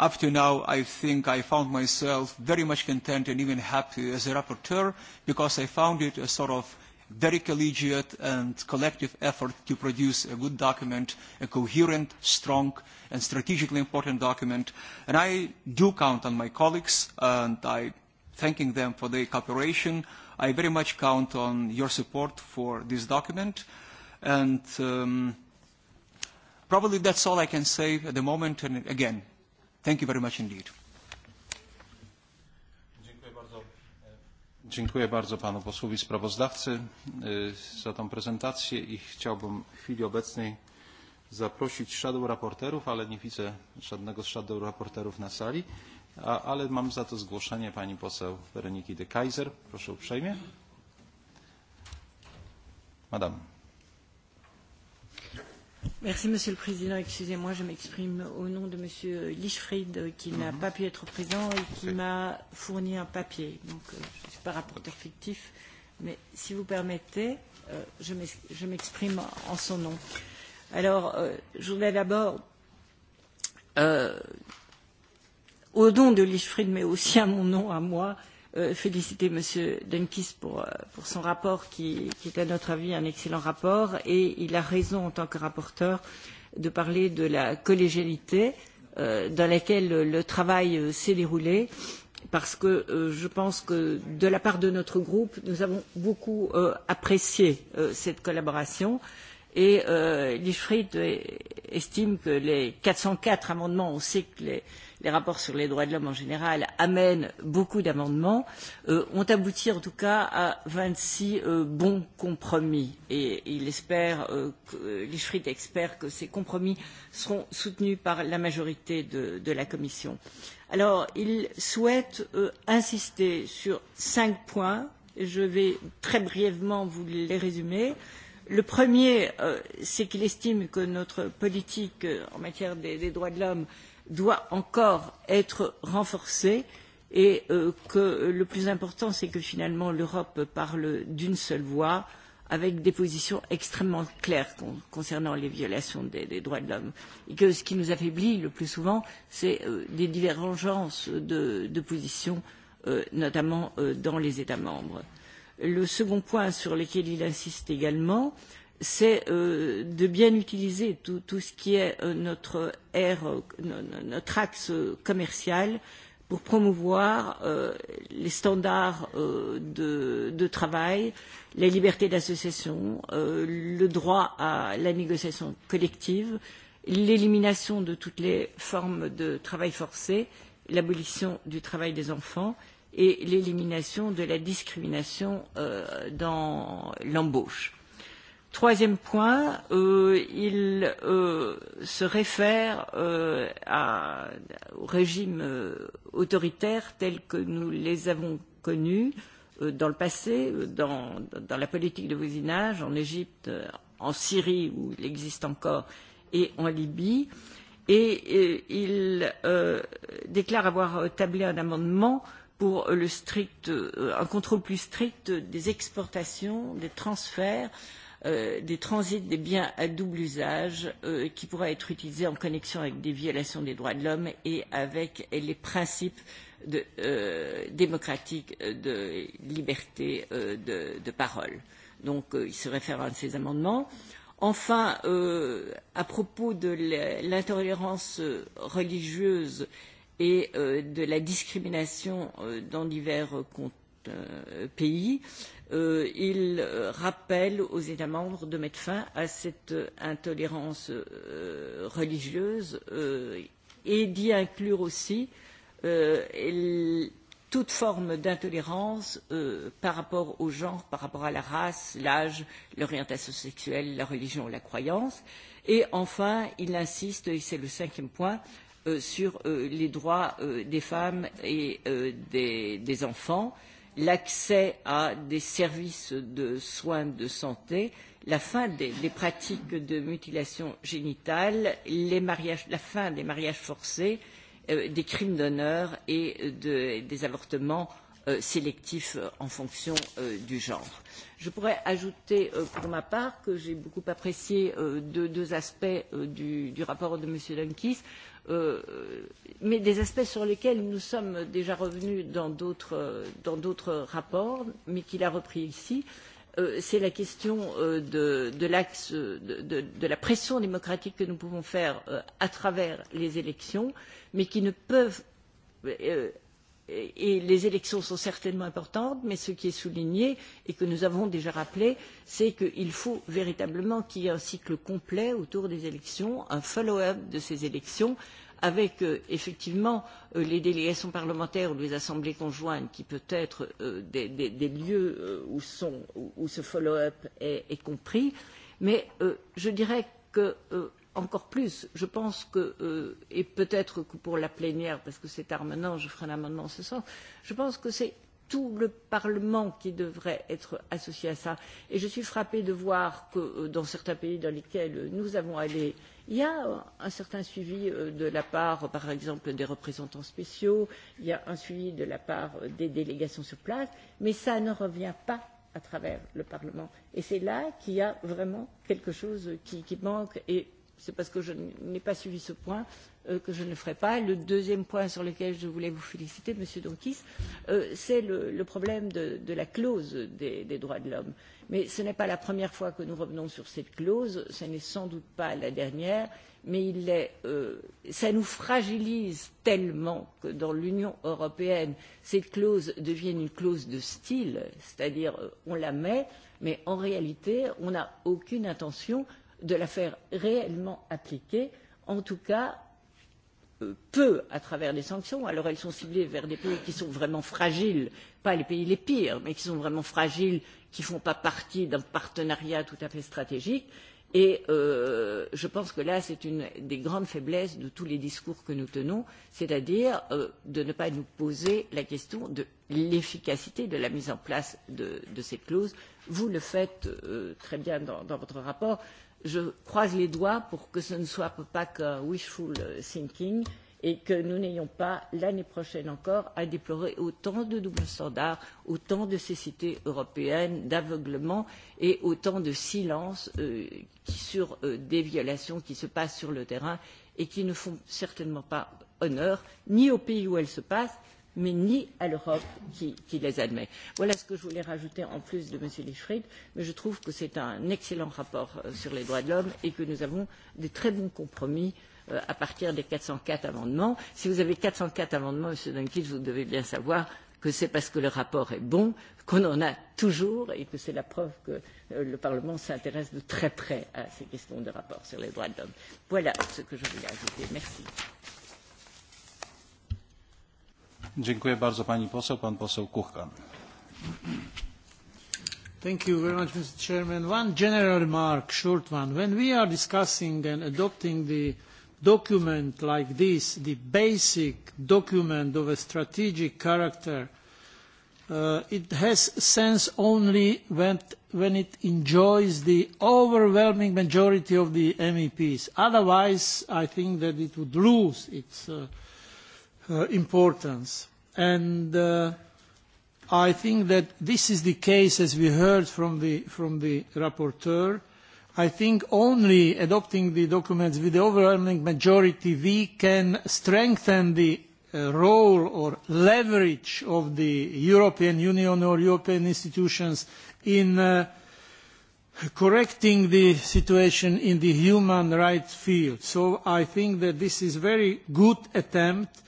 up to now, I think I found myself very much content and even happy as a rapporteur because I found it a sort of very collegiate and collective effort to produce a good document, a coherent, strong, and strategically important document. And I do count on my colleagues, and I thanking them for their cooperation. I very much count on your support for this document. And um, Probably that's all I can say at the moment. And again, thank you very much indeed. Dziękuję bardzo panu posłowi sprawozdawcy za tą prezentację i chciałbym w chwili obecnej zaprosić shadow raporterów, ale nie widzę żadnego z shadow raporterów na sali, a, ale mam za to zgłoszenie pani poseł Weroniki de Kaiser. Proszę uprzejmie. Madame. Merci, Monsieur le Président. Excusez-moi, je m'exprime au nom de Monsieur Lichfried, euh, qui n'a mhm. pas pu être présent et qui m'a fourni un papier. Donc, euh, je ne suis pas rapporteur fictif, mais si vous permettez, euh, je m'exprime en son nom. Alors, je voudrais d'abord, euh, au nom de Lichfried, mais aussi à mon nom, à moi, euh, Euh, féliciter M. Denkis pour, euh, pour son rapport qui, qui est à notre avis un excellent rapport et il a raison en tant que rapporteur de parler de la collégialité euh, dans laquelle le travail euh, s'est déroulé parce que euh, je pense que de la part de notre groupe, nous avons beaucoup euh, apprécié euh, cette collaboration et euh, Lichfried estime que les 404 amendements, on sait que les, euh, les rapports sur les droits de l'homme en général amènent beaucoup d'amendements, euh, ont abouti en tout cas à 26 euh, bons compromis. Et, il espère, euh, que, euh, les Schritt experts que ces compromis seront soutenus par la majorité de, de la Commission. Alors, il souhaite euh, insister sur cinq points. Je vais très brièvement vous les résumer. Le premier, euh, c'est qu'il estime que notre politique euh, en matière des, des droits de l'homme euh, doit encore être renforcée et euh, que le plus important, c'est que finalement l'Europe parle d'une seule voix avec des positions extrêmement claires con concernant les violations des, des droits de l'homme. Et que ce qui nous affaiblit le plus souvent, c'est euh, des divergences de, de positions, euh, notamment euh, dans les États membres. Le second point sur lequel il insiste également, euh, c'est euh, de bien utiliser tout, tout ce qui est euh, notre aire, euh, no, no, notre axe euh, commercial pour promouvoir euh, les standards euh, de, de travail, la liberté d'association, euh, le droit à la négociation collective, l'élimination de toutes les formes de travail forcé, l'abolition du travail des enfants et l'élimination de la discrimination euh, dans l'embauche. Troisième point, euh, il euh, se réfère euh, à, au régime euh, autoritaire tel que nous les avons connus euh, dans le passé, euh, dans, dans la politique de voisinage en Égypte, euh, en Syrie où il existe encore et en Libye. Et, et euh, il euh, déclare avoir tablé un amendement pour le strict, euh, un contrôle plus strict des exportations, des transferts euh, euh, des transits des biens à double usage euh, qui pourra être utilisé en connexion avec des violations des droits de l'homme et avec les principes de, euh, démocratiques euh, de liberté euh, de, de parole. Donc euh, il se réfère à un de ces amendements. Enfin, euh, à propos de l'intolérance euh, religieuse et euh, de la discrimination euh, dans divers euh, euh pays, euh, Euh, il rappelle aux États membres de mettre fin à cette intolérance euh, religieuse euh, et d'y inclure aussi toute forme d'intolérance par rapport au genre, par rapport à la race, l'âge, l'orientation sexuelle, la religion, la croyance. Et enfin, il insiste, et c'est le cinquième point, sur les droits des femmes et des, enfants l'accès à des services de soins de santé, la fin des, des pratiques de mutilation génitale, les mariages, la fin des mariages forcés, euh, des crimes d'honneur et de, des avortements euh, sélectifs en fonction euh, du genre. Je pourrais ajouter euh, pour ma part que j'ai beaucoup apprécié euh, deux, deux aspects euh, du, du rapport de M. Dunkis. Euh, mais des aspects sur lesquels nous sommes déjà revenus dans d'autres rapports, mais qu'il a repris ici, euh, c'est la question euh, de, de l'axe de, de, de la pression démocratique que nous pouvons faire à travers les élections, mais qui ne peuvent et les élections sont certainement importantes mais ce qui est souligné et que nous avons déjà rappelé c'est qu'il faut véritablement qu'il y ait un cycle complet autour des élections un follow up de ces élections avec euh, effectivement euh, les délégations parlementaires ou les assemblées conjointes qui peuvent être euh, des, des, des lieux où, sont, où ce follow up est, est compris mais je dirais que encore plus. Je pense que, euh, et peut-être que pour la plénière, parce que c'est tard maintenant, je ferai un amendement en ce sens, je pense que c'est tout le Parlement qui devrait être associé à ça. Et je suis frappée de voir que euh, dans certains pays dans lesquels nous avons allé, il y a un certain suivi euh, de la part, par exemple, des représentants spéciaux, il y a un suivi de la part des délégations sur place, mais ça ne revient pas à travers le Parlement. Et c'est là qu'il y a vraiment quelque chose qui, qui manque. Et c'est parce que je n'ai pas suivi ce point euh, que je ne le ferai pas. Le deuxième point sur lequel je voulais vous féliciter, Monsieur Donkis, euh, c'est le, le problème de, de la clause des, des droits de l'homme. Mais ce n'est pas la première fois que nous revenons sur cette clause, ce n'est sans doute pas la dernière, mais il est, euh, ça nous fragilise tellement que dans l'Union européenne, cette clause devient une clause de style, c'est-à-dire euh, on la met, mais en réalité, on n'a aucune intention de la faire réellement appliquer, en tout cas euh, peu à travers des sanctions. Alors elles sont ciblées vers des pays qui sont vraiment fragiles, pas les pays les pires, mais qui sont vraiment fragiles, qui ne font pas partie d'un partenariat tout à fait stratégique. Et euh, je pense que là, c'est une des grandes faiblesses de tous les discours que nous tenons, c'est-à-dire euh, de ne pas nous poser la question de l'efficacité de la mise en place de, de cette clause. Vous le faites euh, très bien dans, dans votre rapport je croise les doigts pour que ce ne soit pas que wishful euh, thinking et que nous n'ayons pas l'année prochaine encore à déplorer autant de doubles standards, autant de cécité européenne, d'aveuglement et autant de silence euh, sur euh, des violations qui se passent sur le terrain et qui ne font certainement pas honneur ni au pays où elles se passent mais ni à l'Europe qui, qui les admet. Voilà ce que je voulais rajouter en plus de M. Lichfried, mais je trouve que c'est un excellent rapport euh, sur les droits de l'homme et que nous avons des très bons compromis euh, à partir des 404 amendements. Si vous avez 404 amendements, M. Dunkis, vous devez bien savoir que c'est parce que le rapport est bon qu'on en a toujours et que c'est la preuve que euh, le Parlement s'intéresse de très près à ces questions de rapport sur les droits de l'homme. Voilà ce que je voulais ajouter. Merci. Dziękuję bardzo pani poseł. Pan poseł Kuchkan. Thank you very much, Mr. Chairman. One general remark, short one. When we are discussing and adopting the document like this, the basic document of a strategic character, uh, it has sense only when, when it enjoys the overwhelming majority of the MEPs. Otherwise, I think that it would lose its uh, uh, importance. And uh, I think that this is the case, as we heard from the, from the rapporteur. I think only adopting the documents with the overwhelming majority, we can strengthen the uh, role or leverage of the European Union or European institutions in uh, correcting the situation in the human rights field. So I think that this is a very good attempt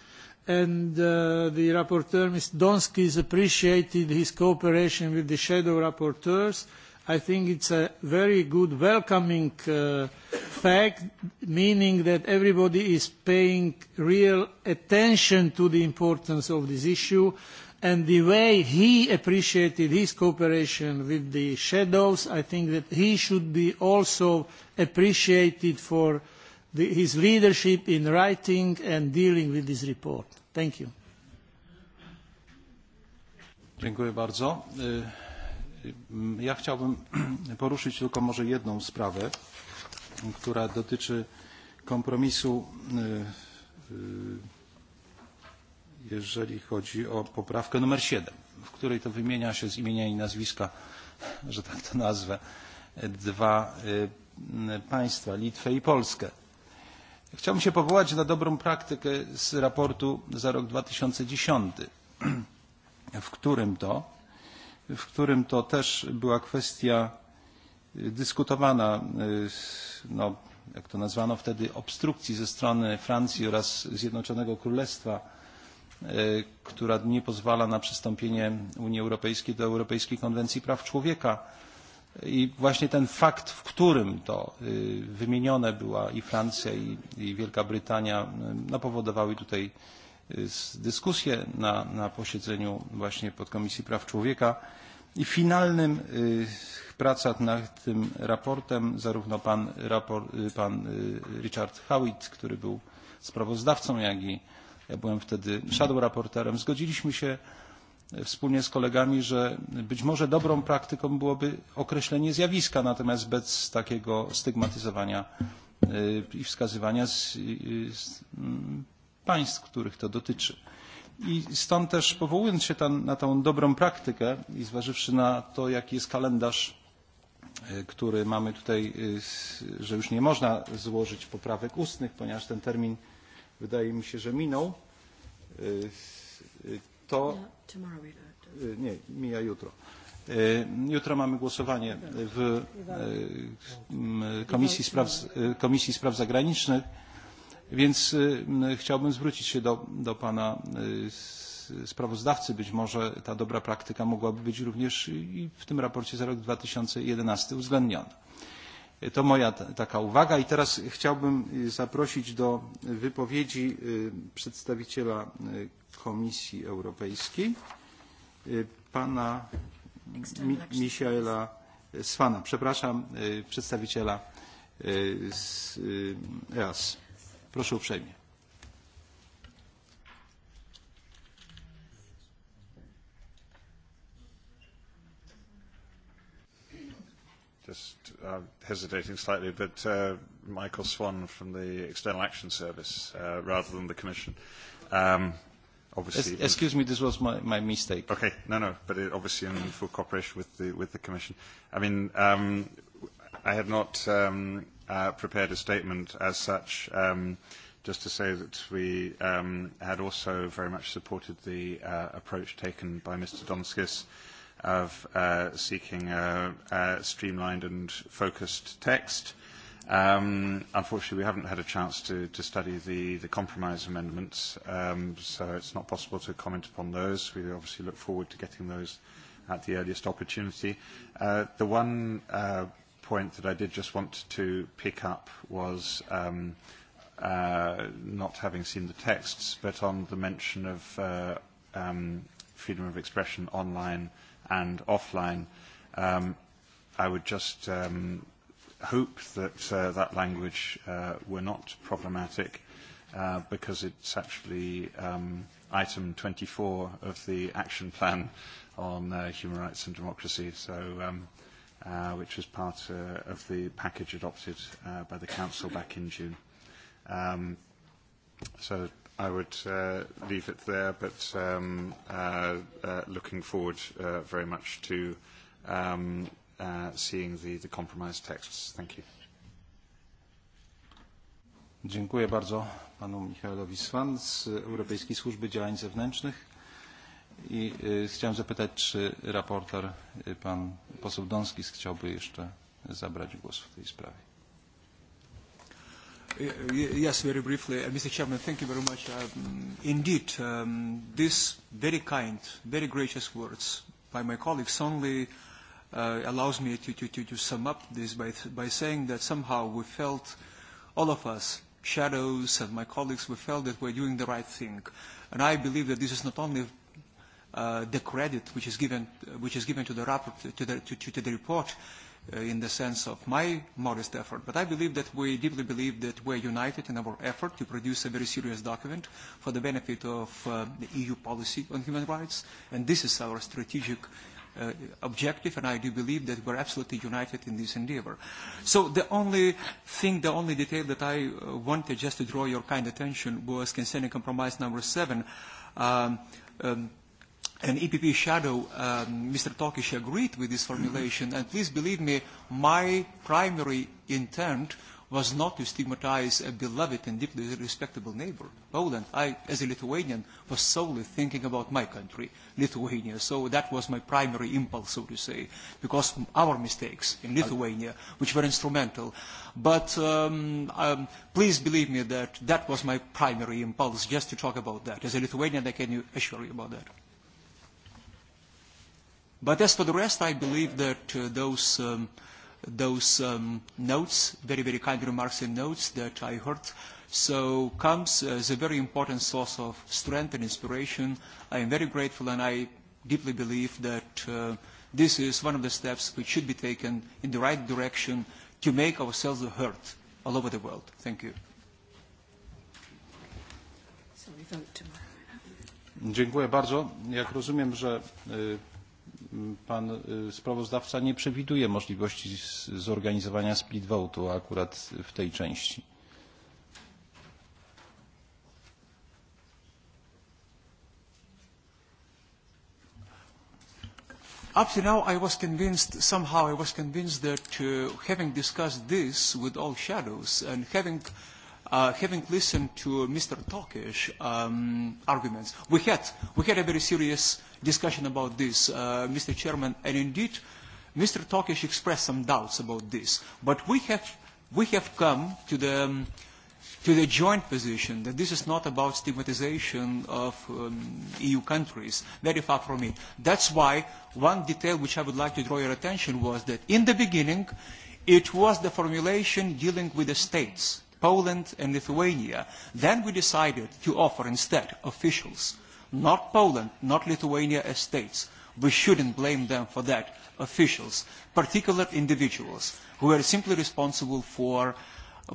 and uh, the rapporteur, Ms. Donskis, appreciated his cooperation with the shadow rapporteurs. I think it's a very good welcoming uh, fact, meaning that everybody is paying real attention to the importance of this issue and the way he appreciated his cooperation with the shadows, I think that he should be also appreciated for the, his leadership in writing and dealing with this report. Thank you. Dziękuję bardzo. Ja chciałbym poruszyć tylko może jedną sprawę, która dotyczy kompromisu, jeżeli chodzi o poprawkę numer 7, w której to wymienia się z imienia i nazwiska, że tak to nazwę, dwa państwa, Litwę i Polskę Chciałbym się powołać na dobrą praktykę z raportu za rok 2010, w którym to, w którym to też była kwestia dyskutowana, no, jak to nazwano wtedy, obstrukcji ze strony Francji oraz Zjednoczonego Królestwa, która nie pozwala na przystąpienie Unii Europejskiej do Europejskiej Konwencji Praw Człowieka. I właśnie ten fakt, w którym to wymienione była i Francja, i, i Wielka Brytania, no, powodowały tutaj dyskusję na, na posiedzeniu właśnie podkomisji praw człowieka. I w finalnym pracach nad tym raportem zarówno pan, rapor, pan Richard Howitt, który był sprawozdawcą, jak i ja byłem wtedy shadow raporterem, zgodziliśmy się wspólnie z kolegami, że być może dobrą praktyką byłoby określenie zjawiska, natomiast bez takiego stygmatyzowania i wskazywania z, z mm, państw, których to dotyczy. I stąd też powołując się tam, na tą dobrą praktykę i zważywszy na to, jaki jest kalendarz, który mamy tutaj, że już nie można złożyć poprawek ustnych, ponieważ ten termin wydaje mi się, że minął, to no. E, nie, mija jutro. E, jutro mamy głosowanie w e, Komisji Spraw, Komisji Spraw Zagranicznych, więc chciałbym zwrócić się do, do pana sprawozdawcy. Być może ta dobra praktyka mogłaby być również i w tym raporcie za rok 2011 uwzględniona. To moja taka uwaga i teraz chciałbym zaprosić do wypowiedzi przedstawiciela Komisji Europejskiej, pana Michaela Swana, przepraszam, przedstawiciela z EAS. Proszę uprzejmie. Just I'm hesitating slightly, but uh, Michael Swan from the External Action Service uh, rather than the Commission. Um, obviously. Es excuse me, this was my, my mistake. Okay, no, no, but it, obviously in full cooperation with the with the Commission. I mean, um, I had not um, uh, prepared a statement as such. Um, just to say that we um, had also very much supported the uh, approach taken by Mr. Donskis of uh, seeking a, a streamlined and focused text. Um, unfortunately, we haven't had a chance to, to study the, the compromise amendments, um, so it's not possible to comment upon those. We obviously look forward to getting those at the earliest opportunity. Uh, the one uh, point that I did just want to pick up was um, uh, not having seen the texts, but on the mention of uh, um, freedom of expression online and offline. Um, I would just um, hope that uh, that language uh, were not problematic uh, because it's actually um, item 24 of the action plan on uh, human rights and democracy, so, um, uh, which was part uh, of the package adopted uh, by the Council back in June. Um, so i would uh, leave it there, but um, uh, uh, looking forward uh, very much to um, uh, seeing the, the compromise texts. Thank you. Dziękuję bardzo panu Michałowi Swan z Europejskiej Służby Działań Zewnętrznych. I y, chciałem zapytać, czy raporter, y, pan poseł Donskis chciałby jeszcze zabrać głos w tej sprawie. Uh, uh, yes, very briefly. Uh, Mr. Chairman, thank you very much. Uh, indeed, um, these very kind, very gracious words by my colleagues only uh, allows me to, to, to, to sum up this by, by saying that somehow we felt, all of us, shadows and my colleagues, we felt that we're doing the right thing. And I believe that this is not only uh, the credit which is given, which is given to the, rapport, to, the, to, to the report, Uh, in the sense of my modest effort, but I believe that we deeply believe that we're united in our effort to produce a very serious document for the benefit of uh, the EU policy on human rights, and this is our strategic uh, objective, and I do believe that we're absolutely united in this endeavor. So the only thing, the only detail that I uh, wanted just to draw your kind attention was concerning compromise number seven. Um, um, an EPP shadow, um, uh, Mr. Tokish, agreed with this formulation. And please believe me, my primary intent was not to stigmatize a beloved and deeply respectable neighbor, Poland. I, as a Lithuanian, was solely thinking about my country, Lithuania. So that was my primary impulse, so to say, because our mistakes in Lithuania, which were instrumental. But um, um, please believe me that that was my primary impulse, just to talk about that. As a Lithuanian, I can assure you about that. But as for the rest, I believe that uh, those, um, those um, notes, very, very kind remarks and notes that I heard, so comes as a very important source of strength and inspiration. I am very grateful and I deeply believe that uh, this is one of the steps which should be taken in the right direction to make ourselves heard all over the world. Thank you. Dziękuję bardzo. Jak rozumiem, że y pan sprawozdawca nie przewiduje możliwości zorganizowania split vote'u akurat w tej części. Up to now, I was convinced, somehow I was convinced that uh, having discussed this with all shadows and having uh, having listened to Mr. Tokish um, arguments, we had, we had a very serious discussion about this, uh, Mr. Chairman, and indeed, Mr. Tokish expressed some doubts about this. But we have, we have come to the, um, to the joint position that this is not about stigmatization of um, EU countries, very far from it. That's why one detail which I would like to draw your attention was that in the beginning, it was the formulation dealing with the states Poland and Lithuania. Then we decided to offer instead officials, not Poland, not Lithuania as states. We shouldn't blame them for that, officials, particular individuals who are simply responsible for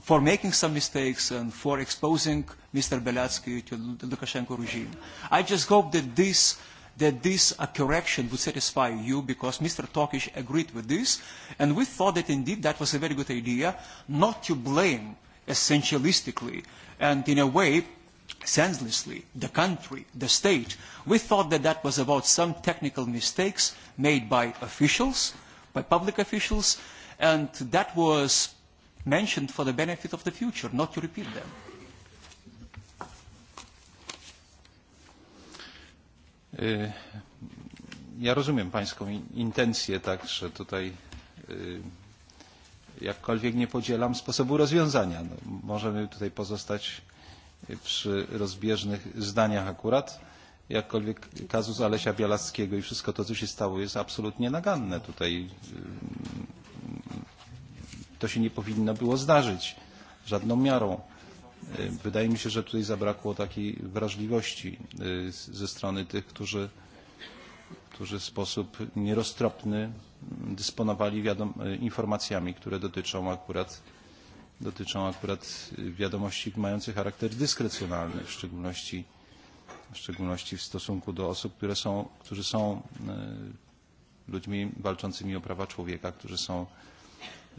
for making some mistakes and for exposing Mr. Belatsky to the Lukashenko regime. I just hope that this that this uh, correction would satisfy you because Mr. Tokish agreed with this and we thought that indeed that was a very good idea not to blame essentialistically and in a way senselessly the country, the state. We thought that that was about some technical mistakes made by officials, by public officials, and that was mentioned for the benefit of the future, not to repeat them. E, ja rozumiem Pańską intencję, tak, że tutaj e, jakkolwiek nie podzielam sposobu rozwiązania. No, możemy tutaj pozostać przy rozbieżnych zdaniach akurat, jakkolwiek kazus Alesia Bialackiego i wszystko to, co się stało, jest absolutnie naganne tutaj. To się nie powinno było zdarzyć żadną miarą. Wydaje mi się, że tutaj zabrakło takiej wrażliwości ze strony tych, którzy którzy w sposób nieroztropny dysponowali e, informacjami, które dotyczą akurat, dotyczą akurat e, wiadomości mających charakter dyskrecjonalny, w szczególności, w szczególności w stosunku do osób, które są, którzy są e, ludźmi walczącymi o prawa człowieka, którzy są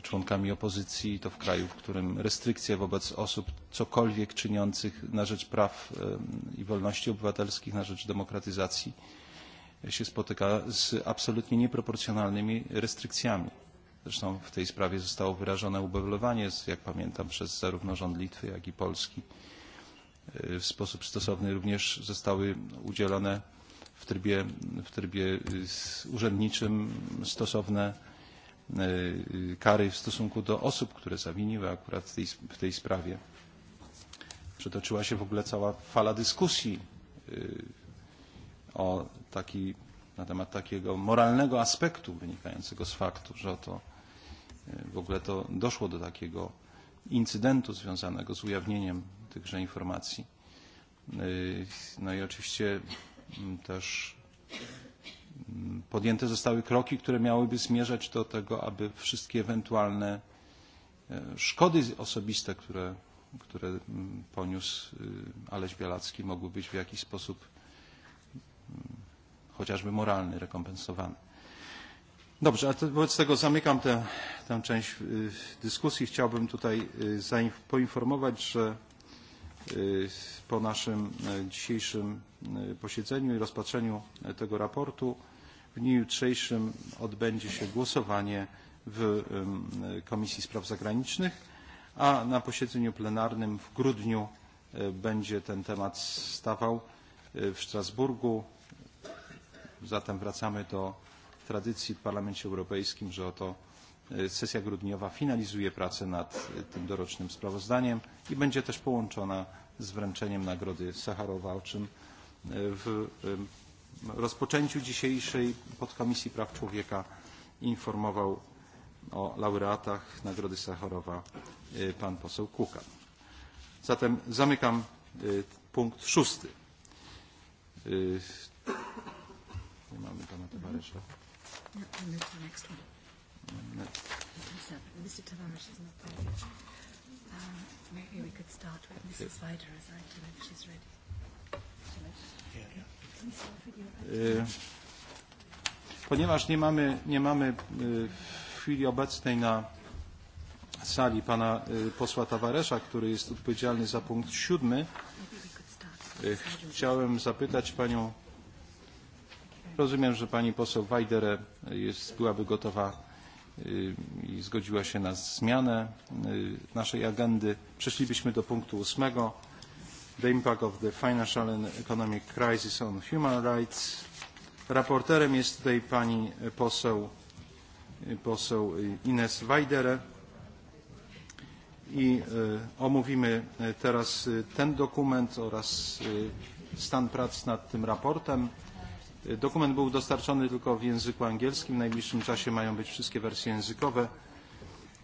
członkami opozycji, to w kraju, w którym restrykcje wobec osób cokolwiek czyniących na rzecz praw i wolności obywatelskich, na rzecz demokratyzacji się spotyka z absolutnie nieproporcjonalnymi restrykcjami. Zresztą w tej sprawie zostało wyrażone ubolewanie, jak pamiętam, przez zarówno rząd Litwy, jak i Polski. W e, sposób stosowny również zostały udzielone w trybie, w trybie urzędniczym stosowne kary w stosunku do osób, które zawiniły akurat w tej, w tej sprawie. Przetoczyła się w ogóle cała fala dyskusji e, o taki, na temat takiego moralnego aspektu wynikającego z faktu, że to e, w ogóle to doszło do takiego incydentu związanego z ujawnieniem tychże informacji. E, no i oczywiście mm, też mm, podjęte zostały kroki, które miałyby zmierzać do tego, aby wszystkie ewentualne e, szkody osobiste, które, które mm, poniósł Aleś Bialacki, mogły być w jakiś sposób chociażby moralny rekompensowany. Dobrze, a wobec tego zamykam tę, tę część dyskusji. Chciałbym tutaj poinformować, że po naszym dzisiejszym posiedzeniu i rozpatrzeniu tego raportu w dniu jutrzejszym odbędzie się głosowanie w Komisji Spraw Zagranicznych, a na posiedzeniu plenarnym w grudniu będzie ten temat stawał w Strasburgu. Zatem wracamy do tradycji w Parlamencie Europejskim, że oto sesja grudniowa finalizuje pracę nad e, tym dorocznym sprawozdaniem i będzie też połączona z wręczeniem Nagrody Sacharowa, o czym e, w e, rozpoczęciu dzisiejszej podkomisji praw człowieka informował o laureatach Nagrody Sacharowa pan poseł Kukan. Zatem zamykam punkt szósty jasný, no, máme pana Tavareša. Ponieważ nie mamy, nie mamy w chwili obecnej na sali pana eh, posła Tavaresa, który jest odpowiedzialny za punkt siódmy, eh, chciałem zapytać panią Rozumiem, że pani poseł Wajdere byłaby gotowa e, i zgodziła się na zmianę e, naszej agendy. Przeszlibyśmy do punktu ósmego. The impact of the financial and economic crisis on human rights. Raporterem jest tutaj pani poseł, e, Ines Wajdere. I omówimy teraz ten dokument oraz stan prac nad tym sprawozdaniem. Dokument był dostarczony tylko w języku angielskim. W najbliższym czasie mają być wszystkie wersje językowe.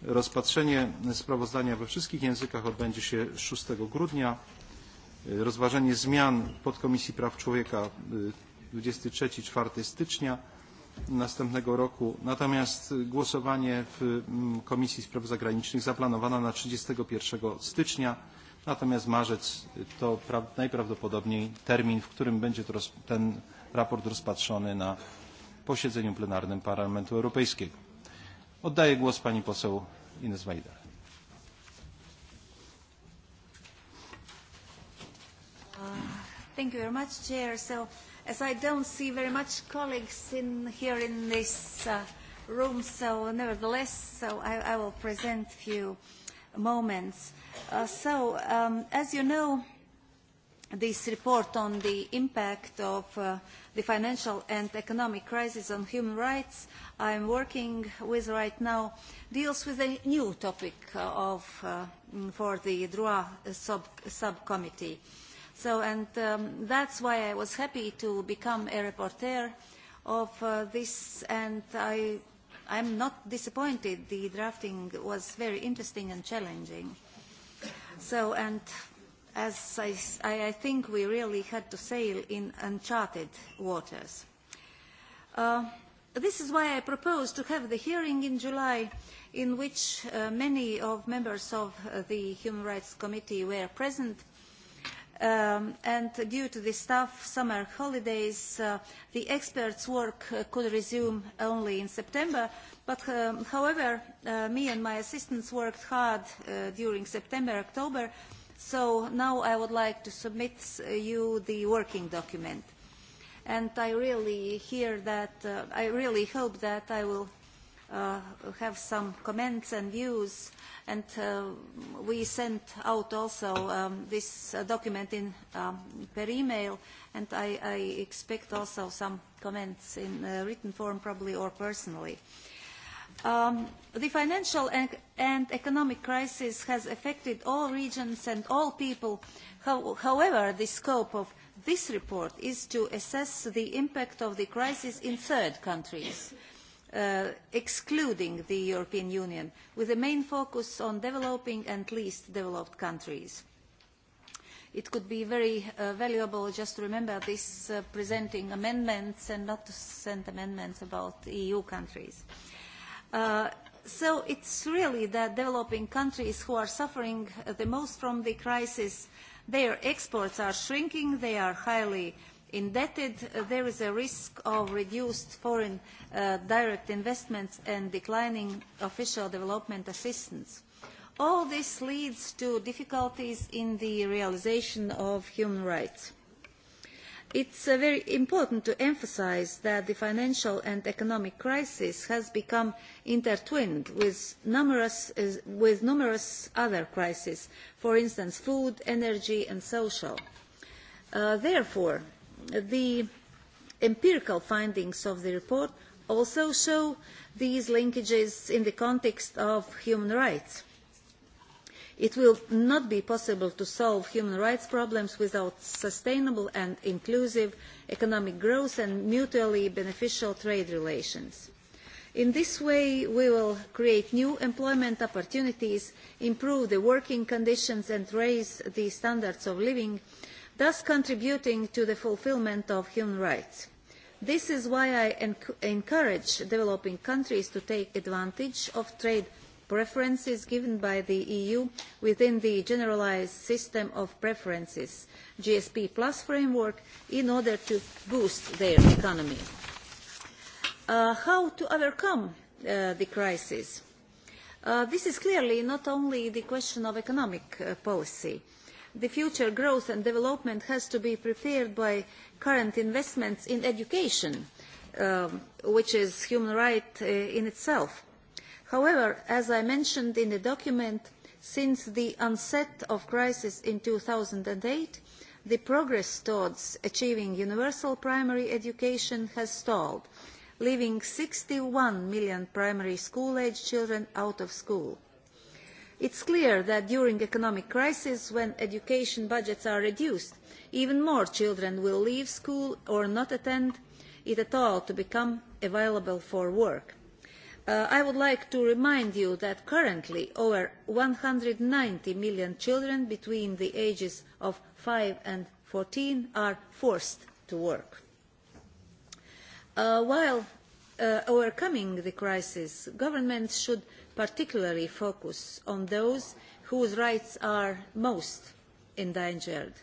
Rozpatrzenie sprawozdania we wszystkich językach odbędzie się 6 grudnia. Rozważenie zmian podkomisji praw człowieka 23-4 stycznia następnego roku. Natomiast głosowanie w mm, Komisji Spraw Zagranicznych zaplanowano na 31 stycznia. Natomiast marzec to najprawdopodobniej termin, w którym będzie to ten raport rozpatrzony na posiedzeniu plenarnym Parlamentu Europejskiego. Oddaję głos pani poseł Ines Majdal. Uh, thank you very much, Chair. So, as I don't see very much colleagues in here in this uh, room, so nevertheless, so I, I will present few moments. Uh, so, um, as you know, this report on the impact of uh, the financial and economic crisis on human rights I am working with right now deals with a new topic uh, of, uh, mm, for the Droit sub, subcommittee. So, and um, that's why I was happy to become a reporter of uh, this, and I, I'm not disappointed. The drafting was very interesting and challenging. So, and as I, think we really had to sail in uncharted waters. Uh, this is why I propose to have the hearing in July in which uh, many of members of uh, the Human Rights Committee were present. Um, and due to the staff summer holidays, the experts' work could resume only in September. But um, however, me and my assistants worked hard during September, October, So now I would like to submit uh, you the working document. And I really hear that, uh, I really hope that I will uh, have some comments and views. And uh, we sent out also um, this uh, document in, um, per email, and I, I expect also some comments in uh, written form probably or personally. Uh, Um, the financial and, and, economic crisis has affected all regions and all people. How, however, the scope of this report is to assess the impact of the crisis in third countries, uh, excluding the European Union, with a main focus on developing and least developed countries. It could be very uh, valuable just to remember this, uh, presenting amendments and not to send amendments about EU countries. Uh, Uh, so it's really the developing countries who are suffering uh, the most from the crisis. Their exports are shrinking, they are highly indebted, uh, there is a risk of reduced foreign uh, direct investments and declining official development assistance. All this leads to difficulties in the realization of human rights. It is uh, very important to emphasise that the financial and economic crisis has become intertwined with numerous, uh, with numerous other crises, for instance, food, energy and social. Uh, therefore, the empirical findings of the report also show these linkages in the context of human rights It will not be possible to solve human rights problems without sustainable and inclusive economic growth and mutually beneficial trade relations. In this way, we will create new employment opportunities, improve the working conditions and raise the standards of living, thus contributing to the fulfilment of human rights. This is why I encourage developing countries to take advantage of trade preferences given by the EU within the Generalised System of Preferences GSP Plus framework in order to boost their economy. Uh, how to overcome uh, the crisis? Uh, this is clearly not only the question of economic uh, policy. The future growth and development has to be prepared by current investments in education, um, which is human right uh, in itself However, as I mentioned in the document, since the onset of crisis in 2008, the progress towards achieving universal primary education has stalled, leaving 61 million primary school-age children out of school. It is clear that during economic crisis, when education budgets are reduced, even more children will leave school or not attend it at all to become available for work. Uh, I would like to remind you that currently over 190 million children between the ages of 5 and 14 are forced to work. Uh, while uh, overcoming the crisis, governments should particularly focus on those whose rights are most endangered.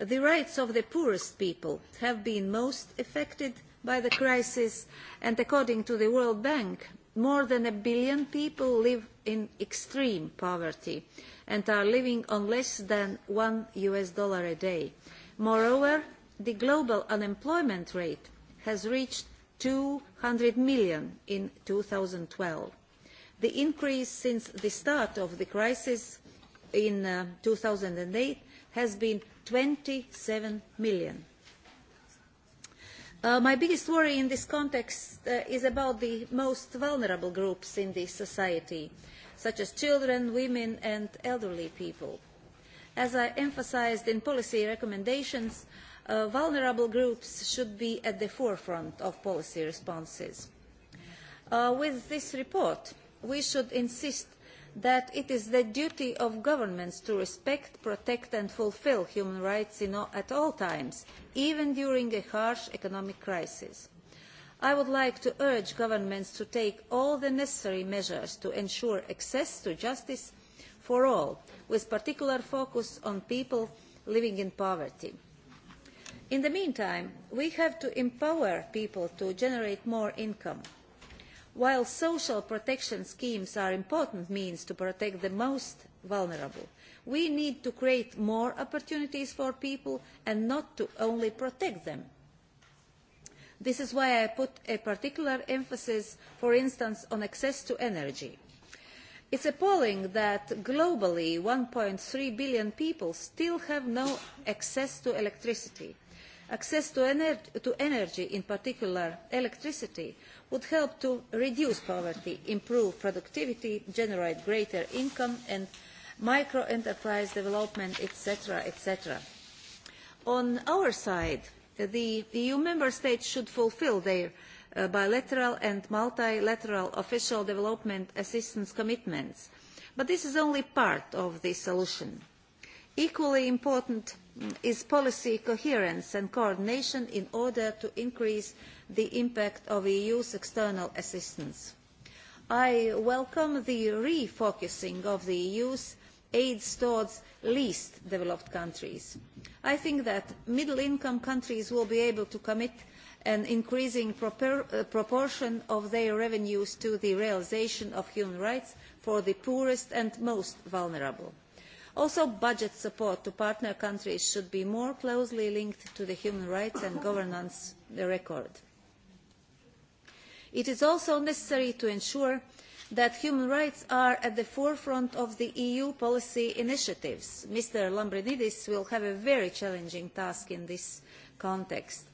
The rights of the poorest people have been most affected by the crisis, and according to the World Bank, more than a billion people live in extreme poverty and are living on less than one US dollar a day. Moreover, the global unemployment rate has reached 200 million in 2012. The increase since the start of the crisis in uh, 2008 has been 27 million Uh, my biggest worry in this context uh, is about the most vulnerable groups in this society, such as children, women and elderly people. As I emphasised in policy recommendations, uh, vulnerable groups should be at the forefront of policy responses. Uh, with this report, we should insist that it is the duty of governments to respect, protect and fulfil human rights all, at all times, even during a harsh economic crisis. I would like to urge governments to take all the necessary measures to ensure access to justice for all, with particular focus on people living in poverty. In the meantime, we have to empower people to generate more income While social protection schemes are important means to protect the most vulnerable, we need to create more opportunities for people and not to only protect them. This is why I put a particular emphasis, for instance, on access to energy. It's appalling that globally 1.3 billion people still have no access to electricity. Access to, ener to energy, in particular electricity, would help to reduce poverty, improve productivity, generate greater income and micro-enterprise development, etc., etc. On our side, the EU member states should fulfil their uh, bilateral and multilateral official development assistance commitments. But this is only part of the solution. Equally important is policy coherence and coordination in order to increase the impact of EU's external assistance. I welcome the refocusing of the EU's aid towards least developed countries. I think that middle income countries will be able to commit an increasing uh, proportion of their revenues to the realisation of human rights for the poorest and most vulnerable. Also, budget support to partner countries should be more closely linked to the human rights and governance record. It is also necessary to ensure that human rights are at the forefront of the EU policy initiatives. Mr. Lambrinidis will have a very challenging task in this context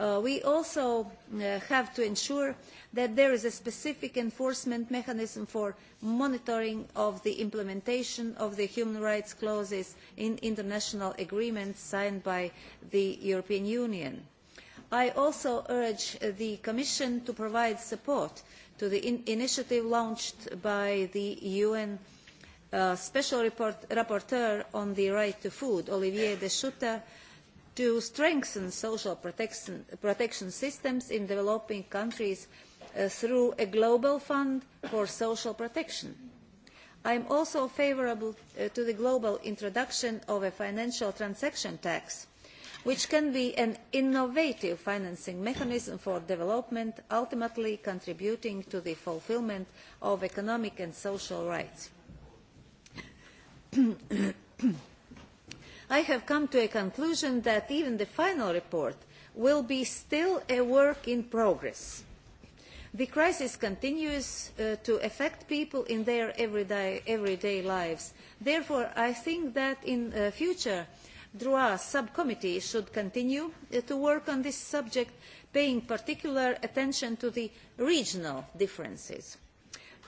Uh, we also uh, have to ensure that there is a specific enforcement mechanism for monitoring of the implementation of the human rights clauses in international agreements signed by the European Union. I also urge the Commission to provide support to the in initiative launched by the UN uh, Special Report Rapporteur on the Right to Food, Olivier de Schutter, to strengthen social protection, protection systems in developing countries uh, through a global fund for social protection. I am also favourable uh, to the global introduction of a financial transaction tax, which can be an innovative financing mechanism for development, ultimately contributing to the fulfilment of economic and social rights. I have come to a conclusion that even the final report will be still a work in progress. The crisis continues uh, to affect people in their everyday, everyday, lives. Therefore, I think that in uh, future, DROA subcommittee should continue uh, to work on this subject, paying particular attention to the regional differences.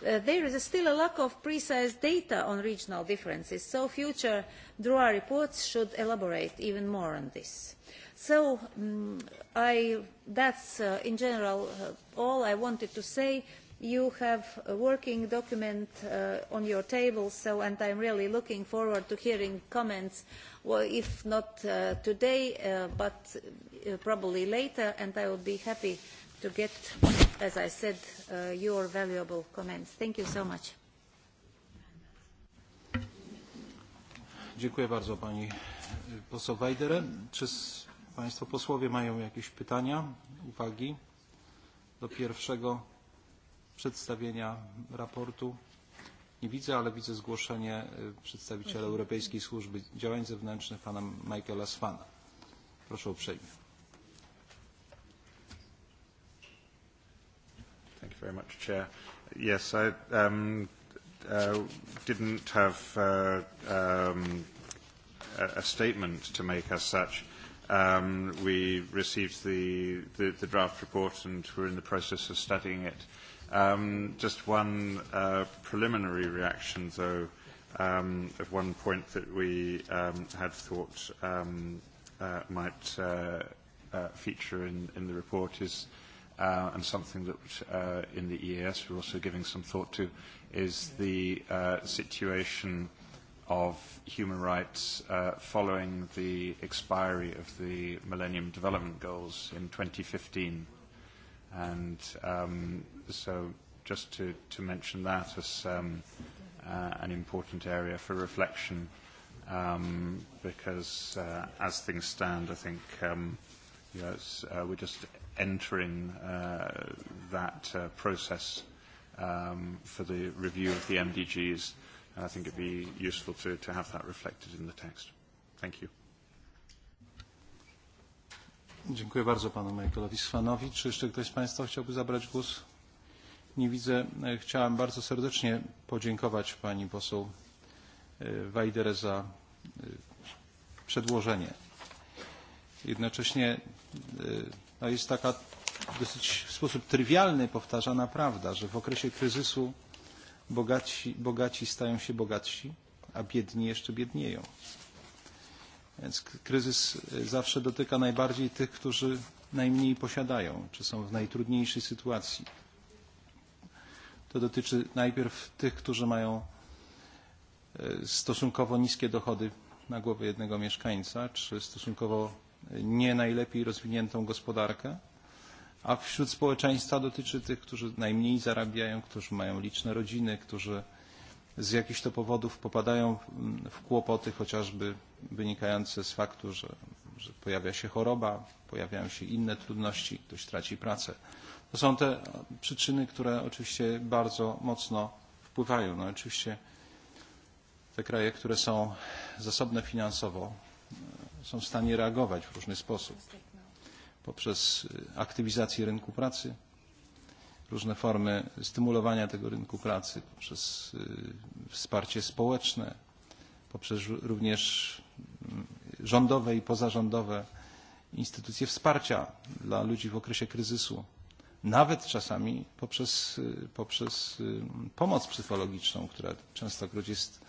Uh, there is still a lack of precise data on regional differences, so future DROA reports should elaborate even more on this. So um, I, that's uh, in general uh, all I wanted to say. You have a working document uh, on your table, so, and I'm really looking forward to hearing comments, well, if not uh, today, uh, but uh, probably later, and I will be happy uh, to get, as I said, uh, your valuable comments. Thank you so much. Dziękuję bardzo pani poseł Weidere. Czy państwo posłowie mają jakieś pytania, uwagi do pierwszego przedstawienia raportu? Nie widzę, ale widzę zgłoszenie przedstawiciela Europejskiej Służby Działań Zewnętrznych pana Michaela Swana. Proszę uprzejmie. very much, Chair. Yes, I um, uh, didn't have uh, um, a a statement to make as such. Um, we received the, the, the draft report and we're in the process of studying it. Um, just one uh, preliminary reaction, though, um, of one point that we um, had thought um, uh, might uh, uh, feature in, in the report is uh, uh, and something that uh, in the EAS we're also giving some thought to is the uh, situation of human rights uh, following the expiry of the Millennium Development Goals in 2015. And um, so just to, to mention that as um, uh, an important area for reflection um, because uh, as things stand, I think um, you know, uh, we're just entering uh, that uh, process um, for the review of the MDGs. And I think it'd be useful to, to have that reflected in the text. Thank you. Dziękuję bardzo panu Michaelowi Swanowi. Czy jeszcze ktoś z państwa chciałby zabrać głos? Nie widzę. Chciałem bardzo serdecznie podziękować pani poseł e, Wajder za e, przedłożenie. Jednocześnie e, no jest taka dosyć w sposób trywialny powtarzana prawda, że w okresie kryzysu bogaci, bogaci stają się bogatsi, a biedni jeszcze biednieją. Więc kryzys zawsze dotyka najbardziej tych, którzy najmniej posiadają, czy są w najtrudniejszej sytuacji. To dotyczy najpierw tych, którzy mają stosunkowo niskie dochody na głowę jednego mieszkańca, czy stosunkowo nie najlepiej rozwiniętą gospodarkę, a wśród społeczeństwa dotyczy tych, którzy najmniej zarabiają, którzy mają liczne rodziny, którzy z jakichś to powodów popadają w kłopoty, chociażby wynikające z faktu, że, że pojawia się choroba, pojawiają się inne trudności, ktoś traci pracę. To są te przyczyny, które oczywiście bardzo mocno wpływają. No oczywiście te kraje, które są zasobne finansowo, są w stanie reagować w różny sposób poprzez eh, aktywizację rynku pracy, różne formy stymulowania tego rynku pracy, poprzez eh, wsparcie społeczne, poprzez również mm, rządowe i pozarządowe instytucje wsparcia dla ludzi w okresie kryzysu, nawet czasami poprzez, poprzez mm, pomoc psychologiczną, która częstokroć jest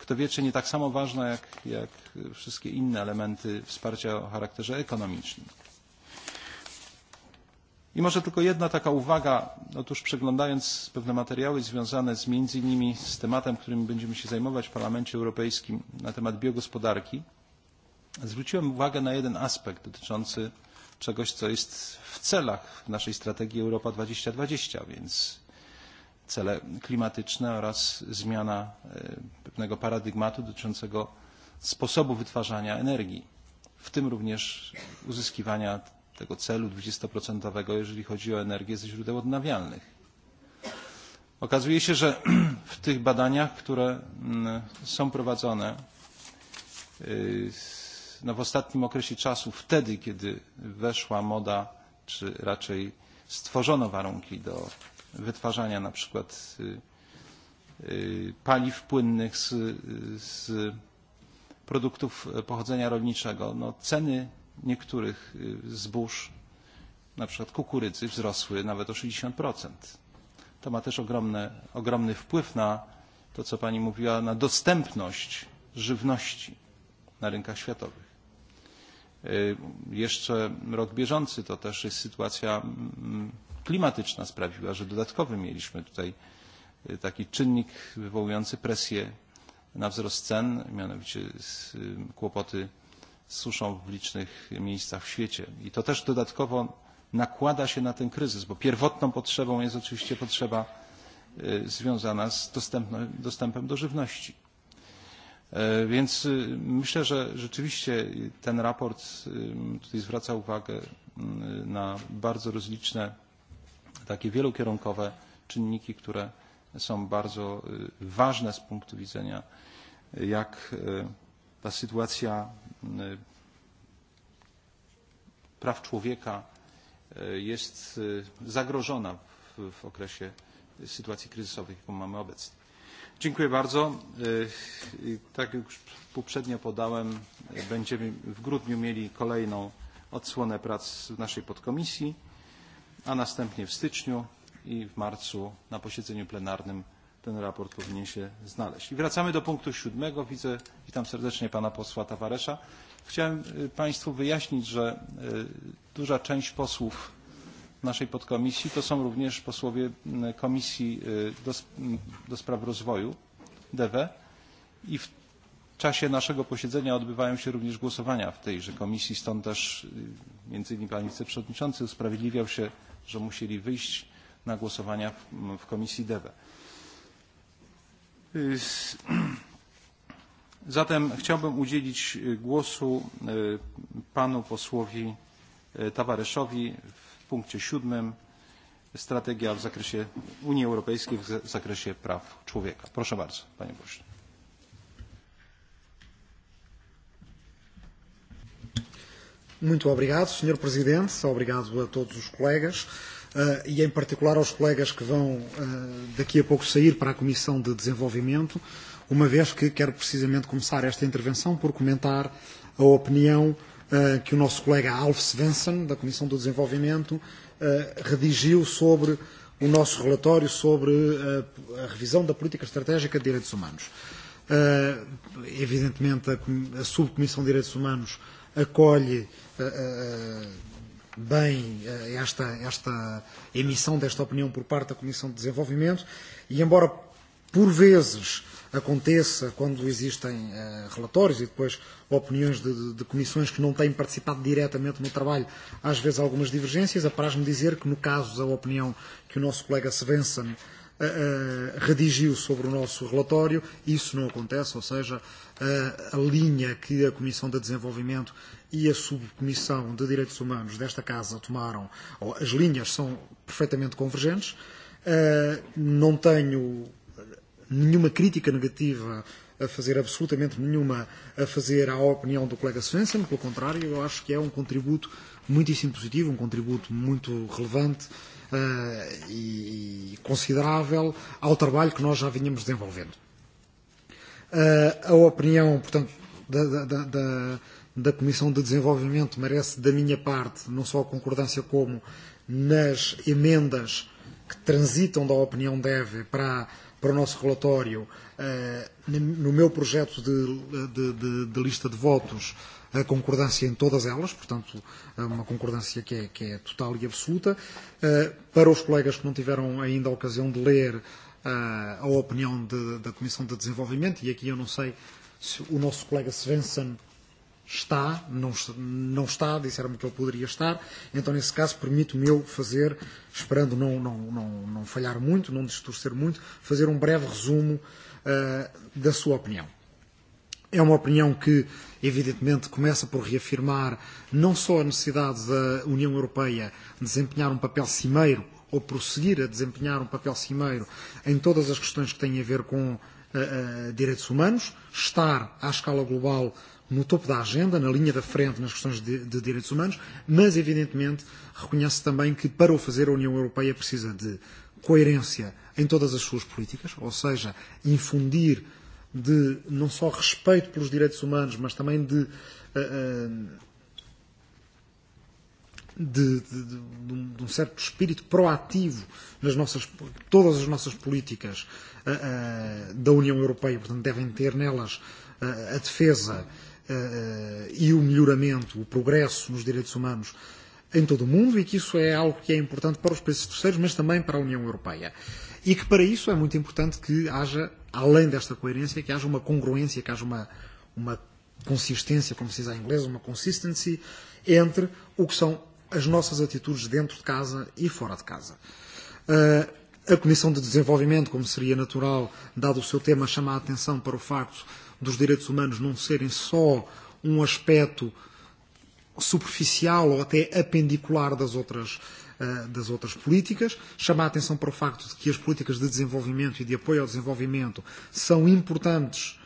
kto wie, czy nie tak samo ważna jak, jak wszystkie inne elementy wsparcia o charakterze ekonomicznym. I może tylko jedna taka uwaga. Otóż przeglądając pewne materiały związane z między innymi z tematem, którym będziemy się zajmować w Parlamencie Europejskim na temat biogospodarki, zwróciłem uwagę na jeden aspekt dotyczący czegoś, co jest w celach naszej strategii Europa 2020, więc cele klimatyczne oraz zmiana e, pewnego paradygmatu dotyczącego sposobu wytwarzania energii, w tym również uzyskiwania tego celu 20% jeżeli chodzi o energię ze źródeł odnawialnych. Okazuje się, że w tych badaniach, które mm, są prowadzone no w ostatnim okresie czasu, wtedy kiedy weszła moda, czy raczej stworzono warunki do wytwarzania na przykład paliw płynnych z, z produktów pochodzenia rolniczego. No, ceny niektórych zbóż, na przykład kukurydzy, wzrosły nawet o 60%. To ma też ogromne, ogromny wpływ na to, co Pani mówiła, na dostępność żywności na rynkach światowych. Jeszcze rok bieżący to też jest sytuacja mm, klimatyczna sprawiła, że dodatkowy mieliśmy tutaj taki czynnik wywołujący presję na wzrost cen, mianowicie kłopoty z suszą w licznych miejscach w świecie. I to też dodatkowo nakłada się na ten kryzys, bo pierwotną potrzebą jest oczywiście potrzeba związana z dostępem do żywności. E, więc myślę, że rzeczywiście ten raport tutaj zwraca uwagę na bardzo rozliczne takie wielokierunkowe czynniki, które są bardzo ważne z punktu widzenia, jak ta sytuacja praw człowieka jest zagrożona w, okresie sytuacji kryzysowej, jaką mamy obecnie. Dziękuję bardzo. Tak jak już poprzednio podałem, będziemy w grudniu mieli kolejną odsłonę prac w naszej podkomisji a następnie w styczniu i w marcu na posiedzeniu plenarnym ten raport powinien się znaleźć. I wracamy do punktu siódmego. Widzę, witam serdecznie pana posła Tavaresa. Chciałem państwu wyjaśnić, że duża część posłów naszej podkomisji to są również posłowie Komisji do, mm, do Spraw Rozwoju DW. i w czasie naszego posiedzenia odbywają się również głosowania w tejże komisji, stąd też między innymi pani wiceprzewodniczący usprawiedliwiał się że musieli wyjść na głosowania w, w komisji DEWE. Zatem chciałbym udzielić głosu panu posłowi Tawareszowi w punkcie siódmym strategia w zakresie Unii Europejskiej w zakresie praw człowieka. Proszę bardzo, panie pośle. Muito obrigado, Sr. Presidente, obrigado a todos os colegas eh, e, em particular, aos colegas que vão eh, daqui a pouco sair para a Comissão de Desenvolvimento, uma vez que quero precisamente começar esta intervenção por comentar a opinião eh, que o nosso colega Alf Svensson, da Comissão do Desenvolvimento, redigiu sobre o nosso relatório sobre a, revisão da política estratégica de direitos humanos. evidentemente, a Subcomissão de Direitos Humanos acolhe Eh, eh, bem eh, esta, esta emissão desta opinião por parte da Comissão de Desenvolvimento e, embora por vezes aconteça quando existem uh, relatórios e depois opiniões de, de, de comissões que não têm participado diretamente no trabalho, às vezes algumas divergências, apraz-me dizer que no caso da opinião que o nosso colega Svensson uh, redigiu sobre o nosso relatório. Isso não acontece, ou seja, uh, a linha que a Comissão de Desenvolvimento e a Subcomissão de Direitos Humanos desta Casa tomaram, ou as linhas são perfeitamente convergentes. Uh, não tenho nenhuma crítica negativa a fazer absolutamente nenhuma a fazer à opinião do colega Svensson, pelo contrário, eu acho que é um contributo muitíssimo positivo, um contributo muito relevante uh, uh, e considerável ao trabalho que nós já vinhamos desenvolvendo. Uh, a opinião, portanto, da, da, da, da Comissão de Desenvolvimento merece, da minha parte, não só a concordância como nas emendas que transitam da opinião deve para, para o nosso relatório, uh, no meu projeto de, de, de, de lista de votos, uh, a concordância em todas elas, portanto, uma concordância que é, que é total e absoluta. Eh, para os colegas que não tiveram ainda a ocasião de ler eh, a opinião de, da Comissão de Desenvolvimento, e aqui eu não sei se o nosso colega Svensson está, não, não está, disseram-me que ele poderia estar, então nesse caso permito-me eu fazer, esperando não, não, não, não falhar muito, não distorcer muito, fazer um breve resumo uh, da sua opinião. É uma opinião que evidentemente, começa por reafirmar não só a necessidade da União Europeia desempenhar um papel cimeiro ou prosseguir a desempenhar um papel cimeiro em todas as questões que têm a ver com uh, uh, direitos humanos, estar à escala global no topo da agenda, na linha da frente nas questões de, de direitos humanos, mas evidentemente reconhece também que para o fazer a União Europeia precisa de coerência em todas as suas políticas, ou seja, infundir uh, de não só respeito pelos direitos humanos, mas também de, eh, eh, de, de, de, um, de um certo espírito proativo nas nossas, todas as nossas políticas eh, da União Europeia, portanto devem ter nelas a defesa e o melhoramento, o progresso nos direitos humanos em todo o mundo e que isso é algo que é importante para os países terceiros, mas também para a União Europeia. Uh, e que para isso é muito importante que haja, além desta coerência, que haja uma congruência, que haja uma, uma consistência, como se diz em inglês, uma consistency entre o que são as nossas atitudes dentro de casa e fora de casa. Uh, a Comissão de Desenvolvimento, como seria natural, dado o seu tema, chama a atenção para o facto dos direitos humanos não serem só um aspecto superficial ou até apendicular das outras uh, Eh, das outras políticas, chamar a atenção para o facto de que as políticas de desenvolvimento e de apoio ao desenvolvimento são importantes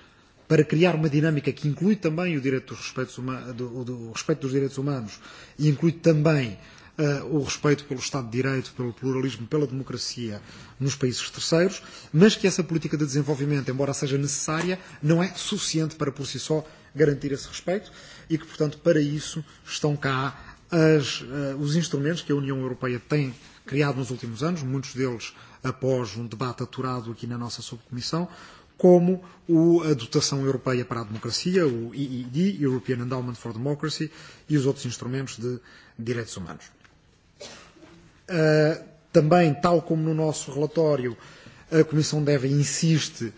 para criar uma dinâmica que inclui também o, direito dos respeitos do, do, o respeito dos direitos humanos e inclui também uh, o respeito pelo Estado de Direito, pelo pluralismo, pela democracia nos países terceiros, mas que essa política de desenvolvimento, embora seja necessária, não é suficiente para por si só garantir esse respeito e que, portanto, para isso estão cá as, uh, os instrumentos que a União Europeia tem criado nos últimos anos, muitos deles após um debate aturado aqui na nossa subcomissão, como o, a Dotação Europeia para a Democracia, o EED, European Endowment for Democracy, e os outros instrumentos de direitos humanos. Uh, também, tal como no nosso relatório, a Comissão deve insiste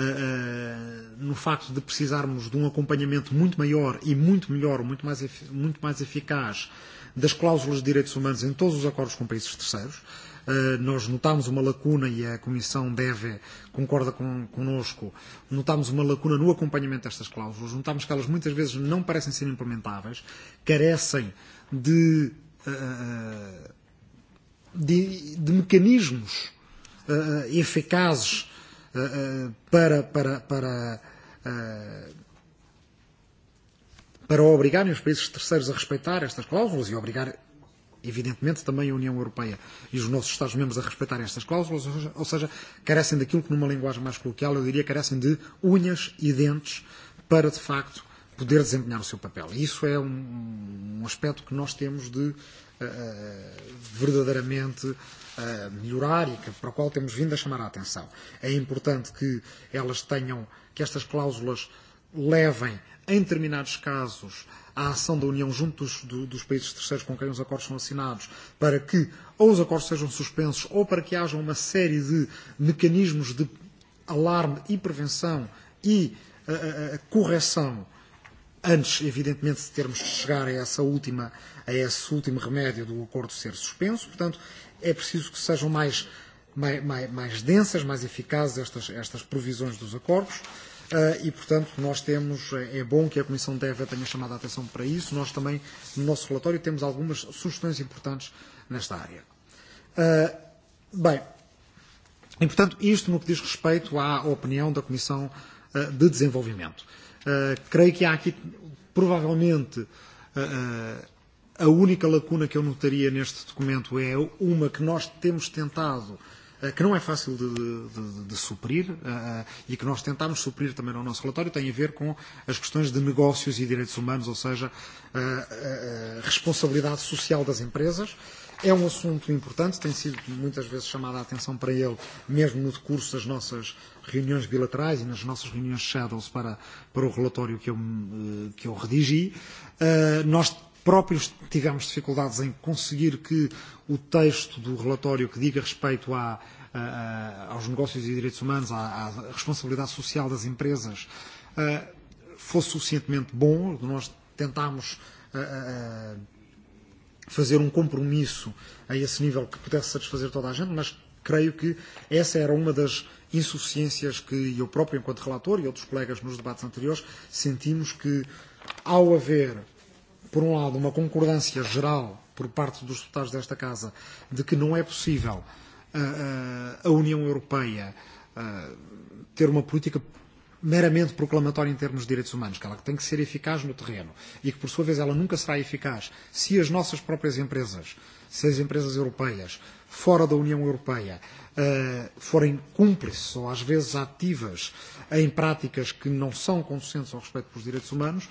uh, no facto de precisarmos de um acompanhamento muito maior e muito melhor, muito mais, muito mais eficaz das cláusulas de direitos humanos em todos os acordos com países terceiros. Eh, nós notámos uma lacuna e a Comissão deve, concorda com, connosco, notámos uma lacuna no acompanhamento destas cláusulas, notámos que elas muitas vezes não parecem ser implementáveis, carecem de, de, de mecanismos eficazes Eh, eh, para, para, para, eh, para obrigarem os países terceiros a respeitar estas cláusulas e obrigar, evidentemente, também a União Europeia e os nossos Estados-membros a respeitarem estas cláusulas, ou seja, carecem daquilo que, numa linguagem mais coloquial, eu diria, carecem de unhas e dentes para, de facto, poder desempenhar o seu papel. E isso é um, um aspecto que nós temos de uh, Eh, verdadeiramente a eh, melhorar e que, para o qual temos vindo a chamar a atenção. É importante que elas tenham, que estas cláusulas levem, em determinados casos, à ação da União junto dos, do, dos países terceiros com quem os acordos são assinados, para que ou os acordos sejam suspensos ou para que haja uma série de mecanismos de alarme e prevenção e a, a, a correção uh, antes, evidentemente, de termos de chegar a, essa última, a esse último remédio do acordo ser suspenso. Portanto, é preciso que sejam mais, mais, mais, mais densas, mais eficazes estas, estas provisões dos acordos. Uh, e, portanto, nós temos, eh, é bom que a Comissão deve tenha chamado a atenção para isso. Nós também, no nosso relatório, temos algumas sugestões importantes nesta área. Uh, bem, e, portanto, isto no que diz respeito à opinião da Comissão uh, de Desenvolvimento. Uh, Eh, creio que há aqui, provavelmente, uh, a única lacuna que eu notaria neste documento é uma que nós temos tentado que não é fácil de, de, de de suprir uh, e que nós tentámos suprir também no nosso relatório, tem a ver com as questões de negócios e direitos humanos, ou seja, a, uh, uh, responsabilidade social das empresas. Uh, É um assunto importante, tem sido muitas vezes chamada a atenção para ele, mesmo no decurso das nossas reuniões bilaterais e nas nossas reuniões shadows para, para o relatório que eu, eh, que eu redigi. Uh, nós próprios tivemos dificuldades em conseguir que o texto do relatório que diga respeito à, à, aos negócios e direitos humanos, à, à responsabilidade social das empresas, uh, fosse suficientemente bom. Nós tentámos. Uh, uh, fazer um compromisso a esse nível que pudesse satisfazer toda a gente, mas creio que essa era uma das insuficiências que eu próprio, enquanto relator, e outros colegas nos debates anteriores, sentimos que, ao haver, por um lado, uma concordância geral por parte dos deputados desta Casa de que não é possível a, eh, a, eh, a União Europeia a, eh, ter uma política meramente proclamatória em termos de direitos humanos, que ela tem que ser eficaz no terreno e que, por sua vez, ela nunca será eficaz se as nossas próprias empresas, se as empresas europeias, fora da União Europeia, uh, forem cúmplices ou às vezes ativas em práticas que não são consistentes ao respeito dos direitos humanos,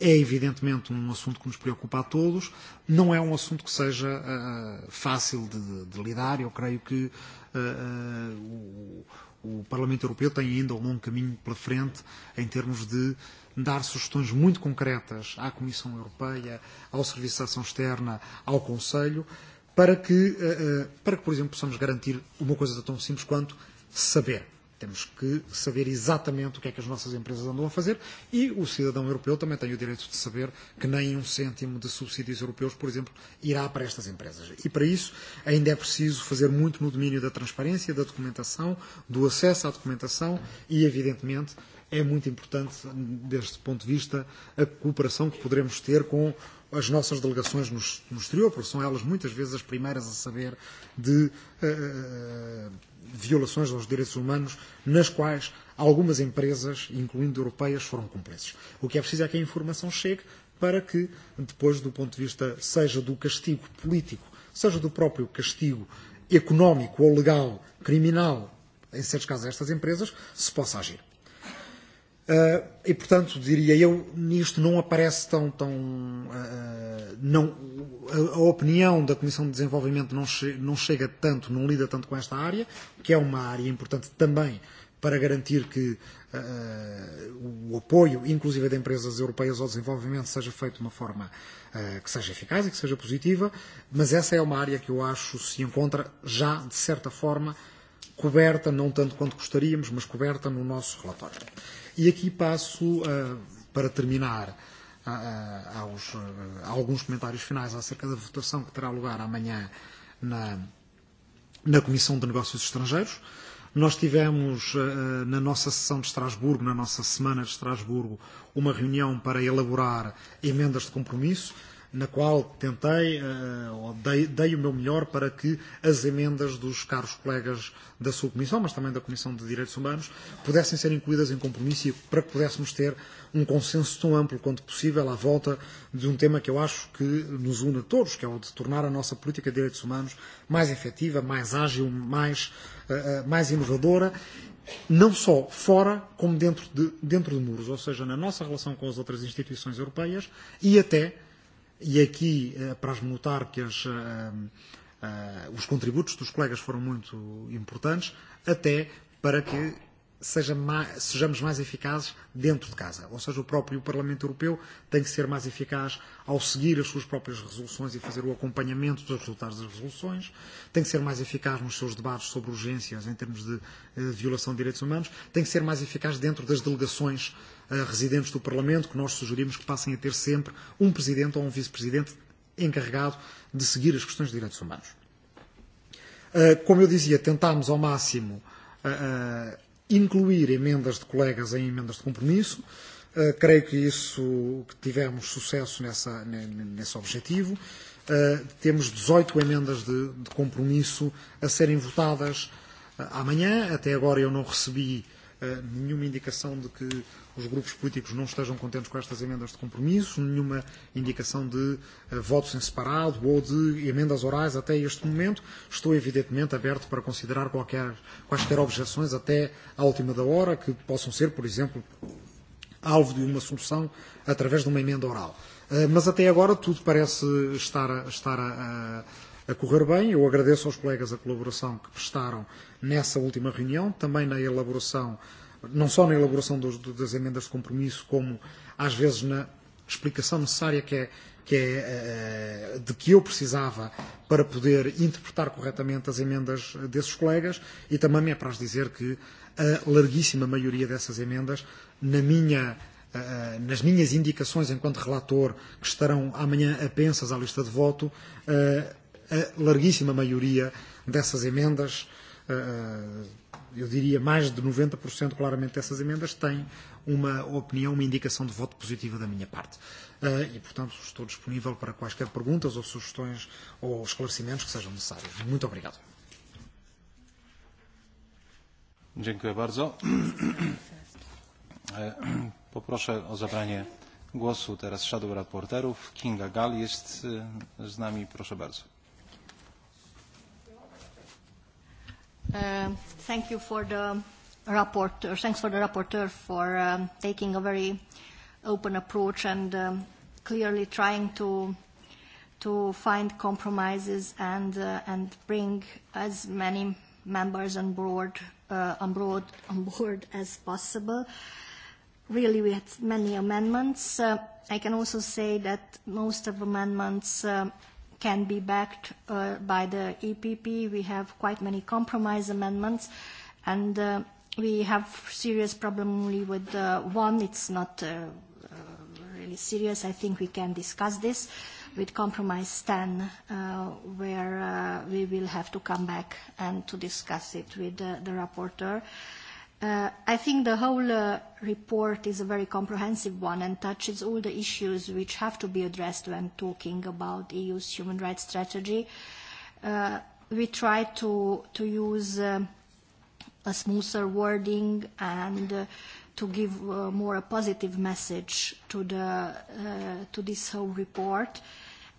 é evidentemente um assunto que nos preocupa a todos, não é um assunto que seja uh, fácil de, de lidar, eu creio que uh, uh, o Parlamento Europeu tem ainda um longo caminho pela frente em termos de dar sugestões muito concretas à Comissão Europeia, ao Serviço de Ação Externa, ao Conselho, para que, eh, eh, para que, por exemplo, possamos garantir uma coisa tão simples quanto saber Temos que saber exatamente o que é que as nossas empresas andam a fazer e o cidadão europeu também tem o direito de saber que nem um cêntimo de subsídios europeus, por exemplo, irá para estas empresas. E para isso ainda é preciso fazer muito no domínio da transparência, da documentação, do acesso à documentação e, evidentemente, é muito importante, deste ponto de vista, a cooperação que poderemos ter com as nossas delegações no, no exterior, porque são elas muitas vezes as primeiras a saber de uh, violações aos direitos humanos, nas quais algumas empresas, incluindo europeias, foram cúmplices. O que é preciso é que a informação chegue para que, depois, do ponto de vista seja do castigo político, seja do próprio castigo económico ou legal, criminal, em certos casos, estas empresas, se possa agir. Uh, e, portanto, diria eu, nisto não aparece tão. tão uh, não, a, a opinião da Comissão de Desenvolvimento não, che, não chega tanto, não lida tanto com esta área, que é uma área importante também para garantir que uh, o apoio, inclusive de empresas europeias ao desenvolvimento, seja feito de uma forma uh, que seja eficaz e que seja positiva, mas essa é uma área que eu acho se encontra já, de certa forma, coberta, não tanto quanto gostaríamos, mas coberta no nosso relatório. Uh, E aqui passo uh, eh, para terminar uh, eh, aos, uh, eh, alguns comentários finais acerca da votação que terá lugar amanhã na, na Comissão no de Negócios Estrangeiros. Nós tivemos uh, na nossa sessão de Estrasburgo, na nossa semana de Estrasburgo, uma reunião para elaborar emendas de compromisso. Uh, na qual tentei, eh, ou dei, dei o meu melhor para que as emendas dos caros colegas da Subcomissão, mas também da Comissão de Direitos Humanos, pudessem ser incluídas em compromisso e para que pudéssemos ter um consenso tão amplo quanto possível à volta de um tema que eu acho que nos une a todos, que é o de tornar a nossa política de direitos humanos mais efetiva, mais ágil, mais, uh, uh, mais inovadora não só fora, como dentro de, dentro de muros, ou seja, na nossa relação com as outras instituições europeias e até e aqui eh, para as notar que as, eh, eh, os contributos dos colegas foram muito importantes, até para que seja mais, sejamos mais eficazes dentro de casa. Ou seja, o próprio Parlamento Europeu tem que ser mais eficaz ao seguir as suas próprias resoluções e fazer o acompanhamento dos resultados das resoluções, tem que ser mais eficaz nos seus debates sobre urgências em termos de eh, violação de direitos humanos, tem que ser mais eficaz dentro das delegações eh, residentes do Parlamento, que nós sugerimos que passem a ter sempre um presidente ou um vice-presidente encarregado de seguir as questões de direitos humanos. Ah, como eu dizia, tentámos ao máximo ah, ah, incluir emendas de colegas em emendas de compromisso. creio que isso que tivemos sucesso nessa, nesse objetivo. temos 18 emendas de, de compromisso a serem votadas amanhã. Até agora eu não recebi uh, Eh, nenhuma indicação de que os grupos políticos não estejam contentes com estas emendas de compromisso, nenhuma indicação de eh, votos em separado ou de emendas orais até este momento. Estou, evidentemente, aberto para considerar qualquer, quaisquer objeções até à última da hora, que possam ser, por exemplo, alvo de uma solução através de uma emenda oral. Eh, mas até agora tudo parece estar, a. estar a. a a correr bem. Eu agradeço aos colegas a colaboração que prestaram nessa última reunião, também na elaboração, não só na elaboração dos, das emendas de compromisso, como às vezes na explicação necessária que é, que é eh, de que eu precisava para poder interpretar corretamente as emendas desses colegas e também me é para dizer que a larguíssima maioria dessas emendas, na minha eh, eh, nas minhas indicações enquanto relator, que estarão amanhã apensas à lista de voto, a larguíssima maioria dessas emendas, eh, eh, eu diria mais de 90% claramente dessas emendas, têm uma opinião, uma indicação de voto positiva da minha parte. Eh, e, portanto, estou disponível para quaisquer perguntas ou sugestões ou esclarecimentos que sejam necessários. Muito obrigado. Dziękuję bardzo. E, poproszę o zabranie głosu teraz shadow Reporterów. Kinga Gal jest e, z nami. Proszę bardzo. Uh, thank you for the rapporteur. Uh, thanks for the rapporteur for um, taking a very open approach and um, clearly trying to to find compromises and uh, and bring as many members on board uh, on board on board as possible. Really, we had many amendments. Uh, I can also say that most of amendments. Uh, can be backed uh, by the EPP. We have quite many compromise amendments, and uh, we have serious problem only with uh, one. It's not uh, uh, really serious. I think we can discuss this with compromise 10, uh, where uh, we will have to come back and to discuss it with uh, the rapporteur. Uh, Uh, I think the whole uh, report is a very comprehensive one and touches all the issues which have to be addressed when talking about EU's human rights strategy. Uh, we try to, to use uh, a smoother wording and uh, to give uh, more a positive message to, the, uh, to this whole report.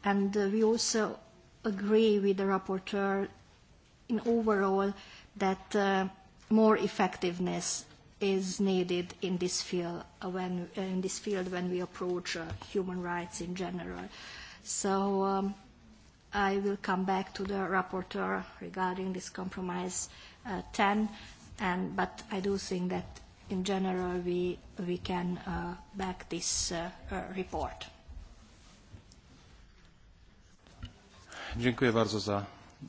And uh, we also agree with the rapporteur in overall that uh, more effectiveness is needed in this field uh, when, uh, in this field when we approach uh, human rights in general. So um, I will come back to the rapporteur regarding this compromise uh, 10, and, but I do think that in general we, we can uh, back this uh, uh, report. Dziękuję bardzo za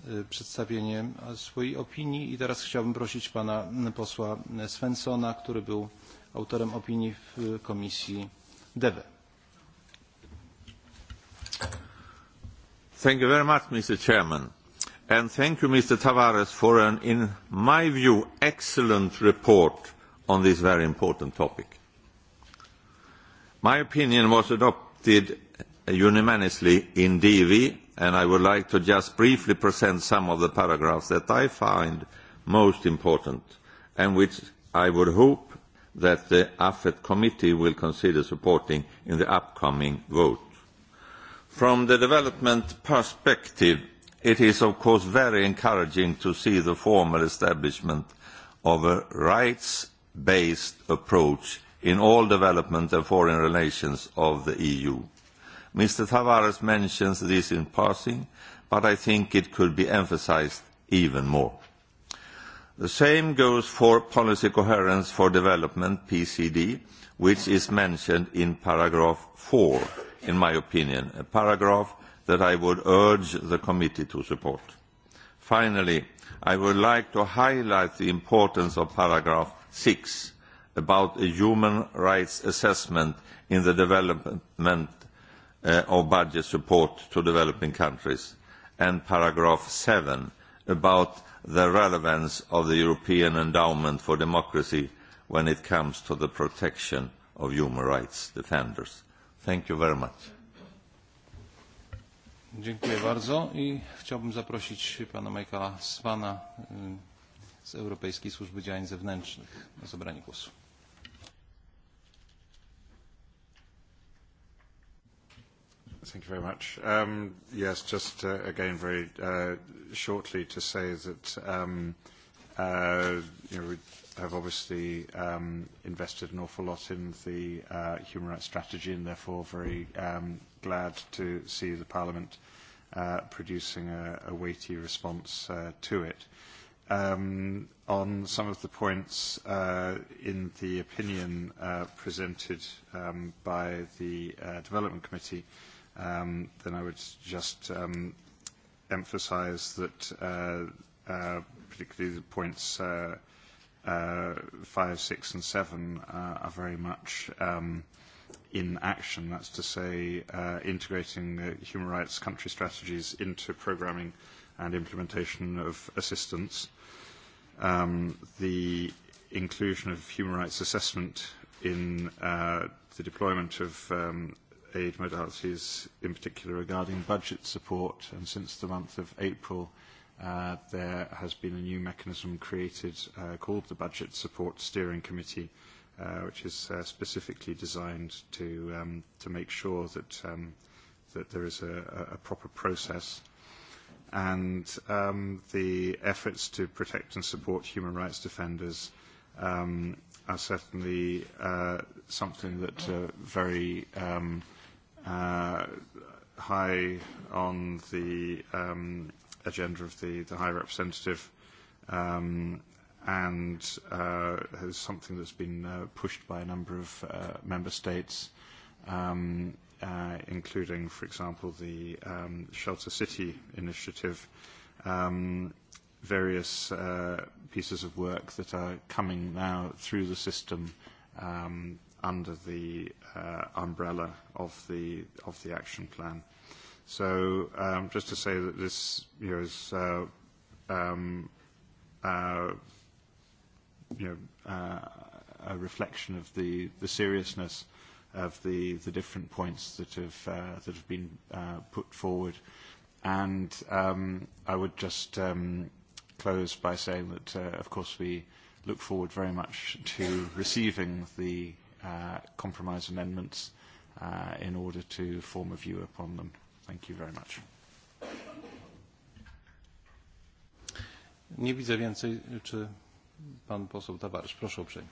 E, przedstawienie swojej opinii i teraz chciałbym prosić pana posła Svensona, który był autorem opinii w komisji DEWE. E. Thank you very much, Mr. Chairman. And thank you, Mr. Tavares, for an, in my view, excellent report on this very important topic. My opinion was adopted unanimously in DV, and I would like to just briefly present some of the paragraphs that I find most important and which I would hope that the AFET committee will consider supporting in the upcoming vote. From the development perspective, it is of course very encouraging to see the formal establishment of a rights-based approach in all development and foreign relations of the EU Mr. Tavares mentions this in passing, but I think it could be emphasized even more. The same goes for policy coherence for development, PCD, which is mentioned in paragraph 4, in my opinion, a paragraph that I would urge the committee to support. Finally, I would like to highlight the importance of paragraph 6 about a human rights assessment in the development uh, of budget support to developing countries, and paragraph 7 about the relevance of the European Endowment for Democracy when it comes to the protection of human rights defenders. Thank you very much. Dziękuję bardzo i chciałbym zaprosić pana Michaela Swana z Europejskiej Służby Działań Zewnętrznych o zabranie głosu. Thank you very much. Um, yes, just uh, again, very uh, shortly to say that um, uh, you know, we have obviously um, invested an awful lot in the uh, human rights strategy and therefore very um, glad to see the Parliament uh, producing a, a weighty response uh, to it. Um, on some of the points uh, in the opinion uh, presented um, by the uh, Development Committee, uh, um, then I would just um, emphasize that uh, uh, particularly the points uh, uh, 5, 6 and 7 uh, are very much um, in action. That's to say uh, integrating uh, human rights country strategies into programming and implementation of assistance. Um, the inclusion of human rights assessment in uh, the deployment of um, aid modalities, in particular regarding budget support. And since the month of April, uh, there has been a new mechanism created uh, called the Budget Support Steering Committee, uh, which is uh, specifically designed to, um, to make sure that, um, that there is a, a proper process and um, the efforts to protect and support human rights defenders um, are certainly uh, something that uh, very um, uh, high on the um, agenda of the, the High Representative um, and uh, is something that's been uh, pushed by a number of uh, member states, um, uh, including, for example, the um, Shelter City initiative, um, various uh, pieces of work that are coming now through the system um, under the uh, umbrella of the of the action plan. So um, just to say that this you know, is uh, um, uh, you know uh, a reflection of the the seriousness of the the different points that have uh, that have been uh, put forward, and um, I would just um, close by saying that uh, of course we look forward very much to receiving the uh, compromise amendments uh, in order to form a view upon them. Thank you very much. Nie widzę więcej. Czy pan poseł Tavares, Proszę uprzejmie.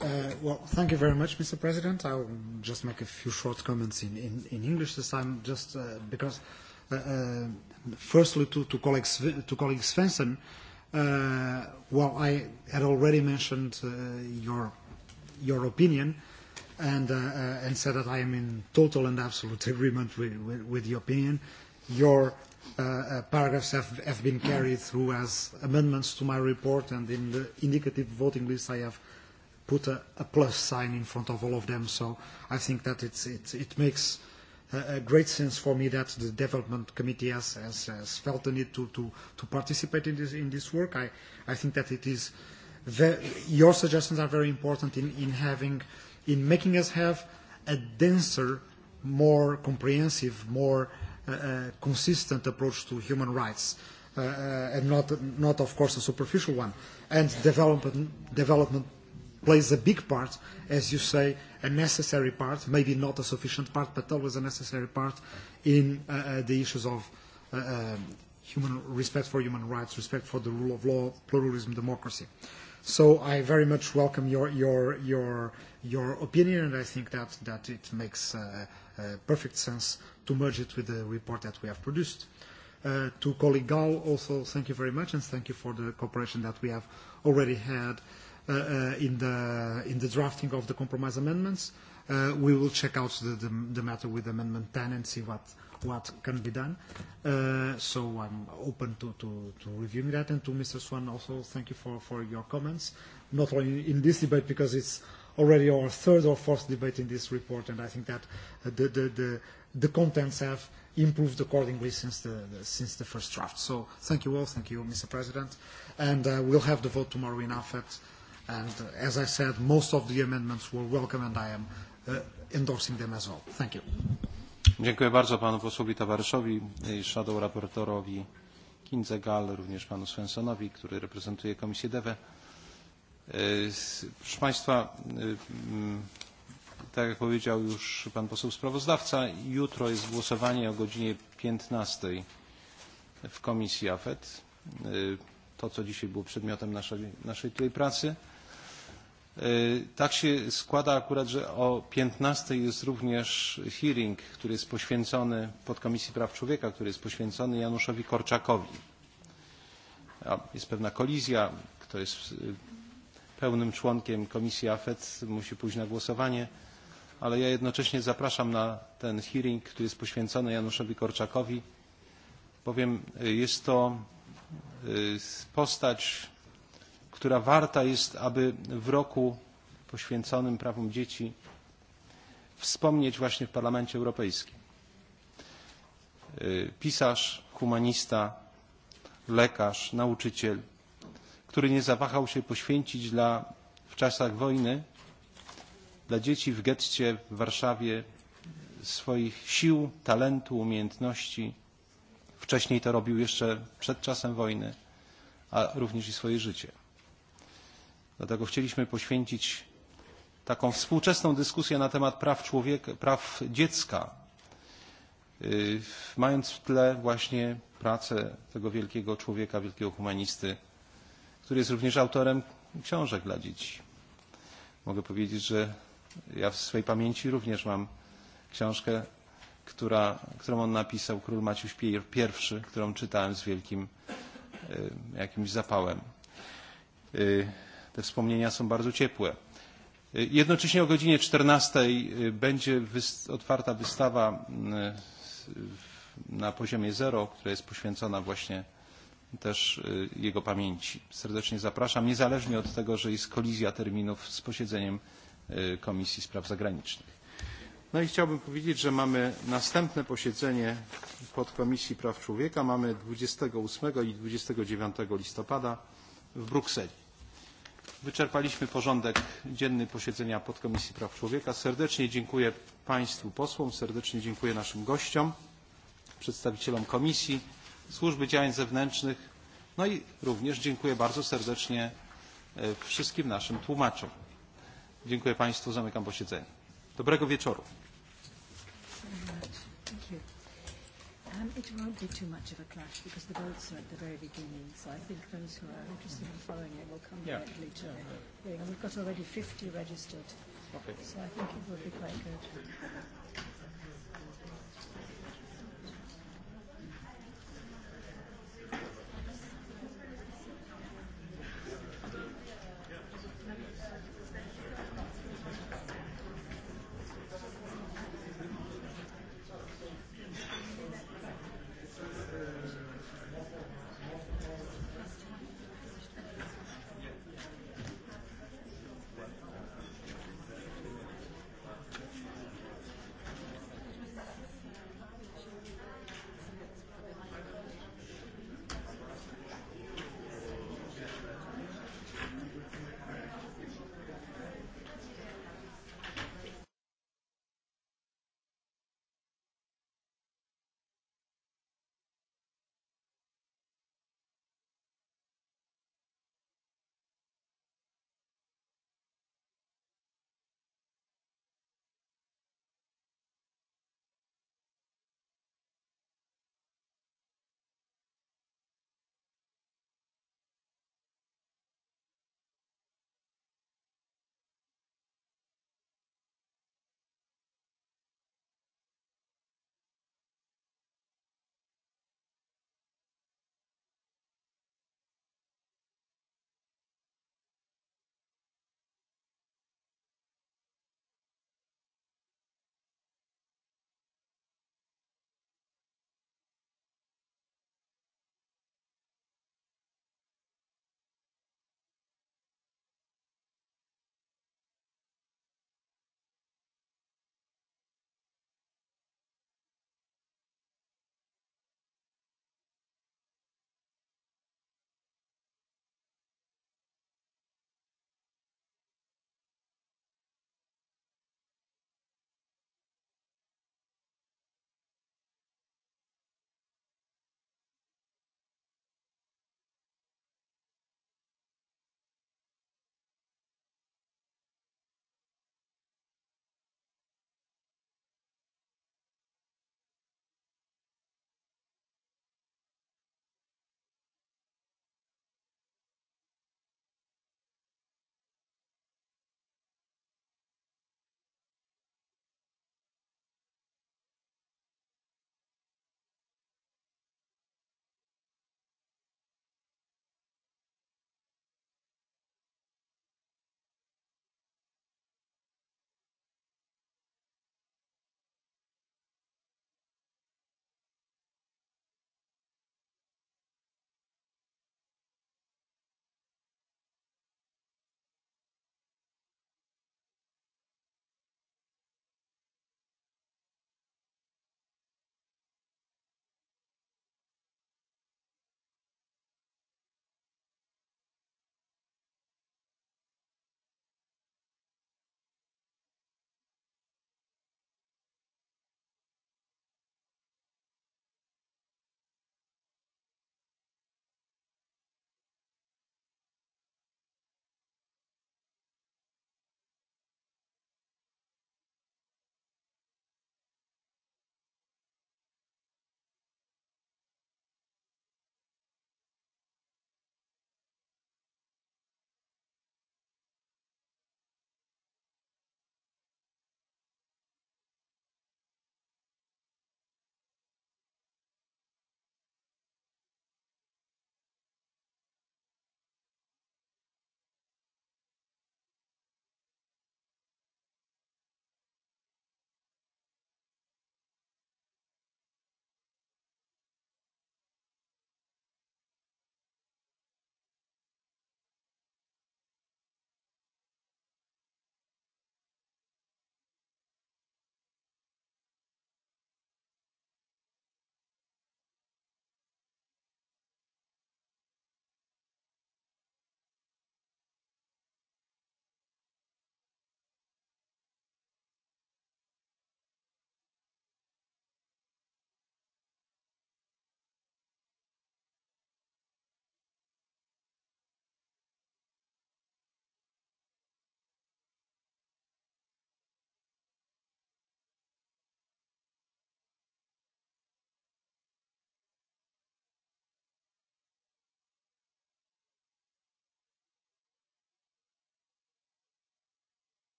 Uh, well, thank you very much, Mr. President. I will just make a few short comments in, in, in English this time, just uh, because, uh, uh, firstly, to, to colleague, to colleague Svensson, uh, Uh, well, I had already mentioned uh, your your opinion and uh, uh and said that I am in total and absolute agreement with, with, with the opinion. Your uh, uh, paragraphs have, have been carried through as amendments to my report, and in the indicative voting list I have put a, a plus sign in front of all of them. So I think that it's, it, it makes a great sense for me that the development committee has, has, has felt the need to, to, to participate in this, in this work. I, I think that it is your suggestions are very important in, in having, in making us have a denser, more comprehensive, more uh, uh, consistent approach to human rights. Uh, uh and not, not, of course, a superficial one. And development, development plays a big part, as you say, a necessary part, maybe not a sufficient part, but always a necessary part in uh, uh, the issues of uh, um, human respect for human rights, respect for the rule of law, pluralism, democracy. So I very much welcome your your your your opinion, and I think that that it makes uh, uh, perfect sense to merge it with the report that we have produced. Uh, to colleague Gal, also thank you very much, and thank you for the cooperation that we have already had Uh, uh, in, the, in the drafting of the compromise amendments. Uh, we will check out the, the, the matter with Amendment 10 and see what, what can be done. Uh, so I'm open to, to, to reviewing that. And to Mr. Swan also, thank you for, for your comments, not only in this debate because it's already our third or fourth debate in this report, and I think that uh, the, the, the, the contents have improved accordingly since the, the, since the first draft. So thank you all. Thank you, Mr. President. And uh, we'll have the vote tomorrow in AFET And uh, as I said, most of the amendments were welcome and I am uh, endorsing them as well. Thank you. Dziękuję bardzo panu posłowi Tawareszowi, shadow raportorowi Kinze Gall, również panu Svensonowi, który reprezentuje Komisję DEWE. Proszę Państwa, mm, tak jak powiedział już Pan poseł sprawozdawca, jutro jest głosowanie o godzinie 15 w Komisji AFET. To, co dzisiaj było przedmiotem naszej, naszej tutaj pracy. E, tak się składa akurat, że o 15 jest również hearing, który jest poświęcony podkomisji praw człowieka, który jest poświęcony Januszowi Korczakowi. Jest pewna kolizja, kto jest e, pełnym członkiem komisji AFET musi pójść na głosowanie, ale ja jednocześnie zapraszam na ten hearing, który jest poświęcony Januszowi Korczakowi, bowiem e, jest to postać która warta jest, aby w roku poświęconym prawom dzieci wspomnieć właśnie w Parlamencie Europejskim. Pisarz, humanista, lekarz, nauczyciel, który nie zawahał się poświęcić dla, w czasach wojny dla dzieci w getcie w Warszawie swoich sił, talentu, umiejętności. Wcześniej to robił jeszcze przed czasem wojny, a również i swoje życie. Dlatego chcieliśmy poświęcić taką współczesną dyskusję na temat praw, człowieka, praw dziecka, mając w tle właśnie pracę tego wielkiego człowieka, wielkiego humanisty, który jest również autorem książek dla dzieci. Mogę powiedzieć, że ja w swojej pamięci również mam książkę, która, którą on napisał, Król Maciuś I, którą czytałem z wielkim jakimś zapałem te wspomnienia są bardzo ciepłe. Jednocześnie o godzinie 14 będzie otwarta wystawa mm, na poziomie zero, która jest poświęcona właśnie też jego pamięci. Serdecznie zapraszam, niezależnie od tego, że jest kolizja terminów z posiedzeniem Komisji Spraw Zagranicznych. No i chciałbym powiedzieć, że mamy następne posiedzenie podkomisji praw człowieka. Mamy 28 i 29 listopada w Brukseli. Wyczerpaliśmy porządek dzienny posiedzenia Podkomisji Praw Człowieka. Serdecznie dziękuję Państwu posłom, serdecznie dziękuję naszym gościom, przedstawicielom Komisji, Służby Działań Zewnętrznych, no i również dziękuję bardzo serdecznie e, wszystkim naszym tłumaczom. Dziękuję Państwu, zamykam posiedzenie. Dobrego wieczoru. Um, it won't be too much of a clash because the votes are at the very beginning, so I think those who are interested in following it will come yeah. directly to yeah, yeah. it. We've got already 50 registered, okay. so I think it will be quite good.